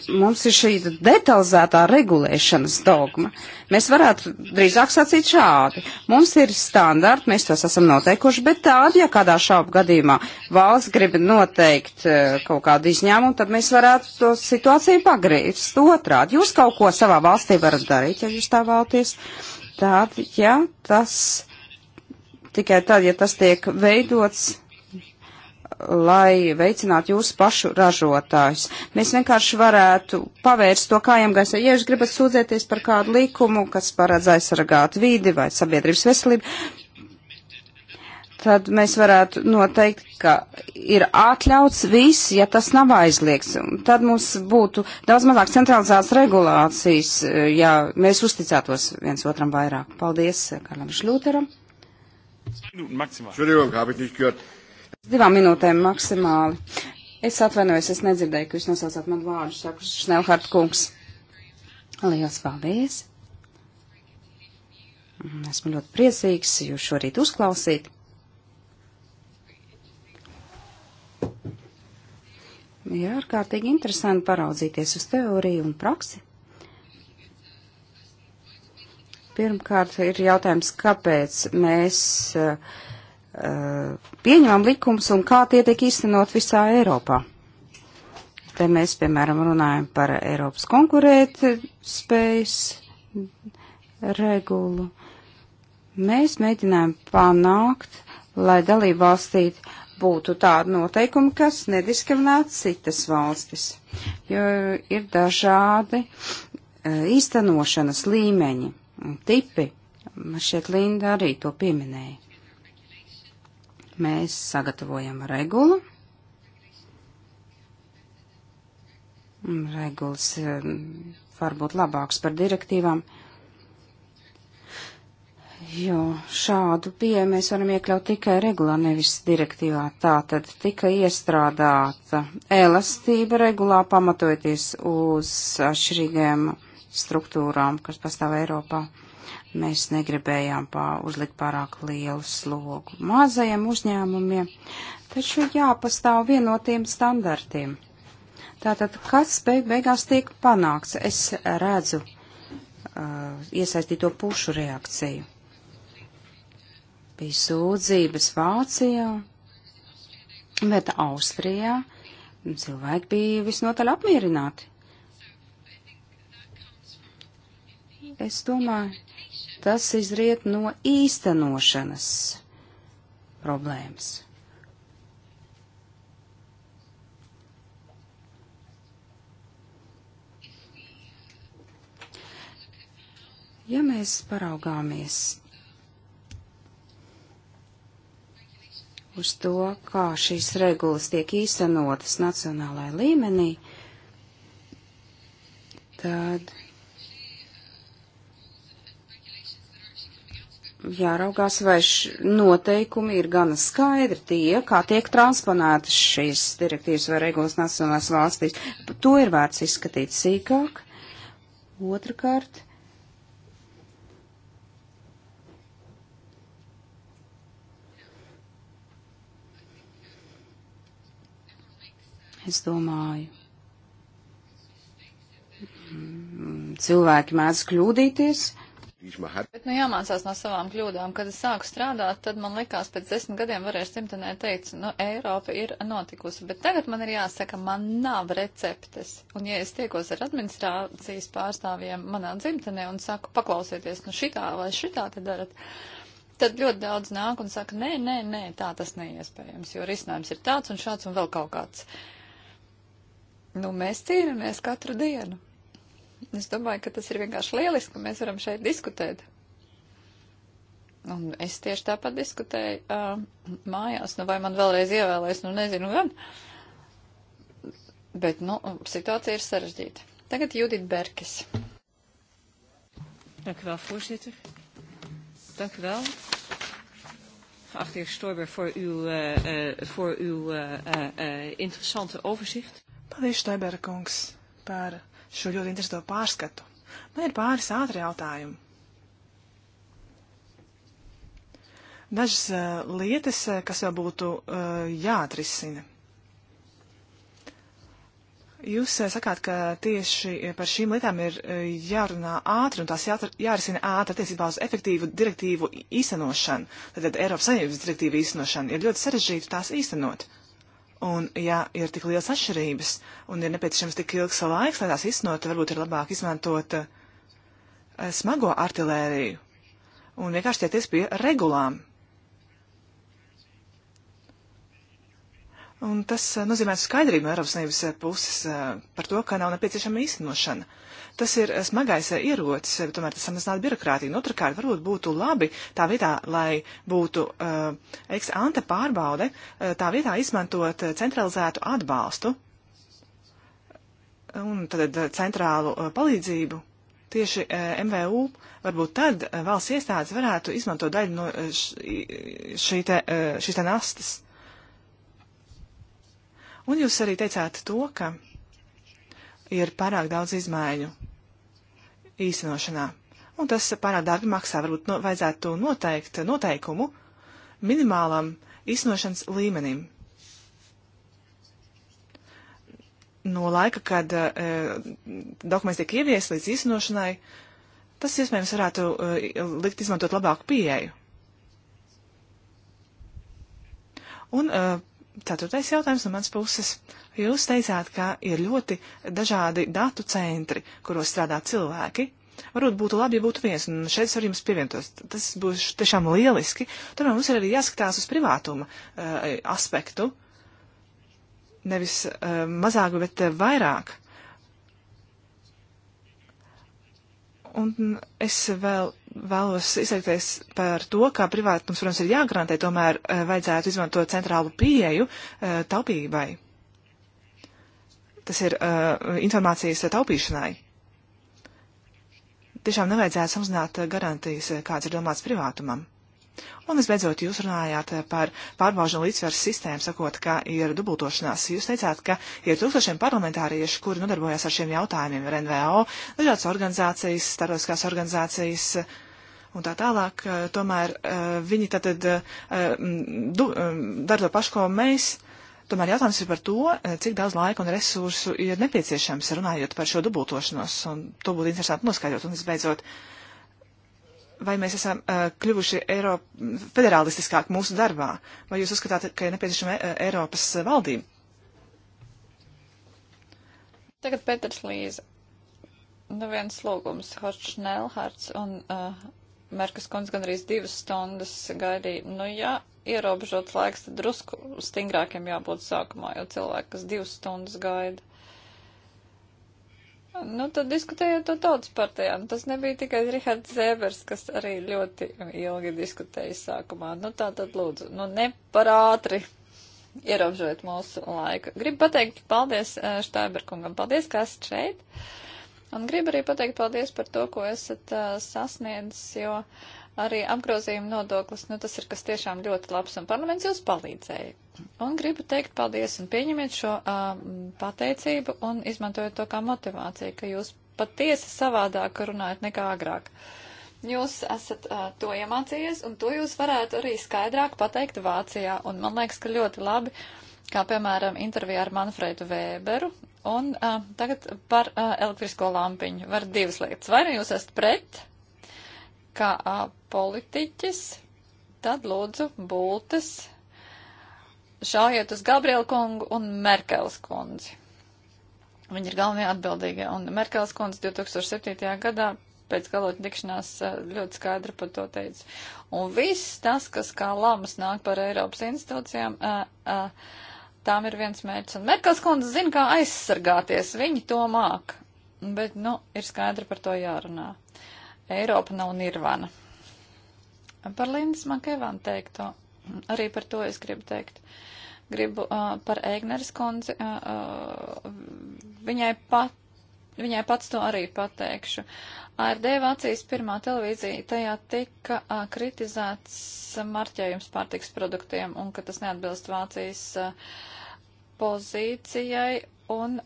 [SPEAKER 3] Mums ir šī detalizētā regulēšanas dogma. Mēs varētu drīzāk sacīt šādi. Mums ir standarti, mēs tos esam noteikuši, bet tādi, ja kādā šaubu gadījumā valsts grib noteikt e, kaut kādu izņēmumu, tad mēs varētu to situāciju pagriezt otrādi. Jūs kaut ko savā valstī varat darīt, ja jūs tā vēlaties tad, ja tas, tikai tad, ja tas tiek veidots, lai veicinātu jūsu pašu ražotājus. Mēs vienkārši varētu pavērst to kājām gaisā. Ja jūs gribat sūdzēties par kādu likumu, kas paredz aizsargāt vidi vai sabiedrības veselību, tad mēs varētu noteikt, ka ir atļauts viss, ja tas nav aizliegts. Tad mums būtu daudz mazāk centralizētas regulācijas, ja mēs uzticētos viens otram vairāk. Paldies eh, Karlam Šļūteram. Divām minūtēm maksimāli. Es atvainojos, es nedzirdēju, ka jūs nosaucāt man vārdu, saka Šnelhart kungs. Lielas paldies! Mm, esmu ļoti priecīgs jūs šorīt uzklausīt. Ir ja, ārkārtīgi interesanti paraudzīties uz teoriju un praksi. Pirmkārt, ir jautājums, kāpēc mēs uh, pieņemam likums un kā tie tiek īstenot visā Eiropā. Te mēs, piemēram, runājam par Eiropas konkurētspējas regulu. Mēs mēģinājam panākt, lai dalību valstīt uh, būtu tādi noteikumi, kas nediskriminētu citas valstis, jo ir dažādi e, īstenošanas līmeņi un tipi. Man šķiet, Linda arī to pieminēja. Mēs sagatavojam regulu. Regulas e, var būt labāks par direktīvām. Uh, Jo šādu pieeju mēs varam iekļaut tikai regulā, nevis direktīvā. Tā tad tika iestrādāta elastība regulā, pamatojoties uz atšķirīgajām struktūrām, kas pastāv Eiropā. Mēs negribējām pār, uzlikt pārāk lielu slogu mazajiem uzņēmumiem, taču jāpastāv vienotiem standartiem. Tātad, kas beig beigās tiek panākts? Es redzu uh, iesaistīto pušu reakciju bija sūdzības Vācijā, bet Austrijā cilvēki bija visnotaļ apmierināti. Es domāju, tas izriet no īstenošanas problēmas. Ja mēs paraugāmies uz to, kā šīs regulas tiek īstenotas nacionālajā līmenī, tad jāraugās, vai noteikumi ir gana skaidri tie, kā tiek transponētas šīs direktīvas vai regulas nacionālās valstīs. To ir vērts izskatīt sīkāk. Otrakārt, Es domāju, mm, cilvēki mēdz kļūdīties. Bet,
[SPEAKER 2] nu, jāmācās no savām kļūdām. Kad es sāku strādāt, tad man likās, pēc desmit gadiem varēšu cimtenē teikt, nu, Eiropa ir notikusi. Bet tagad man ir jāsaka, man nav receptes. Un, ja es tiekos ar administrācijas pārstāvjiem manā dzimtenē un saku, paklausieties, nu, šitā vai šitā te darat, tad ļoti daudz nāk un saka, nē, nē, nē, tā tas neiespējams, jo risinājums ir tāds un šāds un vēl kaut kāds. Uh, Nu, mēs cīnāmies katru dienu. Es domāju, ka tas ir vienkārši lieliski, ka mēs varam šeit diskutēt. Un es tieši tāpat diskutēju uh, mājās, nu vai man vēlreiz ievēlēs, nu nezinu gan. Bet, nu, situācija ir sarežģīta. Tagad Judita Berkis. Dank u wel,
[SPEAKER 1] voorzitter. Dank u wel. Geachte heer Stoiber, voor uw, uh, uh, voor uw uh, uh, interessante overzicht. Paldies, Štebera kungs, par šo ļoti interesanto pārskatu. Man ir pāris ātri jautājumi. Dažas uh, lietas, eh, kas vēl būtu uh, jāatrisina. Jūs uh, sakāt, ka tieši par šīm lietām ir uh, jārunā ātri un tās jātr, jārisina ātri attiecībā uz efektīvu direktīvu īstenošanu. Tad Eiropas Savienības direktīvu īstenošanu ir ļoti sarežģīti tās īstenot. Uh, Un, ja ir tik liels atšķirības un ir nepieciešams tik ilgs laiks, lai tās izsnotu, varbūt ir labāk izmantot uh, smago artilēriju un vienkārši ķerties pie regulām. Un tas eh, nozīmē skaidrību no Eiropas Savienības eh, puses eh, par to, ka nav nepieciešama īstenošana. Tas ir smagais ierocis, bet tomēr tas samazinātu birokrātiju. Un otrkārt, varbūt būtu labi tā vietā, lai būtu uh, ex-ante pārbaude, uh, tā vietā izmantot centralizētu atbalstu un tad centrālu uh, palīdzību. Tieši uh, MVU varbūt tad uh, valsts iestādes varētu izmantot daļu no uh, šī te, uh, šīs te nastas. Uh, Un jūs arī teicāt to, ka ir pārāk daudz izmaiņu īstenošanā. Un tas pārāk dārgi maksā. Varbūt no, nu, vajadzētu noteikt noteikumu minimālam īstenošanas līmenim. No laika, kad e, dokuments tiek ieviests līdz īstenošanai, tas iespējams varētu e, likt izmantot labāku pieeju. Un e, Ceturtais jautājums no manas puses. Jūs teicāt, ka ir ļoti dažādi datu centri, kuros strādā cilvēki. Varbūt būtu labi, ja būtu viens, un šeit es varu jums pievienotos. Tas būs tiešām lieliski. Tomēr mums ir arī jāskatās uz privātuma uh, aspektu. Nevis uh, eh, mazāk, bet uh, vairāk. Un es vēl vēlos izteikties par to, kā privātums, protams, ir jāgarantē, tomēr eh, vajadzētu izmantot centrālu pieeju eh, taupībai. Tas ir eh, informācijas taupīšanai. Tiešām nevajadzētu samazināt garantijas, kāds ir domāts privātumam. Un visbeidzot, jūs runājāt eh, par pārbaužu līdzsvaru sistēmu, sakot, ka ir dubultošanās. Jūs teicāt, ka ir tūkstošiem parlamentāriešu, kuri nodarbojas ar šiem jautājumiem ar NVO, dažādas organizācijas, starptautiskās organizācijas. Eh, un tā tālāk, eh, tomēr viņi tad, tad mm, mm, dara to pašu, ko mēs. Tomēr jautājums ir par to, cik daudz laika un resursu ir nepieciešams runājot par šo dubultošanos, un to būtu interesanti noskaidrot. Un visbeidzot, uh, vai mēs esam uh, kļuvuši Eiropa, federālistiskāk mūsu darbā? Vai jūs uzskatāt, ka ir nepieciešama e Eiropas valdība?
[SPEAKER 2] Tagad Pēters Līze. Nu viens lūgums. Horts Šnelhards un uh, Merkas kundze gandrīz divas stundas gaidīja. Nu jā, ierobežot laiks, tad drusku stingrākiem jābūt sākumā, jo cilvēki, kas divas stundas gaida, Nu, tad diskutējot to tautas partijām, tas nebija tikai Rihards Zēbers, kas arī ļoti ilgi diskutēja sākumā. Nu, tā tad lūdzu, nu, ne par ātri ierobežojot mūsu laiku. Gribu pateikt paldies eh, Štaiberkungam, paldies, ka esat šeit. Un gribu arī pateikt paldies par to, ko esat uh, sasniedzis, jo arī apgrozījuma nodoklis, nu, tas ir kas tiešām ļoti labs, un parlaments jūs palīdzēja. Un gribu teikt paldies un pieņemiet šo uh, pateicību un izmantojot to kā motivāciju, ka jūs patiesi savādāk runājat nekā agrāk. Jūs esat uh, to iemācījies un to jūs varētu arī skaidrāk pateikt Vācijā. Un man liekas, ka ļoti labi, kā piemēram intervijā ar Manfredu Vēberu. Un uh, tagad par uh, elektrisko lampiņu. Var divas lietas. Vai nu jūs esat pret, kā uh, politiķis, tad lūdzu bultas šājiet uz Gabriela kungu un Merkels kundzi. Viņi ir galvenie atbildīgie. Un Merkels kundze 2007. gadā pēc galotņa tikšanās eh, ļoti skaidri par to teica. Un viss tas, kas kā lamas nāk par Eiropas institūcijām, eh, eh, tām ir viens mērķis. Un Merkels kundze zina, kā aizsargāties. Viņi to māk. Bet, nu, ir skaidri par to jārunā. Eiropa nav nirvana. Par Lindas Makevan teikto Arī par to es gribu teikt. Gribu uh, par Eigneres kundzi. Uh, uh, viņai pat Viņai pats to arī pateikšu. ARD Vācijas pirmā televīzija tajā tika a, kritizēts marķējums pārtiks produktiem un ka tas neatbilst Vācijas a, pozīcijai un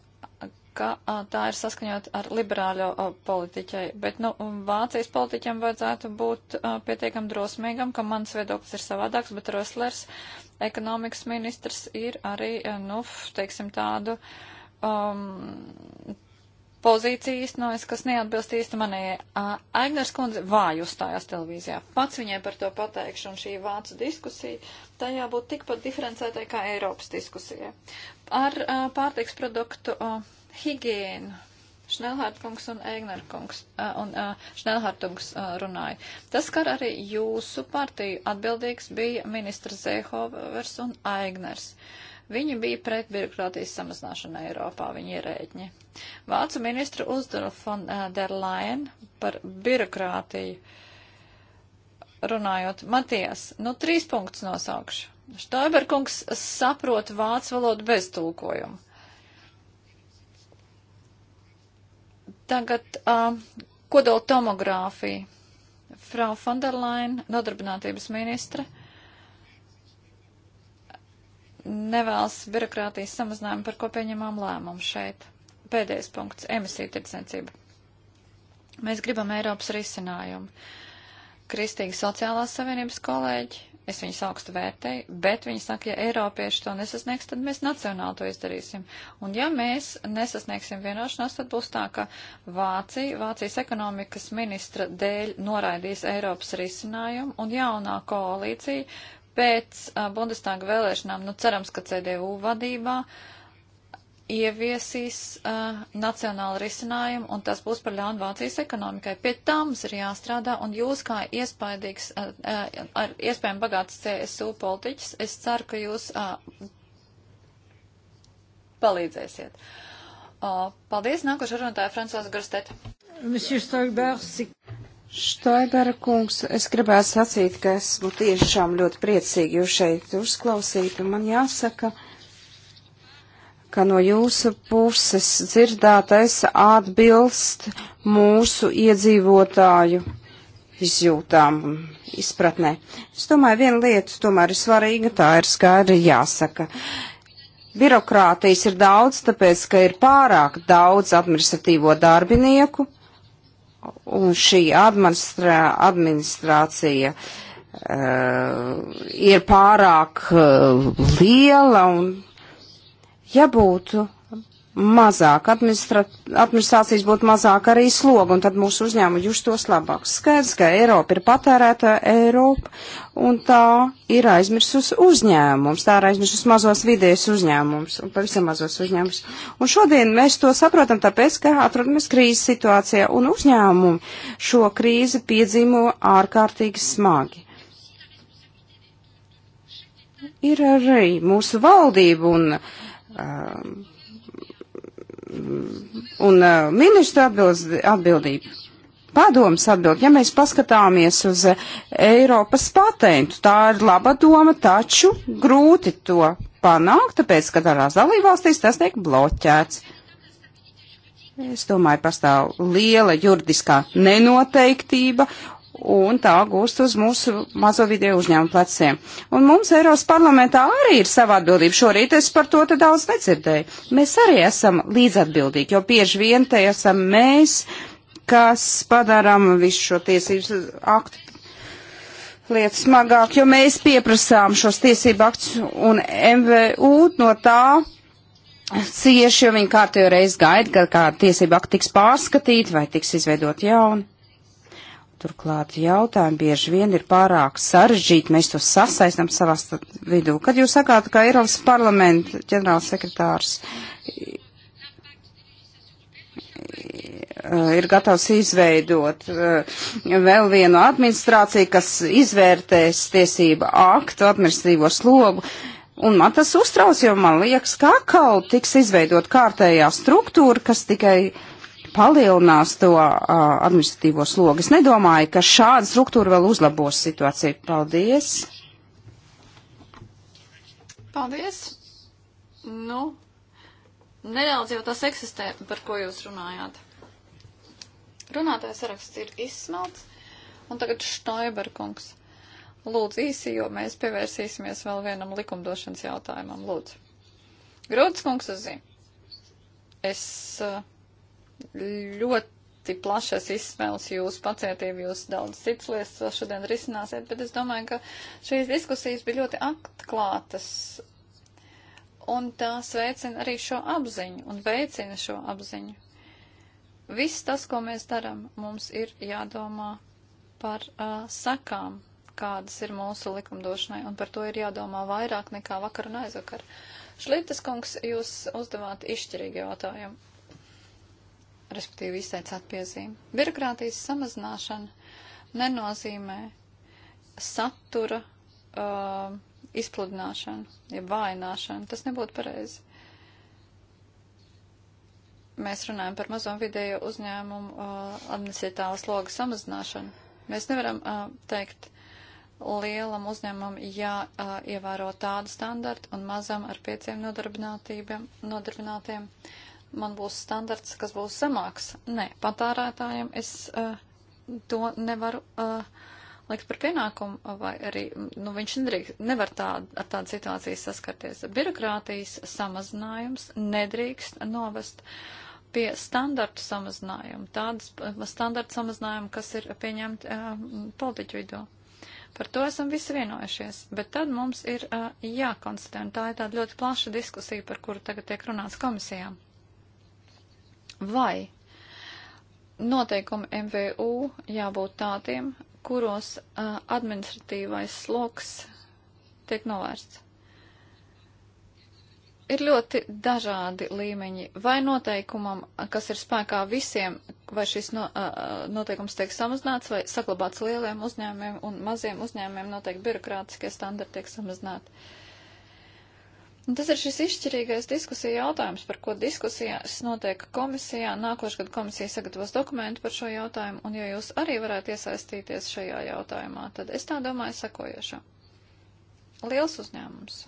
[SPEAKER 2] ka a, tā ir saskaņot ar liberāļo a, politiķai, bet, nu, Vācijas politiķam vajadzētu būt a, pietiekam drosmīgam, ka mans viedoklis ir savādāks, bet Roslers, ekonomikas ministrs, ir arī, a, nu, teiksim tādu. Um, pozīciju īstenojas, nu, kas neatbilst īsti manējai. Aignars kundze vāju uzstājās televīzijā. Pats viņai par to pateikšu, un šī vācu diskusija tajā būtu tikpat diferencētai kā Eiropas diskusijai. Ar a, pārtiks produktu a, higiēnu. Šnelhārtkungs un Eignerkungs uh, un uh, Šnelhārtungs uh, runāja. Tas, kā arī jūsu partiju atbildīgs bija ministra Zēhovers un Aigners. Viņi bija pret birokrātijas samazināšanu Eiropā, viņa ierēģi. Vācu ministra uzdara von uh, der Leyen par birokrātiju. Runājot, Matijas, nu trīs punktus nosaukšu. Štāberkungs saprot vācu valodu bez tulkojuma. Tagad uh, kodola tomogrāfija. Frau Fonderlaina, nodarbinātības ministre, nevēlas birokrātijas samazinājumu, par ko pieņemām lēmumu šeit. Pēdējais punkts - emisija tirdzniecība. Mēs gribam Eiropas risinājumu. Kristīgi sociālās savienības kolēģi es viņus augstu vērtēju, bet viņi saka, ja Eiropieši to nesasniegs, tad mēs nacionāli to izdarīsim. Un ja mēs nesasniegsim vienošanos, tad būs tā, ka Vācija, Vācijas ekonomikas ministra dēļ noraidīs Eiropas risinājumu un jaunā koalīcija pēc uh, Bundestāga vēlēšanām, nu cerams, ka CDU vadībā, uh, ieviesīs uh, nacionālu risinājumu, un tas būs par ļaunu Vācijas ekonomikai. Pie tā mums ir jāstrādā, un jūs kā iespaidīgs, uh, uh, ar iespējami bagāts CSU politiķis, es ceru, ka jūs uh, palīdzēsiet. Uh, paldies, nākošais runātāja Francos Garstet.
[SPEAKER 3] Štoibera kungs, es gribētu sacīt, ka esmu tiešām ļoti priecīgi jūs šeit uzklausīt, un man jāsaka, ka ka no jūsu puses dzirdētais atbilst mūsu iedzīvotāju izjūtām izpratnē. Es domāju, viena lieta tomēr ir svarīga, tā ir skaidri jāsaka. Birokrātijas ir daudz, tāpēc, ka ir pārāk daudz administratīvo darbinieku, un šī administrā, administrācija uh, ir pārāk uh, liela, un Ja būtu mazāk, administrācijas būtu mazāk arī slogu, un tad mūsu uzņēmumi justos labāk. Skaidrs, ka Eiropa ir patērēta Eiropa, un tā ir aizmirsus uzņēmums, tā ir aizmirsus mazos vidējos uzņēmums, un pavisam mazos uzņēmums. Un šodien mēs to saprotam tāpēc, ka atrodamies krīzes situācijā, un uzņēmumi šo krīzi piedzīvo ārkārtīgi smagi. Ir arī mūsu valdība un uh, Um, un uh, ministra atbild, atbildība. Padoms atbild, ja mēs paskatāmies uz uh, Eiropas patentu, tā ir laba doma, taču grūti to panākt, tāpēc, ka darās dalībvalstīs tas tiek bloķēts. Es domāju, pastāv liela juridiskā nenoteiktība un tā gūst uz mūsu mazo video uzņēmumu pleciem. Un mums Eiropas parlamentā arī ir sava atbildība. Šorīt es par to te daudz nedzirdēju. Mēs arī esam līdzatbildīgi, jo bieži vien te esam mēs, kas padaram visu šo tiesības aktu lietu smagāk, jo mēs pieprasām šos tiesību aktus un MVU no tā cieši, jo viņi kārtējo reizi gaida, ka kā tiesību akti tiks pārskatīti vai tiks izveidot jauni. Turklāt jautājumi bieži vien ir pārāk sarežģīti, mēs tos sasaistam savā vidū. Kad jūs sakāt, ka Eiropas parlamenta ģenerāls sekretārs eh, ir gatavs izveidot eh, vēl vienu administrāciju, kas izvērtēs tiesību aktu administratīvo slogu, un man tas uztrauc, jo man liekas, ka atkal tiks izveidot kārtējā struktūra, kas tikai palielinās to administratīvo slogu. Es nedomāju, ka šāda struktūra vēl uzlabos situāciju. Paldies!
[SPEAKER 2] Paldies! Nu, nedaudz jau tas eksistē, par ko jūs runājāt. Runātājs saraksts ir izsmelts, un tagad Štoiberkungs. Lūdzu īsi, jo mēs pievērsīsimies vēl vienam likumdošanas jautājumam. Lūdzu. Grūts kungs uz zīm. Es uh, ļoti plašas izsmēles jūsu pacietību, jūs daudz citas lietas vēl šodien risināsiet, bet es domāju, ka šīs diskusijas bija ļoti atklātas un tās veicina arī šo apziņu un veicina šo apziņu. Viss tas, ko mēs darām, mums ir jādomā par uh, sakām, kādas ir mūsu likumdošanai, un par to ir jādomā vairāk nekā vakar un aizvakar. Šlītas kungs, jūs uzdevāt izšķirīgu jautājumu respektīvi izteica atpiezīmi. Birokrātijas samazināšana nenozīmē satura uh, izpludināšanu, ja vājināšanu. Tas nebūtu pareizi. Mēs runājam par mazo vidējo uzņēmumu uh, administratīvā sloga samazināšanu. Mēs nevaram uh, teikt lielam uzņēmumam jāievēro uh, tādu standartu un mazam ar pieciem nodarbinātiem. nodarbinātiem. Uh, man būs standarts, kas būs zemāks. Nē, patārētājiem es uh, to nevaru uh, likt par pienākumu, vai arī nu, viņš nedrīkst, nevar tād, ar tādu situāciju saskarties. Birokrātijas samazinājums nedrīkst novest pie standartu samazinājumu, tādas eh, standartu samazinājumu, kas ir pieņemti uh, politiķu vidū. Par to esam visi vienojušies, bet tad mums ir uh, jākonstatē, un tā ir tāda ļoti plaša diskusija, par kuru tagad tiek runāts komisijām Vai noteikumi MVU jābūt tādiem, kuros uh, administratīvais sloks tiek novērsts? ir ļoti dažādi līmeņi. Vai noteikumam, kas ir spēkā visiem, vai šis no, uh, noteikums tiek samazināts, vai saglabāts lieliem uzņēmumiem un maziem uzņēmumiem noteikti birokrātiskie standarti tiek samazināti. Un tas ir šis izšķirīgais diskusija jautājums, par ko diskusijas notiek komisijā. Nākošgad komisija sagatavos dokumentu par šo jautājumu, un ja jūs arī varētu iesaistīties šajā jautājumā, tad es tā domāju sekojošo. Liels uzņēmums.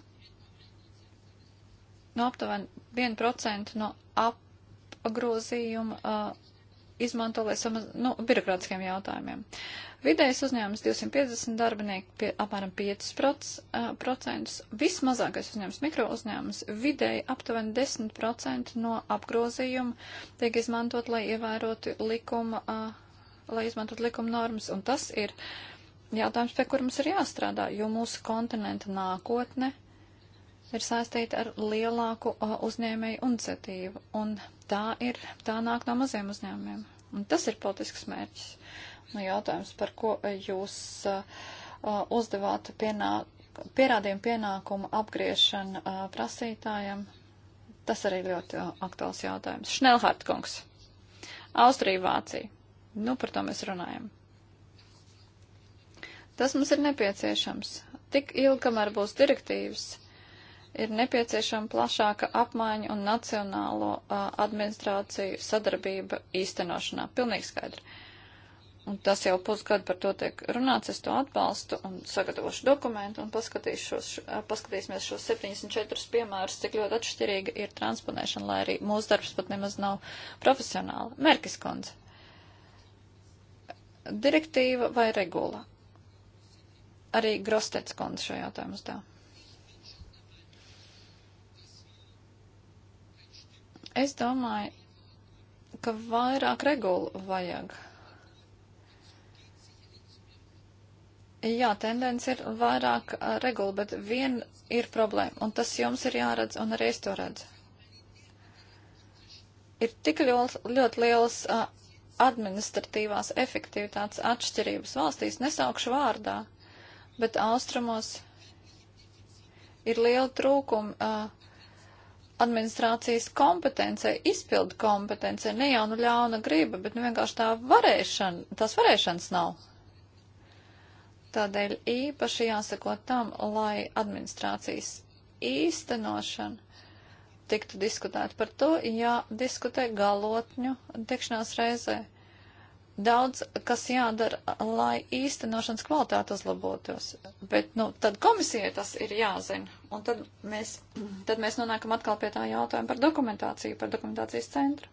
[SPEAKER 2] No aptuveni 1% no apgrozījuma uh, izmanto, lai samaz, nu, birokrātiskiem jautājumiem. Vidējais uzņēmums 250 darbinieki pie apmēram 5%, vismazākais uzņēmums mikro uzņēmums vidēji aptuveni 10% no apgrozījuma tiek izmantot, lai ievērotu likuma, lai izmantot likuma normas, un tas ir jautājums, pie kur mums ir jāstrādā, jo mūsu kontinenta nākotne ir saistīta ar lielāku uzņēmēju iniciatīvu, un tā ir, tā nāk no maziem uzņēmumiem. Un tas ir politisks mērķis. Nu, jautājums, par ko jūs uzdevāt pienāk, pierādījumu pienākumu apgriešanu prasītājam, tas arī ļoti aktuāls jautājums. Šnelhārt kungs. Austrija, Vācija. Nu, par to mēs runājam. Tas mums ir nepieciešams. Tik ilgi, kamēr būs direktīvas ir nepieciešama plašāka apmaiņa un nacionālo a, administrāciju sadarbība īstenošanā. Pilnīgi skaidri. Un tas jau pusgadu par to tiek runāts, es to atbalstu un sagatavošu dokumentu un paskatīšos, paskatīsimies šos 74 piemērus, cik ļoti atšķirīga ir transponēšana, lai arī mūsu darbs pat nemaz nav profesionāla. Merkis kundze. Direktīva vai regula? Arī Grostets kundze šo jautājumu uzdeva. Es domāju, ka vairāk regulu vajag. Jā, tendence ir vairāk regulu, bet vien ir problēma, un tas jums ir jāredz, un arī es to redzu. Ir tik ļoti, ļoti liels administratīvās efektivitātes atšķirības valstīs, nesaukšu vārdā, bet austrumos ir liela trūkuma administrācijas kompetencija, izpildu kompetencija, ne jau nu ļauna griba, bet nu vienkārši tā varēšana, tās varēšanas nav. Tādēļ īpaši jāsako tam, lai administrācijas īstenošana tiktu diskutēta par to, jādiskutē galotņu tikšanās reizē daudz, kas jādara, lai īstenošanas kvalitāte uzlabotos. Bet, nu, tad komisijai tas ir jāzina. Un tad mēs, tad mēs nonākam atkal pie tā jautājuma par dokumentāciju, par dokumentācijas centru,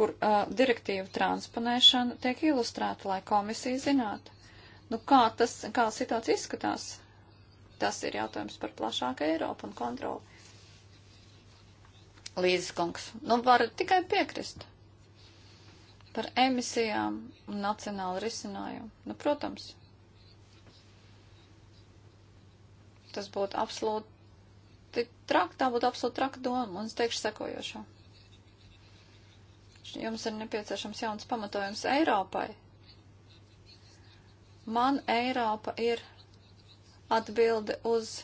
[SPEAKER 2] kur uh, direktīva transponēšana tiek ilustrēta, lai komisija zinātu. Nu, kā tas, kā situācija izskatās? Tas ir jautājums par plašāku Eiropu un kontroli. Līdzis kungs, nu, var tikai piekrist par emisijām un nacionālu risinājumu. Nu, protams, tas būtu absolūti traki, tā būtu absolūti traka doma, un es teikšu sekojošo. Jums ir nepieciešams jauns pamatojums Eiropai. Man Eiropa ir atbilde uz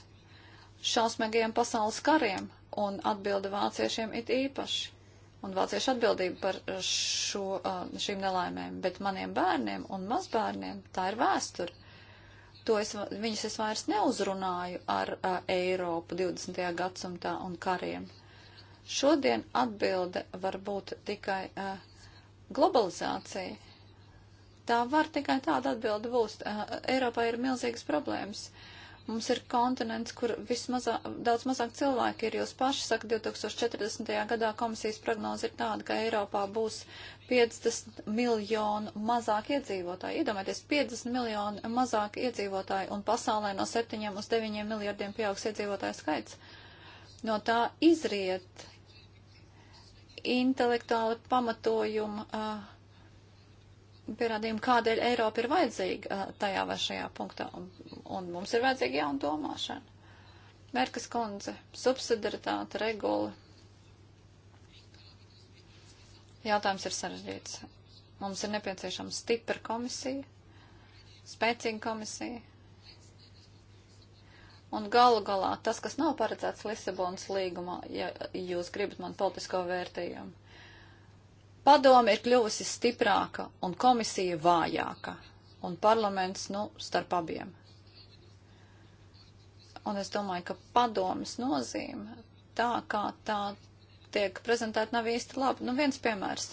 [SPEAKER 2] šausmīgajiem pasaules kariem, un atbilde vāciešiem it īpaši un vāciešu atbildību par eh, šo, eh, šīm nelaimēm, bet maniem bērniem un mazbērniem tā ir vēsture. To es, viņus es vairs neuzrunāju ar uh, Eiropu 20. gadsimtā un kariem. Šodien atbilde var būt tikai uh, globalizācija. Tā var tikai tāda atbilde būt. Uh, Eiropā ir milzīgas problēmas. Uh, Mums ir kontinents, kur vismazā, daudz mazāk cilvēki ir. Jūs paši sakat, 2040. gadā komisijas prognoze ir tāda, ka Eiropā būs 50 miljonu mazāk iedzīvotāji. Iedomājieties, 50 miljonu mazāk iedzīvotāji un pasaulē no 7 uz 9 miljardiem pieaugs iedzīvotāju skaits. No tā izriet intelektuāli pamatojumu. Uh, pierādījumu, kādēļ Eiropa ir vajadzīga uh, tajā vai šajā punktā. Un un mums ir vajadzīga jauna domāšana. Merkas kundze, subsidaritāte, regula. Jautājums ir sarežģīts. Mums ir nepieciešama stipra komisija, spēcīga komisija. Un galu galā tas, kas nav paredzēts Lisabonas līgumā, ja jūs gribat man politisko vērtējumu, padome ir kļuvusi stiprāka un komisija vājāka. Un parlaments, nu, starp abiem. Un es domāju, ka padomas nozīme tā, kā tā tiek prezentēta, nav īsti laba. Nu, viens piemērs.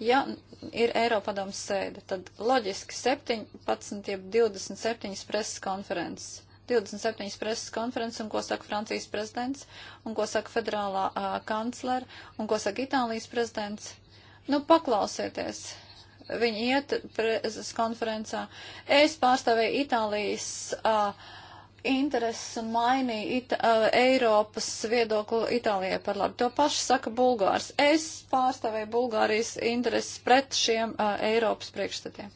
[SPEAKER 2] Ja ir Eiropadomas sēde, tad loģiski 17, jeb 27 preses konferences. 27 preses konferences, un ko saka Francijas prezidents, un ko saka federālā uh, kanclera, un ko saka Itālijas prezidents. Nu, paklausieties, viņi iet preses konferencā. Es pārstāvēju Itālijas uh, interesu mainīja Ita uh, Eiropas viedokli Itālijai par labu. To pašu saka Bulgārs. Es pārstāvēju Bulgārijas intereses pret šiem uh, Eiropas priekšstatiem.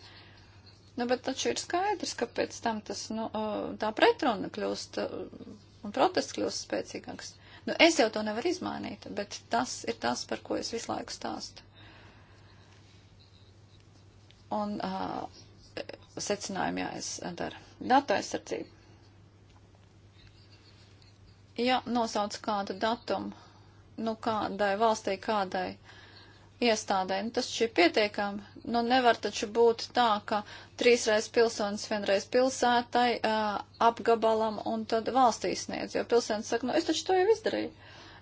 [SPEAKER 2] Nu, bet taču ir skaidrs, ka pēc tam tas, nu, uh, tā pretruna kļūst uh, un protests kļūst spēcīgāks. Nu, es jau to nevaru izmainīt, bet tas ir tas, par ko es visu laiku stāstu. Un uh, secinājumi jāizdara. Datu aizsardzība ja nosauc kādu datumu, nu kādai valstī, kādai iestādē, nu tas šī pietiekami, nu nevar taču būt tā, ka trīsreiz pilsonis vienreiz pilsētai, uh, apgabalam un tad valstī sniedz, jo pilsēns saka, nu es taču to jau izdarīju,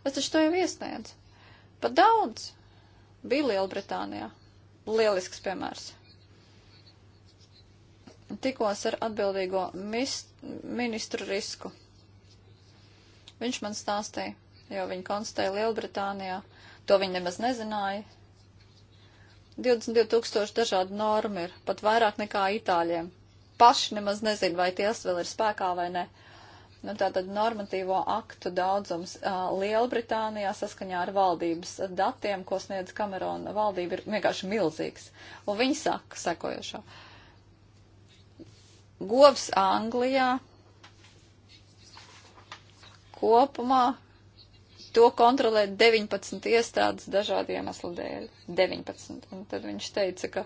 [SPEAKER 2] es taču to jau iesniedzu. Pat daudz bija Lielbritānijā. Lielisks piemērs tikos ar atbildīgo mis, ministru risku. Viņš man stāstīja, jo viņi konstatēja Lielbritānijā, to viņi nemaz nezināja. 22 tūkstoši dažādu normu ir, pat vairāk nekā itāļiem. Paši nemaz nezin, vai ties vēl ir spēkā vai ne. Nu, tātad normatīvo aktu daudzums Lielbritānijā saskaņā ar valdības datiem, ko sniedz Kamerona valdība, ir vienkārši milzīgs. Un viņi saka sekojošo. Govs Anglijā kopumā to kontrolē 19 iestādes dažādu iemeslu dēļ. 19. Un tad viņš teica, ka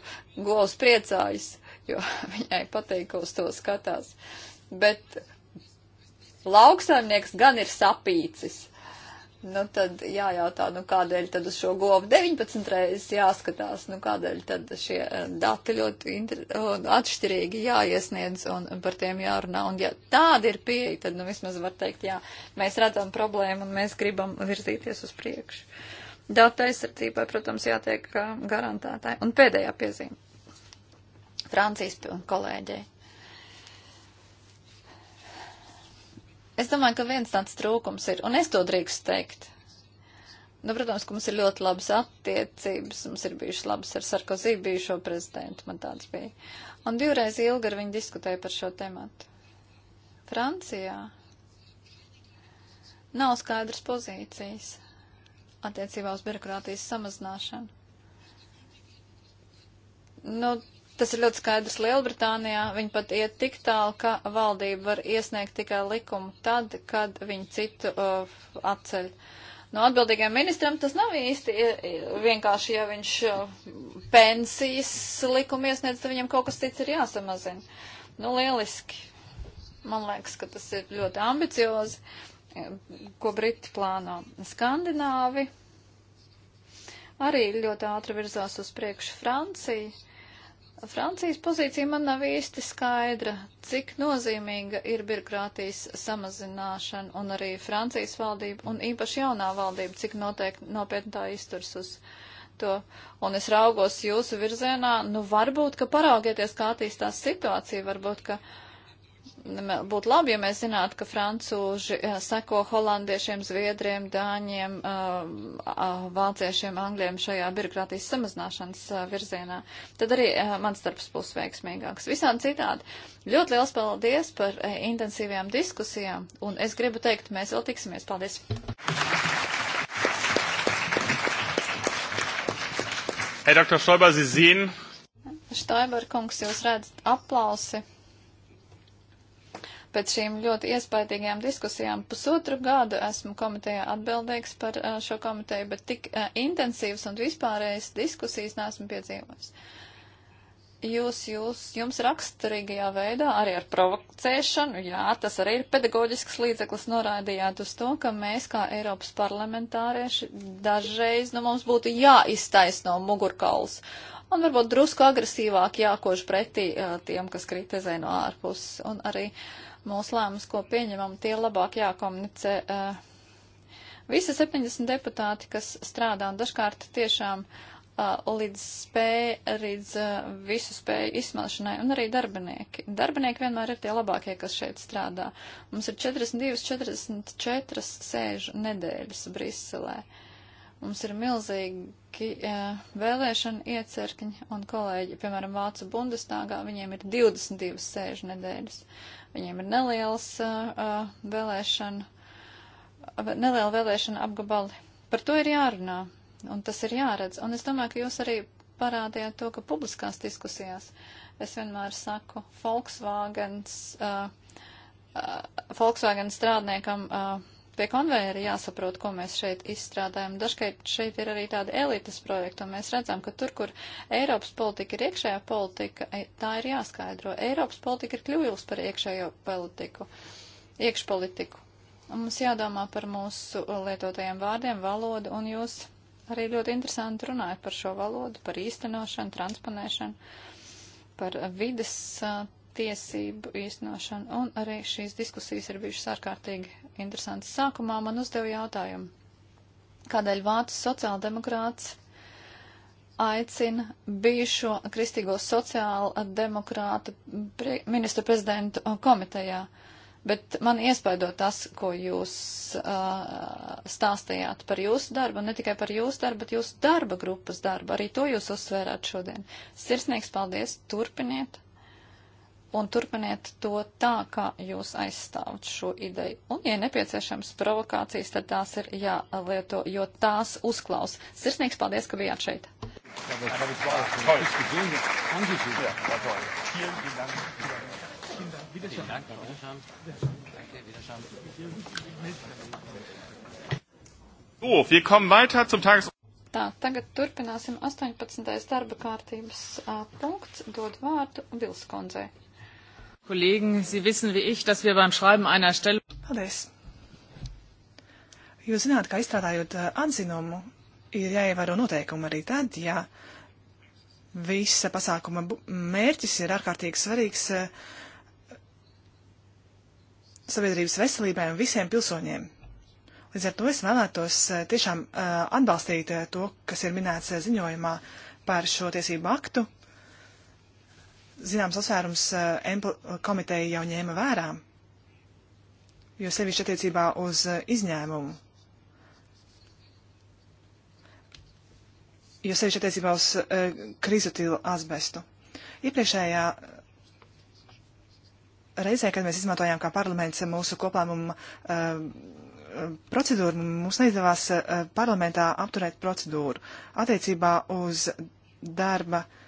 [SPEAKER 2] govs priecājas, jo viņai patīk, uz to skatās. Bet lauksaimnieks gan ir sapīcis. Nu, tad jājautā, nu, kādēļ tad uz šo govu 19 reizes jāskatās, nu, kādēļ tad šie eh, dati ļoti atšķirīgi jāiesniedz un par tiem jārunā. Un ja tāda ir pieeja, tad, nu, vismaz var teikt, jā, mēs redzam problēmu un mēs gribam virzīties uz priekšu. Data aizsardzībai, protams, jātiek eh, garantētai. Un pēdējā piezīme. Francijas kolēģei Es domāju, ka viens tāds trūkums ir, un es to drīkstu teikt. Nu, protams, ka mums ir ļoti labas attiecības, mums ir bijušas labas ar Sarkozī bijušo prezidentu, man tāds bija. Un divreiz ilgi ar viņu diskutēju par šo tematu. Francijā nav skaidras pozīcijas attiecībā uz birokrātijas samazināšanu. Nu, Tas ir ļoti skaidrs Lielbritānijā. Viņi pat iet tik tālu, ka valdība var iesniegt tikai likumu tad, kad viņi citu uh, atceļ. No atbildīgiem ministram tas nav īsti vienkārši, ja viņš uh, pensijas likumu iesniedz, tad viņam kaut kas cits ir jāsamazina. Nu, lieliski. Man liekas, ka tas ir ļoti ambiciozi, ko Briti plāno. Skandināvi arī ļoti ātri virzās uz priekšu Franciju Francijas pozīcija man nav īsti skaidra, cik nozīmīga ir birokrātijas samazināšana un arī Francijas valdība un īpaši jaunā valdība, cik noteikti nopietni tā izturs uz to. Un es raugos jūsu virzienā, nu varbūt, ka paraugieties, kā attīstās situācija, varbūt, ka. Uh, būtu labi, ja mēs zinātu, ka francūži eh, seko holandiešiem, zviedriem, dāņiem, eh, vāciešiem, angļiem šajā birokrātijas samazināšanas eh, virzienā. Tad arī mans darbs būs veiksmīgāks. Visādi citādi. Ļoti liels paldies par intensīvajām diskusijām, un es gribu teikt, mēs vēl tiksimies. Paldies!
[SPEAKER 1] Herr Dr. Stoiber, Sie sehen.
[SPEAKER 2] Stoiber, Kungs, jūs redzat aplausi. Pēc šīm ļoti iespaidīgajām diskusijām pusotru gadu esmu komitejā atbildīgs par uh, šo komiteju, bet tik uh, intensīvas un vispārējas diskusijas neesmu piedzīvojis. Jūs, jūs, jums raksturīgajā veidā, arī ar provokēšanu, jā, tas arī ir pedagoģisks līdzeklis, norādījāt uz to, ka mēs kā Eiropas parlamentārieši dažreiz, nu, mums būtu jāiztaisno mugurkauls un varbūt drusku agresīvāk jākož pretī uh, tiem, kas kritizē no ārpuses. Un arī uh, mūsu lēmums, ko pieņemam, tie labāk jākomunicē. Uh, visi 70 deputāti, kas strādā un dažkārt tiešām uh, līdz spēja, līdz uh, visu spēju izsmelšanai un arī darbinieki. Darbinieki vienmēr ir tie labākie, kas šeit strādā. Mums ir 42, 44 sēžu nedēļas Briselē. Uh, Mums ir milzīgi uh, vēlēšana iecerkņi, un kolēģi, piemēram, Vācu bundestāgā, viņiem ir 22 sēžu nedēļas. Viņiem ir nelielas uh, vēlēšana, neliela vēlēšana apgabali. Par to ir jārunā, un tas ir jāredz. Un es domāju, ka jūs arī parādījāt to, ka publiskās diskusijās es vienmēr saku, Volkswagens, uh, uh, Volkswagen strādniekam. Uh, pie konveijera jāsaprot, ko mēs šeit izstrādājam. Dažkārt šeit ir arī tāda elites projekta, un mēs redzam, ka tur, kur Eiropas politika ir iekšējā politika, e, tā ir jāskaidro. Eiropas politika ir kļuvusi par iekšējo politiku, iekšpolitiku. Un mums jādomā par mūsu lietotajiem vārdiem, valodu, un jūs arī ļoti interesanti runājat par šo valodu, par īstenošanu, transponēšanu, par vides tiesību īstenošanu. Un arī šīs diskusijas ir bijušas ārkārtīgi interesantas. Sākumā man uzdeva jautājumu, kādēļ Vācu sociāldemokrāts aicina bijušo kristīgo sociāldemokrātu pre ministru prezidentu komitejā. Bet man iespaido tas, ko jūs uh, stāstījāt par jūsu darbu, un ne tikai par jūsu darbu, bet jūsu darba grupas darbu. Arī to jūs uzsvērāt šodien. Sirsnīgs paldies, turpiniet un turpiniet to tā, kā jūs aizstāvat šo ideju. Un, ja nepieciešams provokācijas, tad tās ir jālieto, jo tās uzklaus. Sirsnīgs paldies, ka bijāt šeit.
[SPEAKER 1] So, wir kommen weiter zum Tagesordnungspunkt.
[SPEAKER 2] Tā, tagad turpināsim 18. darba kārtības uh, punkts, dod vārdu Vilskondzei.
[SPEAKER 1] Kollegen, Sie wissen wie ich, dass wir beim Schreiben einer Stelle. Paldies. Jūs zināt, ka izstrādājot eh, atzinumu, ir jāievēro noteikumi arī tad, ja visa pasākuma mērķis ir ārkārtīgi svarīgs eh, sabiedrības veselībai un visiem pilsoņiem. Līdz ar to es vēlētos eh, tiešām atbalstīt to, kas ir minēts ziņojumā par šo tiesību aktu zināms asvērums eh, komiteja jau ņēma vērā, jo sevišķi attiecībā uz eh, izņēmumu. Jo sevišķi attiecībā uz eh, krizotilu asbestu. Iepriekšējā reizē, kad mēs izmantojām kā parlaments mūsu koplēmumu procedūru, mums neizdevās parlamentā apturēt procedūru attiecībā uz darba uh,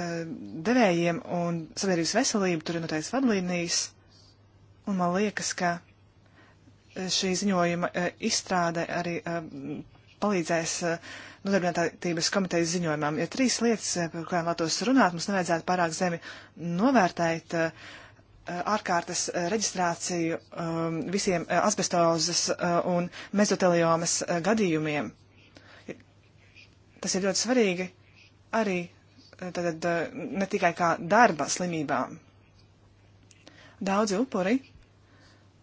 [SPEAKER 1] Eh, devējiem un sabiedrības veselību, tur ir noteikts vadlīnijas, un man liekas, ka eh, šī ziņojuma eh, izstrāde arī palīdzēs nodarbinātības komitejas ziņojumam. Ir trīs lietas, par kurām vēlos runāt, mums nevajadzētu pārāk zemi novērtēt ārkārtas reģistrāciju visiem asbestozes un mezoteliomas gadījumiem. Tas ir ļoti svarīgi arī tad, eh, ne tikai kā darba slimībām. Daudzi upuri,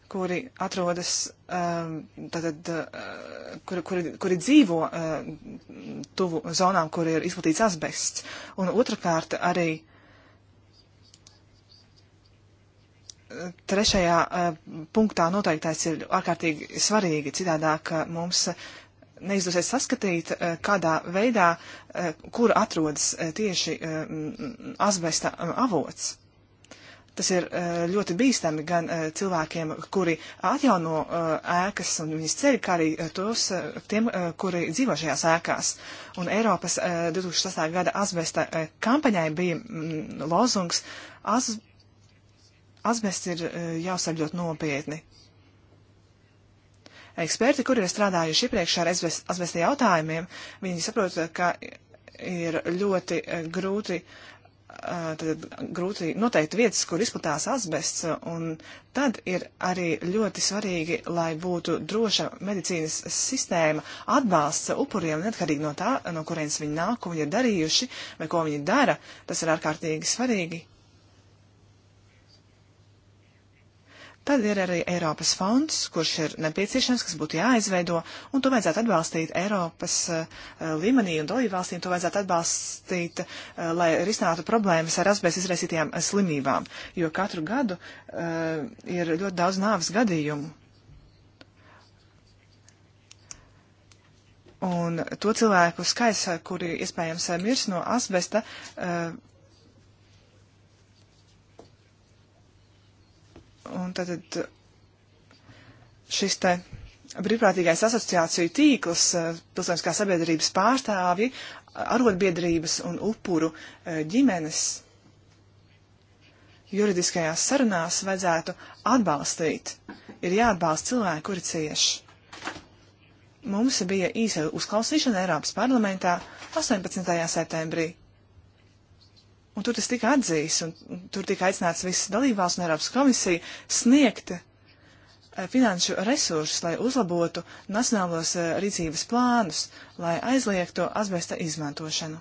[SPEAKER 1] kuri atrodas, eh, tad, eh, kuri, kuri, kuri dzīvo tuvu zonām, kur ir izplatīts asbests, un otrkārt arī trešajā punktā noteiktais ir ārkārtīgi svarīgi, citādāk mums neizdosies saskatīt, eh, kādā veidā, eh, kur atrodas eh, tieši azbesta avots. Tas ir ļoti bīstami gan cilvēkiem, kuri atjauno ēkas un viņas ceļ, kā arī tos, tiem, kuri dzīvo šajās ēkās. Un Eiropas 2008. gada azbesta kampaņai bija mm, lozungs, az, azbests ir jāsar ļoti nopietni eksperti, kuri ir strādājuši iepriekš ar asbesta jautājumiem, viņi saprot, ka ir ļoti eh, grūti, eh, tad, grūti noteikt vietas, kur izplatās asbests, un tad ir arī ļoti svarīgi, lai būtu droša medicīnas sistēma, atbalsts upuriem, neatkarīgi no tā, no kurienes viņi nāk, ko viņi ir darījuši vai ko viņi dara. Tas ir ārkārtīgi svarīgi, Tad ir arī Eiropas fonds, kurš ir nepieciešams, kas būtu jāizveido, un to vajadzētu atbalstīt Eiropas uh, līmenī un dalību valstīm. To vajadzētu atbalstīt, uh, lai risinātu problēmas ar asbēs izraisītajām slimībām, jo katru gadu uh, ir ļoti daudz nāves gadījumu. Un to cilvēku skaits, kuri iespējams mirs no asbesta, uh, Un tad šis te brīvprātīgais asociāciju tīkls, eh, pilsoniskā sabiedrības pārstāvji, arotbiedrības un upuru eh, ģimenes juridiskajās sarunās vajadzētu atbalstīt. Ir jāatbalsta cilvēki, kuri cieš. Mums bija īsa uzklausīšana Eiropas parlamentā 18. septembrī. Un tur tas tika atzīts, un tur tika aicināts visas dalībvalsts un Eiropas komisija sniegt eh, finanšu resursus, lai uzlabotu nacionālos eh, rīcības plānus, lai aizliegtu asbesta izmantošanu.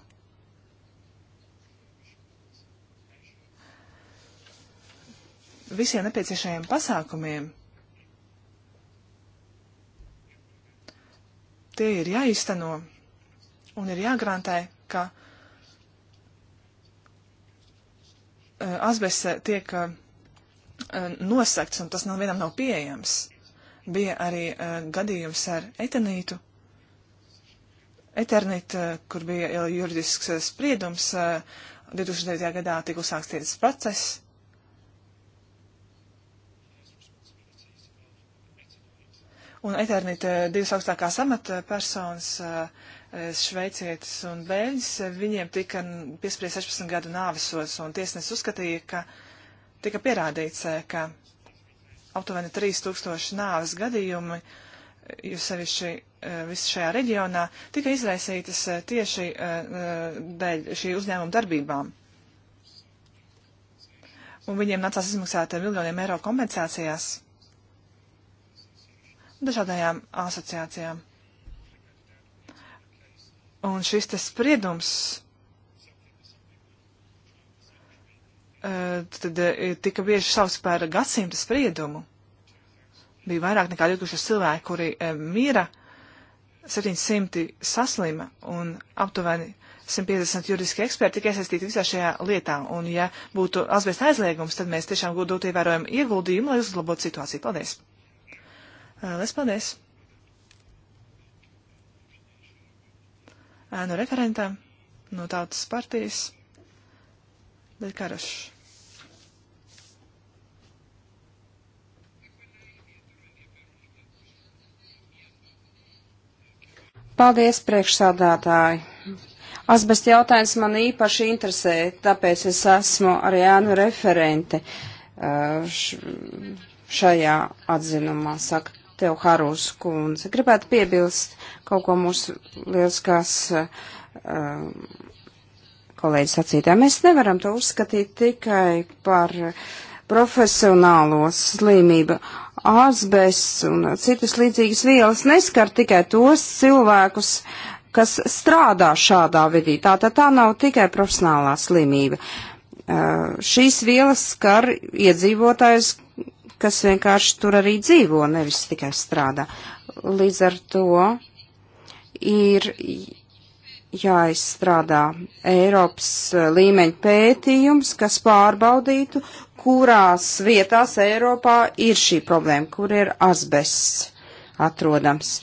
[SPEAKER 1] Visiem nepieciešajiem pasākumiem tie ir jāizteno un ir jāgarantē, ka uh, Eh, asbests tiek eh, eh, nosakts un tas nav vienam nav pieejams. Bija arī gadījums ar etanītu. Eternit, kur bija juridisks spriedums, 2009. gadā tika uzsākts tiesas process. Un Eternit divas augstākās amata personas uh, šveicietis un beļģis, viņiem tika piespriest 16 gadu nāvisos, un tiesnesis uzskatīja, ka tika pierādīts, ka aptuveni 3000 nāves gadījumi, jo sevišķi e, visu šajā reģionā, tika izraisītas e, tieši e, dēļ šī uzņēmuma darbībām. Un viņiem nācās izmaksāt miljoniem eiro kompensācijās dažādajām asociācijām. Un šis tas spriedums e, tad e, tika bieži savspēra gadsimta spriedumu. Bija vairāk nekā 2000 cilvēki, kuri e, mira, 700 saslima un aptuveni 150 juridiski eksperti tika iesaistīti visā šajā lietā. Un ja būtu asbest aizliegums, tad mēs tiešām gūtu ievērojumu ieguldījumu, lai uzlabotu situāciju. Paldies! Lies paldies! ēnu referentam no tautas partijas, bet karašs.
[SPEAKER 3] Paldies, priekšsādātāji! Asbest jautājums man īpaši interesē, tāpēc es esmu arī ēnu referente šajā atzinumā, saka tev, Harūs kundze. Gribētu piebilst kaut ko mūsu lieliskās uh, kolēģis sacītā. Mēs nevaram to uzskatīt tikai par profesionālo slimību. Azbests un citas līdzīgas vielas neskar tikai tos cilvēkus, kas strādā šādā vidī. Tātad tā nav tikai profesionālā slimība. Uh, šīs vielas skar iedzīvotājus, kas vienkārši tur arī dzīvo, nevis tikai strādā. Līdz ar to ir jāizstrādā Eiropas līmeņa pētījums, kas pārbaudītu, kurās vietās Eiropā ir šī problēma, kur ir asbests atrodams.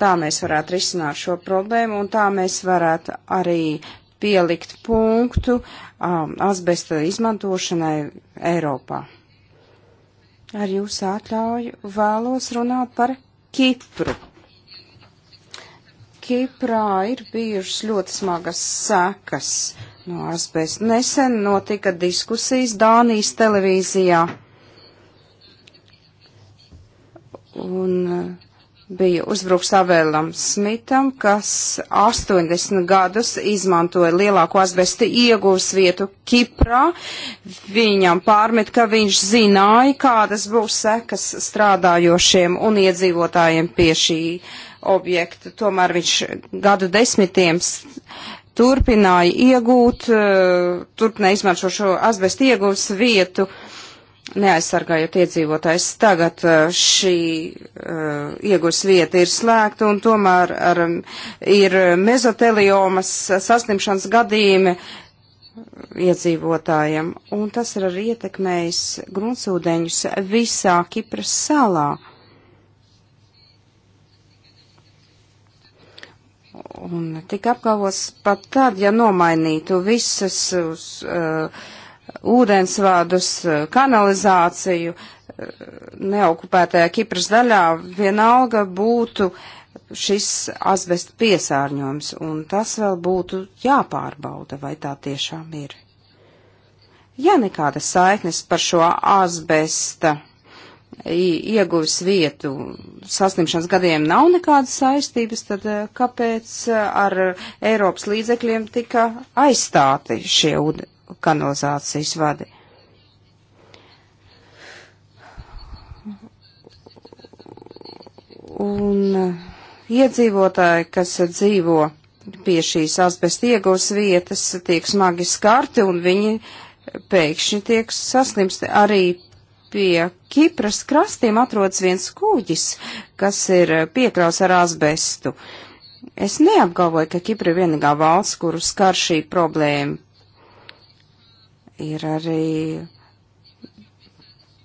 [SPEAKER 3] Tā mēs varētu risināt šo problēmu un tā mēs varētu arī pielikt punktu um, asbesta izmantošanai Eiropā. Ar jūsu atļauju vēlos runāt par Kipru. Kiprā ir bijušas ļoti smagas sekas no asbēs. Nesen notika diskusijas Dānijas televīzijā. Un bija uzbruks Avēlam Smitam, kas 80 gadus izmantoja lielāko asbesta ieguvas vietu Kiprā. Viņam pārmet, ka viņš zināja, kādas būs sekas strādājošiem un iedzīvotājiem pie šī objekta. Tomēr viņš gadu desmitiem turpināja iegūt, eh, turpināja izmantot šo asbesta ieguvas vietu. Uh, neaizsargājot iedzīvotājs. Tagad uh, šī uh, iegūs vieta ir slēgta un tomēr ar, um, ir mezoteliomas saslimšanas gadījumi iedzīvotājiem. Un tas ir arī ietekmējis gruntsūdeņus visā Kipras salā. Un tika apgalvots pat tad, ja nomainītu visas uz. Uh, ūdensvādus, eh, kanalizāciju eh, neokupētajā Kipras daļā vienalga būtu šis asbest piesārņojums, un tas vēl būtu jāpārbauda, vai tā tiešām ir. Ja nekādas saiknes par šo asbesta ieguvis vietu saslimšanas gadiem nav nekādas saistības, tad eh, kāpēc ar Eiropas līdzekļiem tika aizstāti šie kanalizācijas vadi. Un uh, iedzīvotāji, kas uh, dzīvo pie šīs asbest ieguvas vietas, tiek smagi skarti un viņi pēkšņi tiek saslimsti. Arī pie Kipras krastiem atrodas viens kūģis, kas ir uh, piekrauts ar asbestu. Es neapgalvoju, ka Kipra ir vienīgā valsts, kuru skar šī problēma. Ir arī,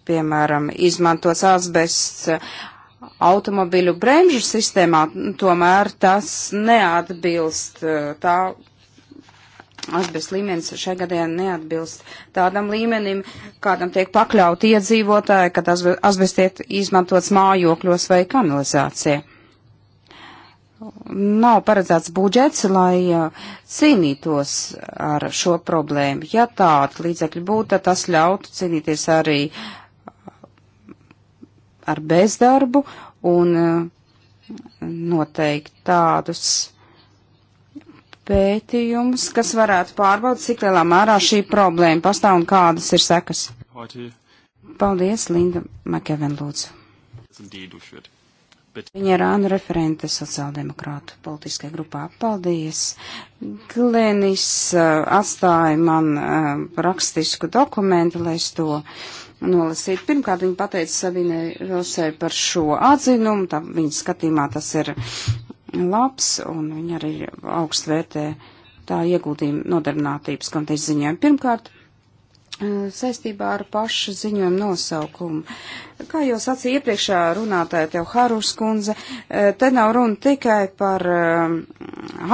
[SPEAKER 3] piemēram, izmantots asbests eh, automobiļu bremžu sistēmā, tomēr tas neatbilst eh, tā asbest līmenis šajā gadījumā neatbilst tādam līmenim, kādam tiek pakļauti iedzīvotāji, kad asbest tiek izmantots mājokļos vai kanalizācijā nav paredzēts budžets, lai cīnītos ar šo problēmu. Ja tāda līdzekļa būtu, tad tas ļautu cīnīties arī ar bezdarbu un noteikt tādus pētījumus, kas varētu pārbaudīt, cik lielā mērā šī problēma pastāv un kādas ir sekas. Paldies, Linda Makeven, lūdzu. Bet... Viņa ir Anna referente sociāldemokrātu politiskajā grupā. Paldies! Glenis uh, atstāja man uh, rakstisku dokumentu, lai es to nolasītu. Pirmkārt, viņa pateica Savinai Rosē par šo atzinumu, tā viņa skatījumā tas ir labs, un viņa arī augst vērtē tā ieguldījuma nodarbinātības komitejas ziņojumu. Pirmkārt, saistībā ar pašu ziņojumu nosaukumu. Kā jau sacīja iepriekšā runātāja tev Harus kundze, e, te nav runa tikai par e,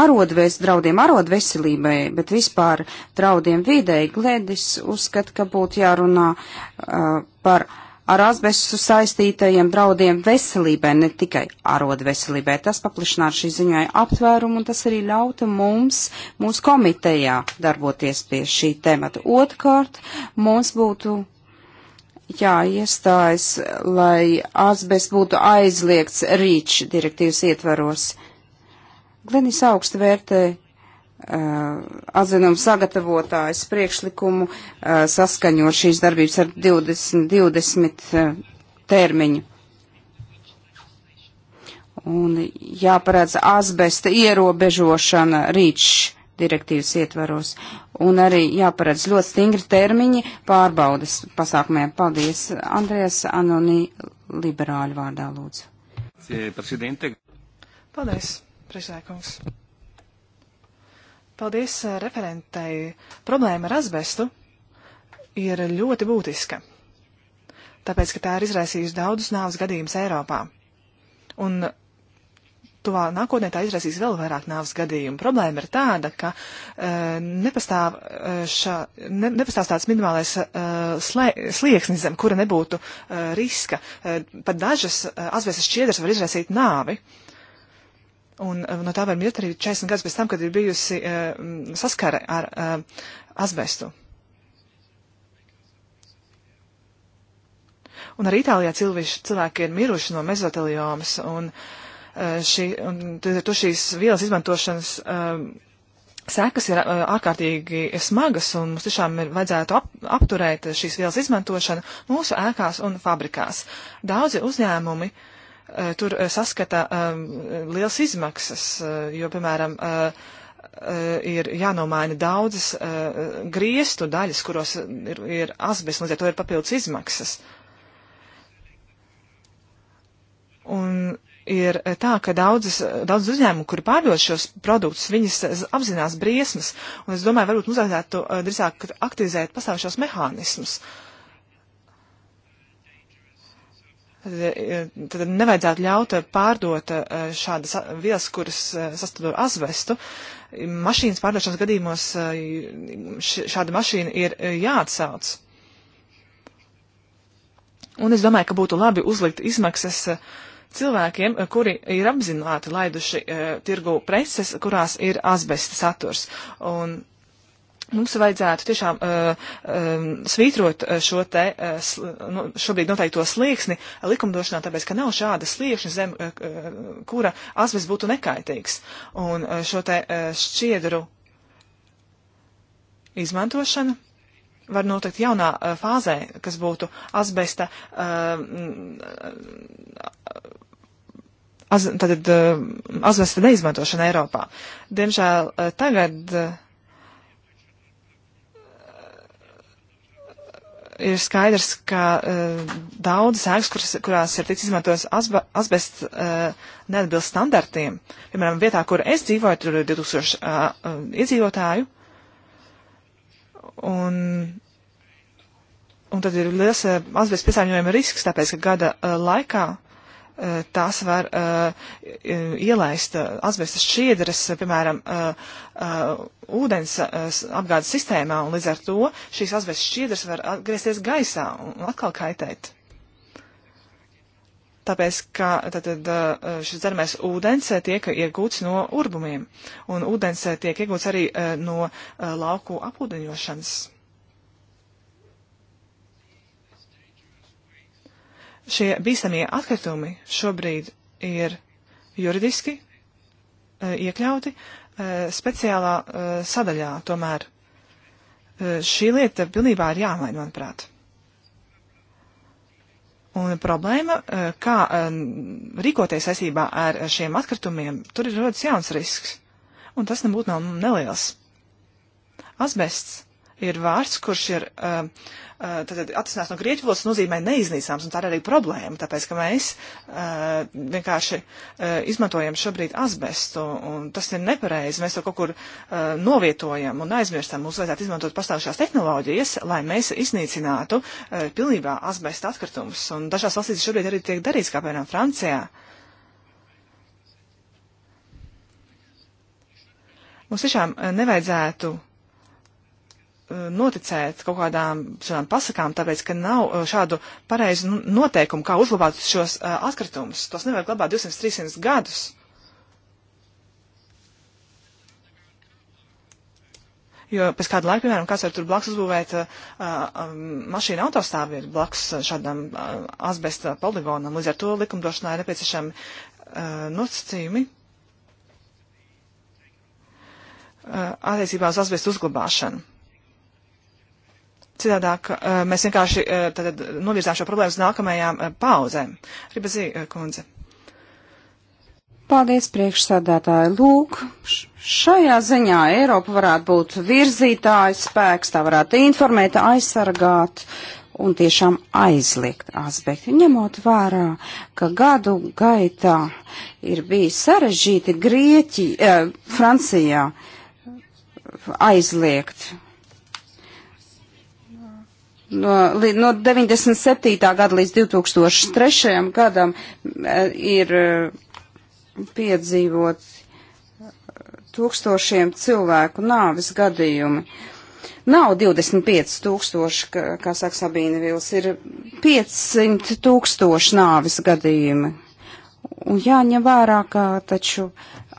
[SPEAKER 3] arodvēs, draudiem arodveselībai, bet vispār draudiem videi. Gledis uzskat, ka būtu jārunā e, par ar asbestu saistītajiem draudiem veselībai, ne tikai arodu veselībai. Tas paplašinātu šī ziņai aptvērumu un tas arī ļautu mums, mūsu komitejā, darboties pie šī temata. Otkārt, mums būtu jāiestājas, lai asbests būtu aizliegts rīču direktīvas ietvaros. Glenis augstu vērtē Uh, atzinumu sagatavotājs priekšlikumu uh, saskaņo šīs darbības ar 20, 20 uh, termiņu. Un jāparedz asbesta ierobežošana rīčs direktīvas ietvaros. Un arī jāparedz ļoti stingri termiņi pārbaudas pasākumiem. Paldies, Andrēs Anonī, liberāļu vārdā lūdzu.
[SPEAKER 1] Paldies, priekšsēkungs. Paldies eh, referentei. Problēma ar azbestu ir ļoti būtiska, tāpēc, ka tā ir izraisījusi daudzus nāvas gadījumus Eiropā. Un tuvā nākotnē tā izraisīs vēl vairāk nāvas gadījumu. Problēma ir tāda, ka uh, nepastāv, uh, eh, šā, ne, nepastāv tāds minimālais uh, slē, slieksnis, zem kura nebūtu uh, riska. Uh, pat dažas uh, azvēsas šķiedras var izraisīt nāvi. Uh, Un e, no tā var mirt arī 40 gadus pēc tam, kad ir bijusi uh, saskare ar uh, asbestu. Un arī Itālijā cilvēši, cilvēki ir miruši no mezoteliomas, un, uh, šī, un to šīs vielas izmantošanas uh, sekas ir uh, ārkārtīgi smagas, un mums tiešām ir vajadzētu ap, apturēt šīs vielas izmantošanu mūsu ēkās un fabrikās. Daudzi uzņēmumi uh, Eh, tur eh, saskata eh, liels izmaksas, jo, piemēram, ir jānomaina daudzas griestu daļas, kuros ir, ir asbest, līdz ar to ir papildus izmaksas. Un ir tā, ka daudzas, daudz uzņēmumu, kuri pārdod šos produktus, viņas apzinās briesmas, un es domāju, varbūt mums vajadzētu drīzāk aktivizēt pasaušos mehānismus. Uh, tad nevajadzētu ļaut pārdot eh, šādas vielas, kuras eh, sastāv ar azvestu. Mašīnas pārdošanas gadījumos eh, šāda mašīna ir jāatsauc. Un es domāju, ka būtu labi uzlikt izmaksas cilvēkiem, kuri ir apzināti laiduši tirgu preces, kurās ir azbesta saturs. Un Mums vajadzētu tiešām uh, um, svītrot uh, šo te uh, no, nu, šobrīd noteikto slieksni likumdošanā, tāpēc, ka nav šāda sliekšņa zem, uh, uh kura asbes būtu nekaitīgs. Un uh, šo te uh, šķiedru izmantošana var notikt jaunā uh, fāzē, kas būtu asbesta. Uh, mm, uh Az, tad uh, azvesta neizmantošana Eiropā. Diemžēl uh, tagad uh, ir skaidrs, ka uh, eh, daudzas ēkas, kuras, kurās ir tiks izmantotas asbests, uh, eh, neatbilst standartiem. Piemēram, vietā, kur es dzīvoju, tur ir 2000 uh, uh, iedzīvotāju. Un, un tad ir liels uh, eh, asbests piesārņojuma risks, tāpēc, ka gada uh, laikā uh, tās var uh, ielaist uh, eh, asbestas šķiedras, eh, piemēram, uh, ūdens apgādes sistēmā, un līdz ar to šīs asbestas šķiedras var atgriezties gaisā un atkal kaitēt. Tāpēc, ka tātad, šis dzeramais ūdens tiek iegūts no urbumiem, un ūdens tiek iegūts arī no lauku apūdeņošanas. Šie bīstamie atkritumi šobrīd ir juridiski eh, iekļauti eh, speciālā eh, sadaļā. Tomēr šī lieta pilnībā ir jāmaina, manuprāt. Un problēma, kā rīkoties saistībā ar šiem atkritumiem, tur ir rodas jauns risks. Un tas nebūtu nav neliels. Asbests ir vārds, kurš ir uh, uh, atrasinās no grieķu valodas, nozīmē neiznīcāms, un tā ir arī problēma, tāpēc, ka mēs uh, vienkārši uh, izmantojam šobrīd asbestu, un tas ir nepareizi, mēs to kaut kur uh, novietojam un aizmirstam, mums vajadzētu izmantot pastāvušās tehnoloģijas, lai mēs iznīcinātu uh, pilnībā asbesta atkritumus, un dažās valstīs šobrīd arī tiek darīts, kā piemēram Francijā. Mums tiešām nevajadzētu noticēt kaut kādām šādām pasakām, tāpēc, ka nav uh, šādu pareizu nu, noteikumu, kā uzglabāt šos uh, atkritumus. Tos nevar glabāt 200-300 gadus. Jo pēc kāda laika, piemēram, kāds var tur blakus uzbūvēt uh, uh, um, mašīnu autostāvvietu blakus uh, šādam uh, asbesta poligonam. Līdz ar to likumdošanā ir nepieciešami uh, nosacījumi uh, attiecībā uz asbesta uzglabāšanu. Citādāk eh, mēs vienkārši eh, tad, novirzām šo problēmu uz nākamajām eh, pauzēm. Ribazī, kundze.
[SPEAKER 3] Paldies, priekšsādātāji. Lūk, šajā ziņā Eiropa varētu būt virzītājs spēks, tā varētu informēt, aizsargāt un tiešām aizliegt aspektu, ņemot vērā, ka gadu gaitā ir bijis sarežģīti Grieķi, eh, Francijā aizliegt No, no 97. gada līdz 2003. gadam e, ir e, piedzīvot e, tūkstošiem cilvēku nāvis gadījumi. Nav 25 tūkstoši, kā, kā saka Sabīna Vils, ir 500 tūkstoši nāvis gadījumi. Un jāņem vērā, ka taču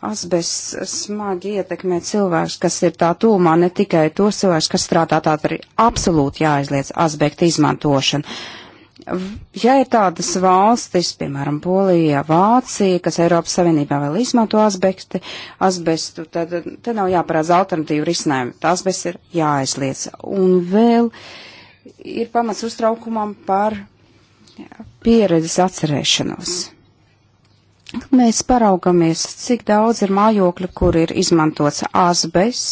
[SPEAKER 3] asbests smagi ietekmē cilvēks, kas ir tā tūmā, ne tikai tos cilvēks, kas strādā tā, arī absolūti jāaizliec asbekta izmantošana. Ja ir tādas valstis, piemēram, Polija, Vācija, kas Eiropas Savienībā vēl izmanto asbekti, asbestu, tad, tad nav jāparāda alternatīvu risinājumu. Tas asbests ir jāaizliec. Un vēl ir pamats uztraukumam par pieredzes atcerēšanos. Mm. Mēs paraugamies, cik daudz ir mājokļu, kur ir izmantots asbests,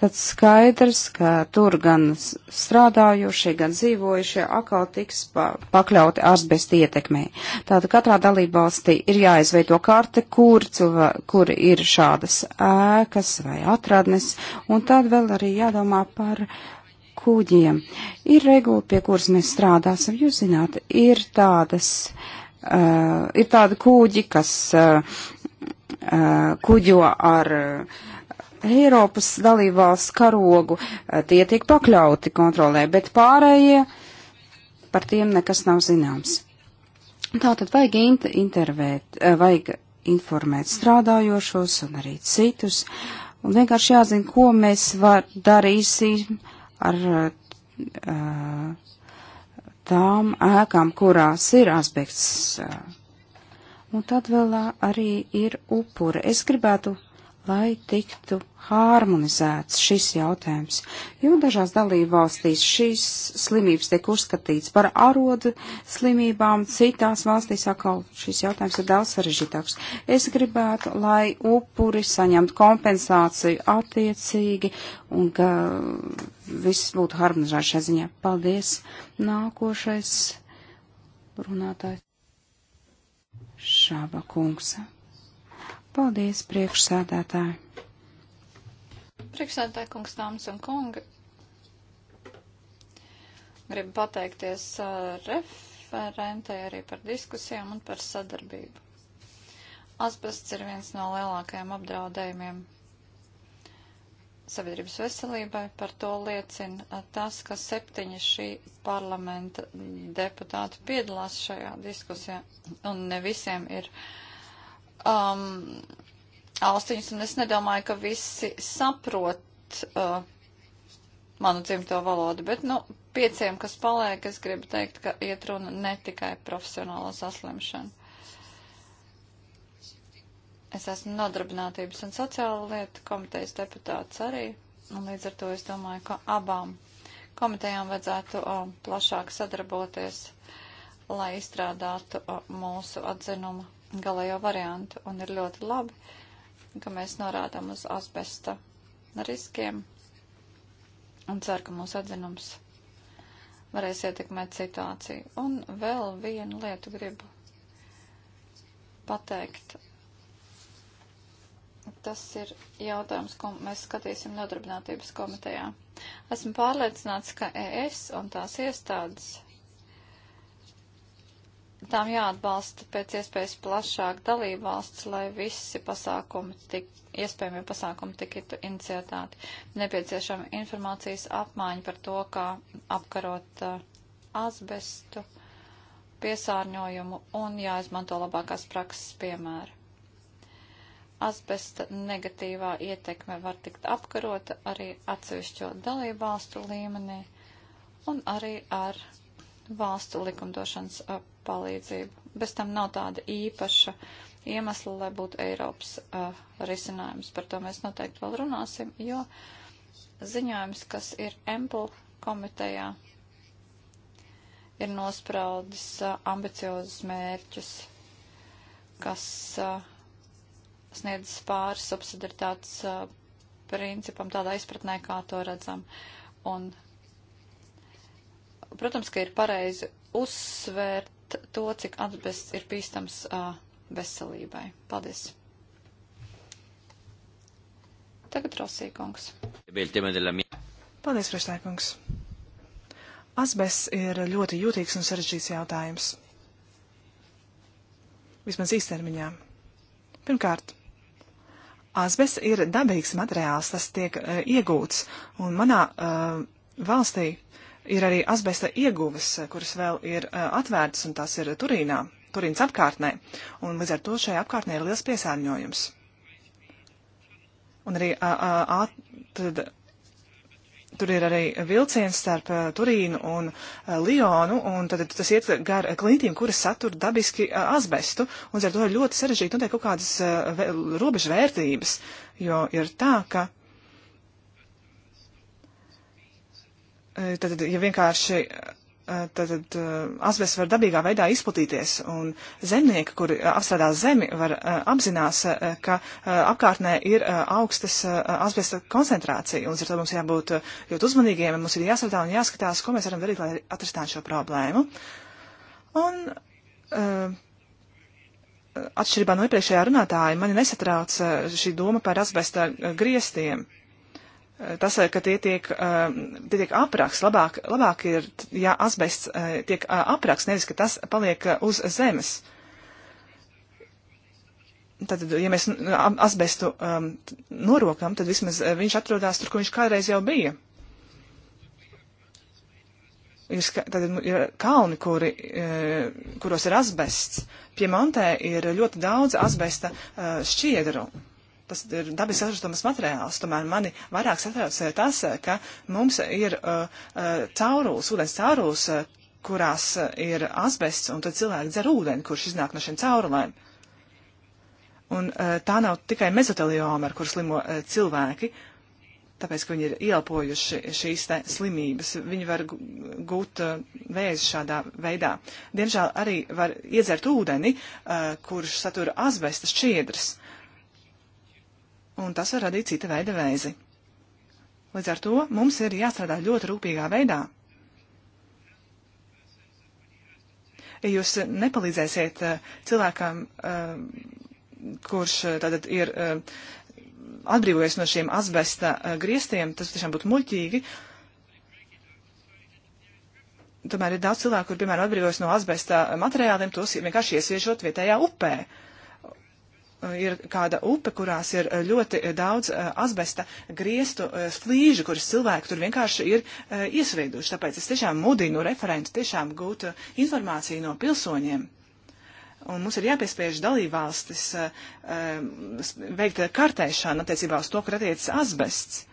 [SPEAKER 3] tad skaidrs, ka tur gan strādājošie, gan dzīvojušie atkal tiks pa, pakļauti asbesta ietekmē. Tātad katrā dalībvalstī ir jāizveido karte, kur, cilvē, kur ir šādas ēkas vai atradnes, un tad vēl arī jādomā par kūģiem. Ir regula, pie kuras mēs strādāsim, jūs zināt, ir tādas. Uh, Uh, ir tādi kūģi, kas uh, uh, kuģo ar uh, Eiropas dalībvalsts karogu, uh, tie tiek pakļauti kontrolē, bet pārējie par tiem nekas nav zināms. Tātad vajag int intervēt, uh, vajag informēt strādājošos un arī citus, un vienkārši jāzina, ko mēs var darīsim ar uh, tām ēkām, kurās ir asbekts. Un tad vēl arī ir upura. Es gribētu lai tiktu harmonizēts šis jautājums, jo dažās dalību valstīs šīs slimības tiek uzskatīts par arodu slimībām, citās valstīs atkal šis jautājums ir daudz sarežģītāks. Es gribētu, lai upuri saņemtu kompensāciju attiecīgi un ka viss būtu harmonizēts šajā ziņā. Paldies! Nākošais runātājs. Šāba kungsa. Paldies, priekšsēdētāji!
[SPEAKER 2] Priekšsēdētāji, kungs, dāmas un kungi! Gribu pateikties uh, referentai arī par diskusijām un par sadarbību. Asbests ir viens no lielākajiem apdraudējumiem sabiedrības veselībai. Par to liecina uh, tas, ka septiņi šī parlamenta deputāti piedalās šajā diskusijā, un ne visiem ir uh, um, austiņas, un es nedomāju, ka visi saprot uh, manu dzimto valodu, bet, nu, pieciem, kas paliek, es gribu teikt, ka iet runa ne tikai profesionālo saslimšanu. Es esmu nodarbinātības un sociāla lieta komitejas deputāts arī, un līdz ar to es domāju, ka abām komitejām vajadzētu o, uh, plašāk sadarboties, lai izstrādātu o, uh, mūsu atzinumu galējo variantu. Un ir ļoti labi, ka mēs norādām uz asbesta riskiem un ceru, ka mūsu atzinums varēs ietekmēt situāciju. Un vēl vienu lietu gribu pateikt. Tas ir jautājums, ko mēs skatīsim nodarbinātības komitejā. Esmu pārliecināts, ka ES un tās iestādes tām jāatbalsta pēc iespējas plašāk dalībvalsts, lai visi pasākumi tik, iespējamie pasākumi tiktu iniciatāti. Nepieciešama informācijas apmaiņa par to, kā apkarot uh, asbestu, piesārņojumu un jāizmanto labākās prakses piemēri. Asbesta negatīvā ietekme var tikt apkarota arī atsevišķo dalībvalstu līmenī un arī ar valstu likumdošanas uh, palīdzību. Bez tam nav tāda īpaša iemesla, lai būtu Eiropas uh, risinājums. Par to mēs noteikti vēl runāsim, jo ziņojums, kas ir Empel komitejā, ir nospraudis uh, ambiciozus mērķus, kas uh, sniedz pāri subsidaritātes uh, principam tādā izpratnē, kā to redzam. Un, protams, ka ir pareizi uzsvērt pat to, cik asbests ir bīstams uh, veselībai. Paldies! Tagad
[SPEAKER 1] Rosīkungs.
[SPEAKER 3] Paldies,
[SPEAKER 1] priekšstājkungs. Asbests ir ļoti jūtīgs un sarežģīts jautājums. Vismaz īstermiņā. Pirmkārt, asbests ir dabīgs materiāls, tas tiek uh, iegūts, un manā uh, valstī uh, ir arī asbesta ieguves, eh, kuras vēl ir eh, atvērtas, un tās ir Turīnā, Turīnas apkārtnē, un līdz ar to šajā apkārtnē ir liels piesārņojums. Un arī a, a, a, tad, tur ir arī vilciens starp eh, Turīnu un Lionu, un tad tas iet gar klintīm, kuras satur dabiski asbestu, un ar to ir ļoti sarežģīti noteikt kaut kādas robežu vērtības, jo ir tā, ka Tad, ja vienkārši eh, tad eh, asbests var dabīgā veidā izplatīties, un zemnieki, kuri eh, apstrādā zemi, var apzinās, ka apkārtnē ir augstas asbesta koncentrācija, un ar to mums jābūt ļoti uzmanīgiem, mums ir jāsardā un jāskatās, ko mēs varam darīt, lai atrisinātu šo problēmu. Un, atšķirībā no iepriekšējā runātāja, mani nesatrauc šī doma par asbesta griestiem. Uh, tas, eh, ka tie tiek, eh, tie tiek apraksts, labāk, labāk ir, ja asbests eh, tiek apraksts, nevis, ka tas paliek uz zemes. Tad, ja mēs asbestu um, norokam, tad vismaz viņš atrodas tur, kur viņš kādreiz jau bija. Ir, tad ir kalni, kuri, kuros ir asbests. Pie Montē ir ļoti daudz asbesta uh, šķiedru. Uh, tas ir dabiski atrastamas materiāls. Tomēr mani vairāk satrauc eh, tas, eh, ka mums ir uh, eh, caurūs, ūdens caurūs, uh, kurās ir asbests, un tad cilvēki dzer ūdeni, kurš iznāk no šiem caurulēm. Un uh, tā nav tikai mezotelioma, ar kur slimo uh, cilvēki, tāpēc, ka viņi ir ielpojuši šīs te slimības. Viņi var gūt uh, vēzi šādā veidā. Diemžēl arī var iedzert ūdeni, uh, kurš satura asbesta šķiedras. Uh, un tas var radīt cita veida vēzi. Līdz ar to mums ir jāstrādā ļoti rūpīgā veidā. Ja jūs nepalīdzēsiet eh, cilvēkam, eh, kurš eh, tātad ir atbrīvojies no šiem asbesta griestiem, tas tiešām būtu muļķīgi. Tomēr ir daudz cilvēku, kur, piemēram, atbrīvojas no asbesta materiāliem, tos vienkārši iesviežot vietējā upē. Uh, ir kāda upe, kurās ir eh, ļoti eh, daudz eh, asbesta griestu slīžu, kuras cilvēki tur vienkārši ir iesvīduši. Tāpēc es tiešām mudinu referentu tiešām gūt informāciju no pilsoņiem. Un mums ir jāpiespiež dalībvalstis veikt kartēšanu attiecībā uz to, kur attiecas asbests.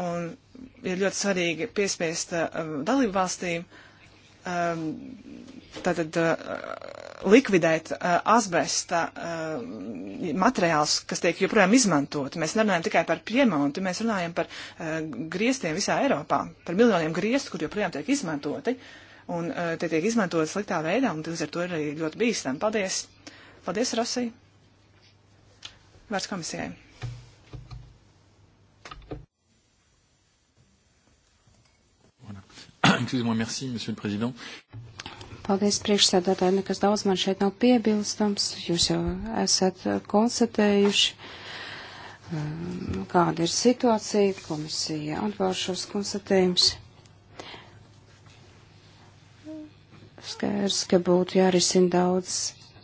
[SPEAKER 1] Un ir ļoti svarīgi piespiest dalībvalstīm um, tātad, uh, likvidēt uh, asbesta uh, materiāls, kas tiek joprojām izmantot. Mēs nerunājam tikai par piemontu, mēs runājam par griestiem visā Eiropā, par miljoniem griestu, kur joprojām tiek izmantoti. Un tie tiek izmantoti sliktā veidā, un tas ar to ir arī ļoti bīstam. Paldies! Paldies, Rosija! Vērts komisijai! Excusez-moi, merci, Monsieur le Président.
[SPEAKER 3] Paldies priekšsēdētāji, nekas daudz man šeit nav piebilstams, jūs jau esat konstatējuši, um, kāda ir situācija, komisija atbalsta šos konstatējumus. Skaidrs, ka būtu jārisina daudz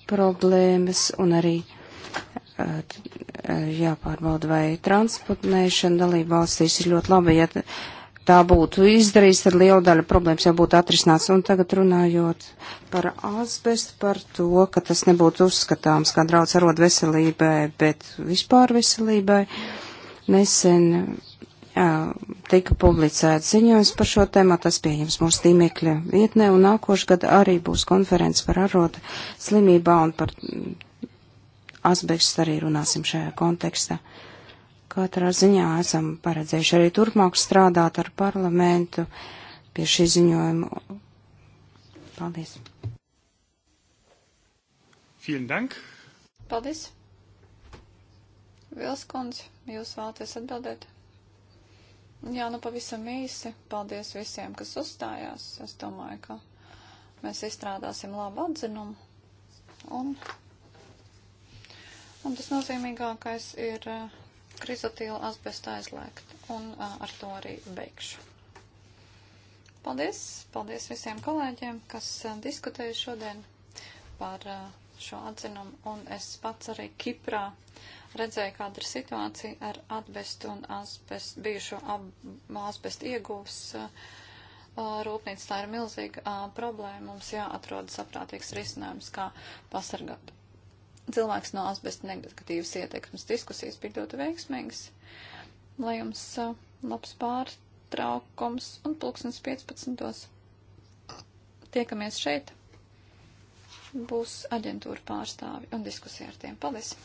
[SPEAKER 3] problēmas un arī uh, uh, jāpārbauda, vai transportēšana dalība valstīs ir ļoti laba, ja tā būtu izdarīts, tad liela daļa problēmas jau būtu atrisināts. Un tagad runājot par asbestu, par to, ka tas nebūtu uzskatāms kā draudz arot veselībai, bet vispār veselībai. Nesen jā, tika publicēts ziņojums par šo tēmu, tas pieņems mūsu tīmekļa vietnē, un nākošu gadu arī būs konferences par arota slimībā un par asbestu arī runāsim šajā kontekstā. Uh, Katrā ziņā esam paredzējuši arī turpmāk strādāt ar parlamentu pie šī ziņojuma. Paldies! Vielen Dank!
[SPEAKER 2] Paldies! Vilskundze, jūs vēlaties atbildēt? Jā, nu pavisam īsi. Paldies visiem, kas uzstājās. Es domāju, ka mēs izstrādāsim labu atzinumu. Un, un tas nozīmīgākais ir uh, krizotīlu asbestu aizliegt. Un uh, ar to arī beigšu. Paldies! Paldies visiem kolēģiem, kas uh, diskutēja šodien par uh, šo atzinumu. Un es pats arī Kiprā redzēju, kāda ir situācija ar atbestu un asbest, bijušo ab, asbestu iegūs. Uh, Rūpnīca tā ir milzīga uh, problēma. Mums jāatrod saprātīgs risinājums, kā pasargāt cilvēks no asbesta negatīvas ietekmes diskusijas bija ļoti veiksmīgas. Lai jums uh, labs pārtraukums un pulksnes 15. Tiekamies šeit. Būs aģentūra pārstāvi un diskusija ar tiem. Paldies!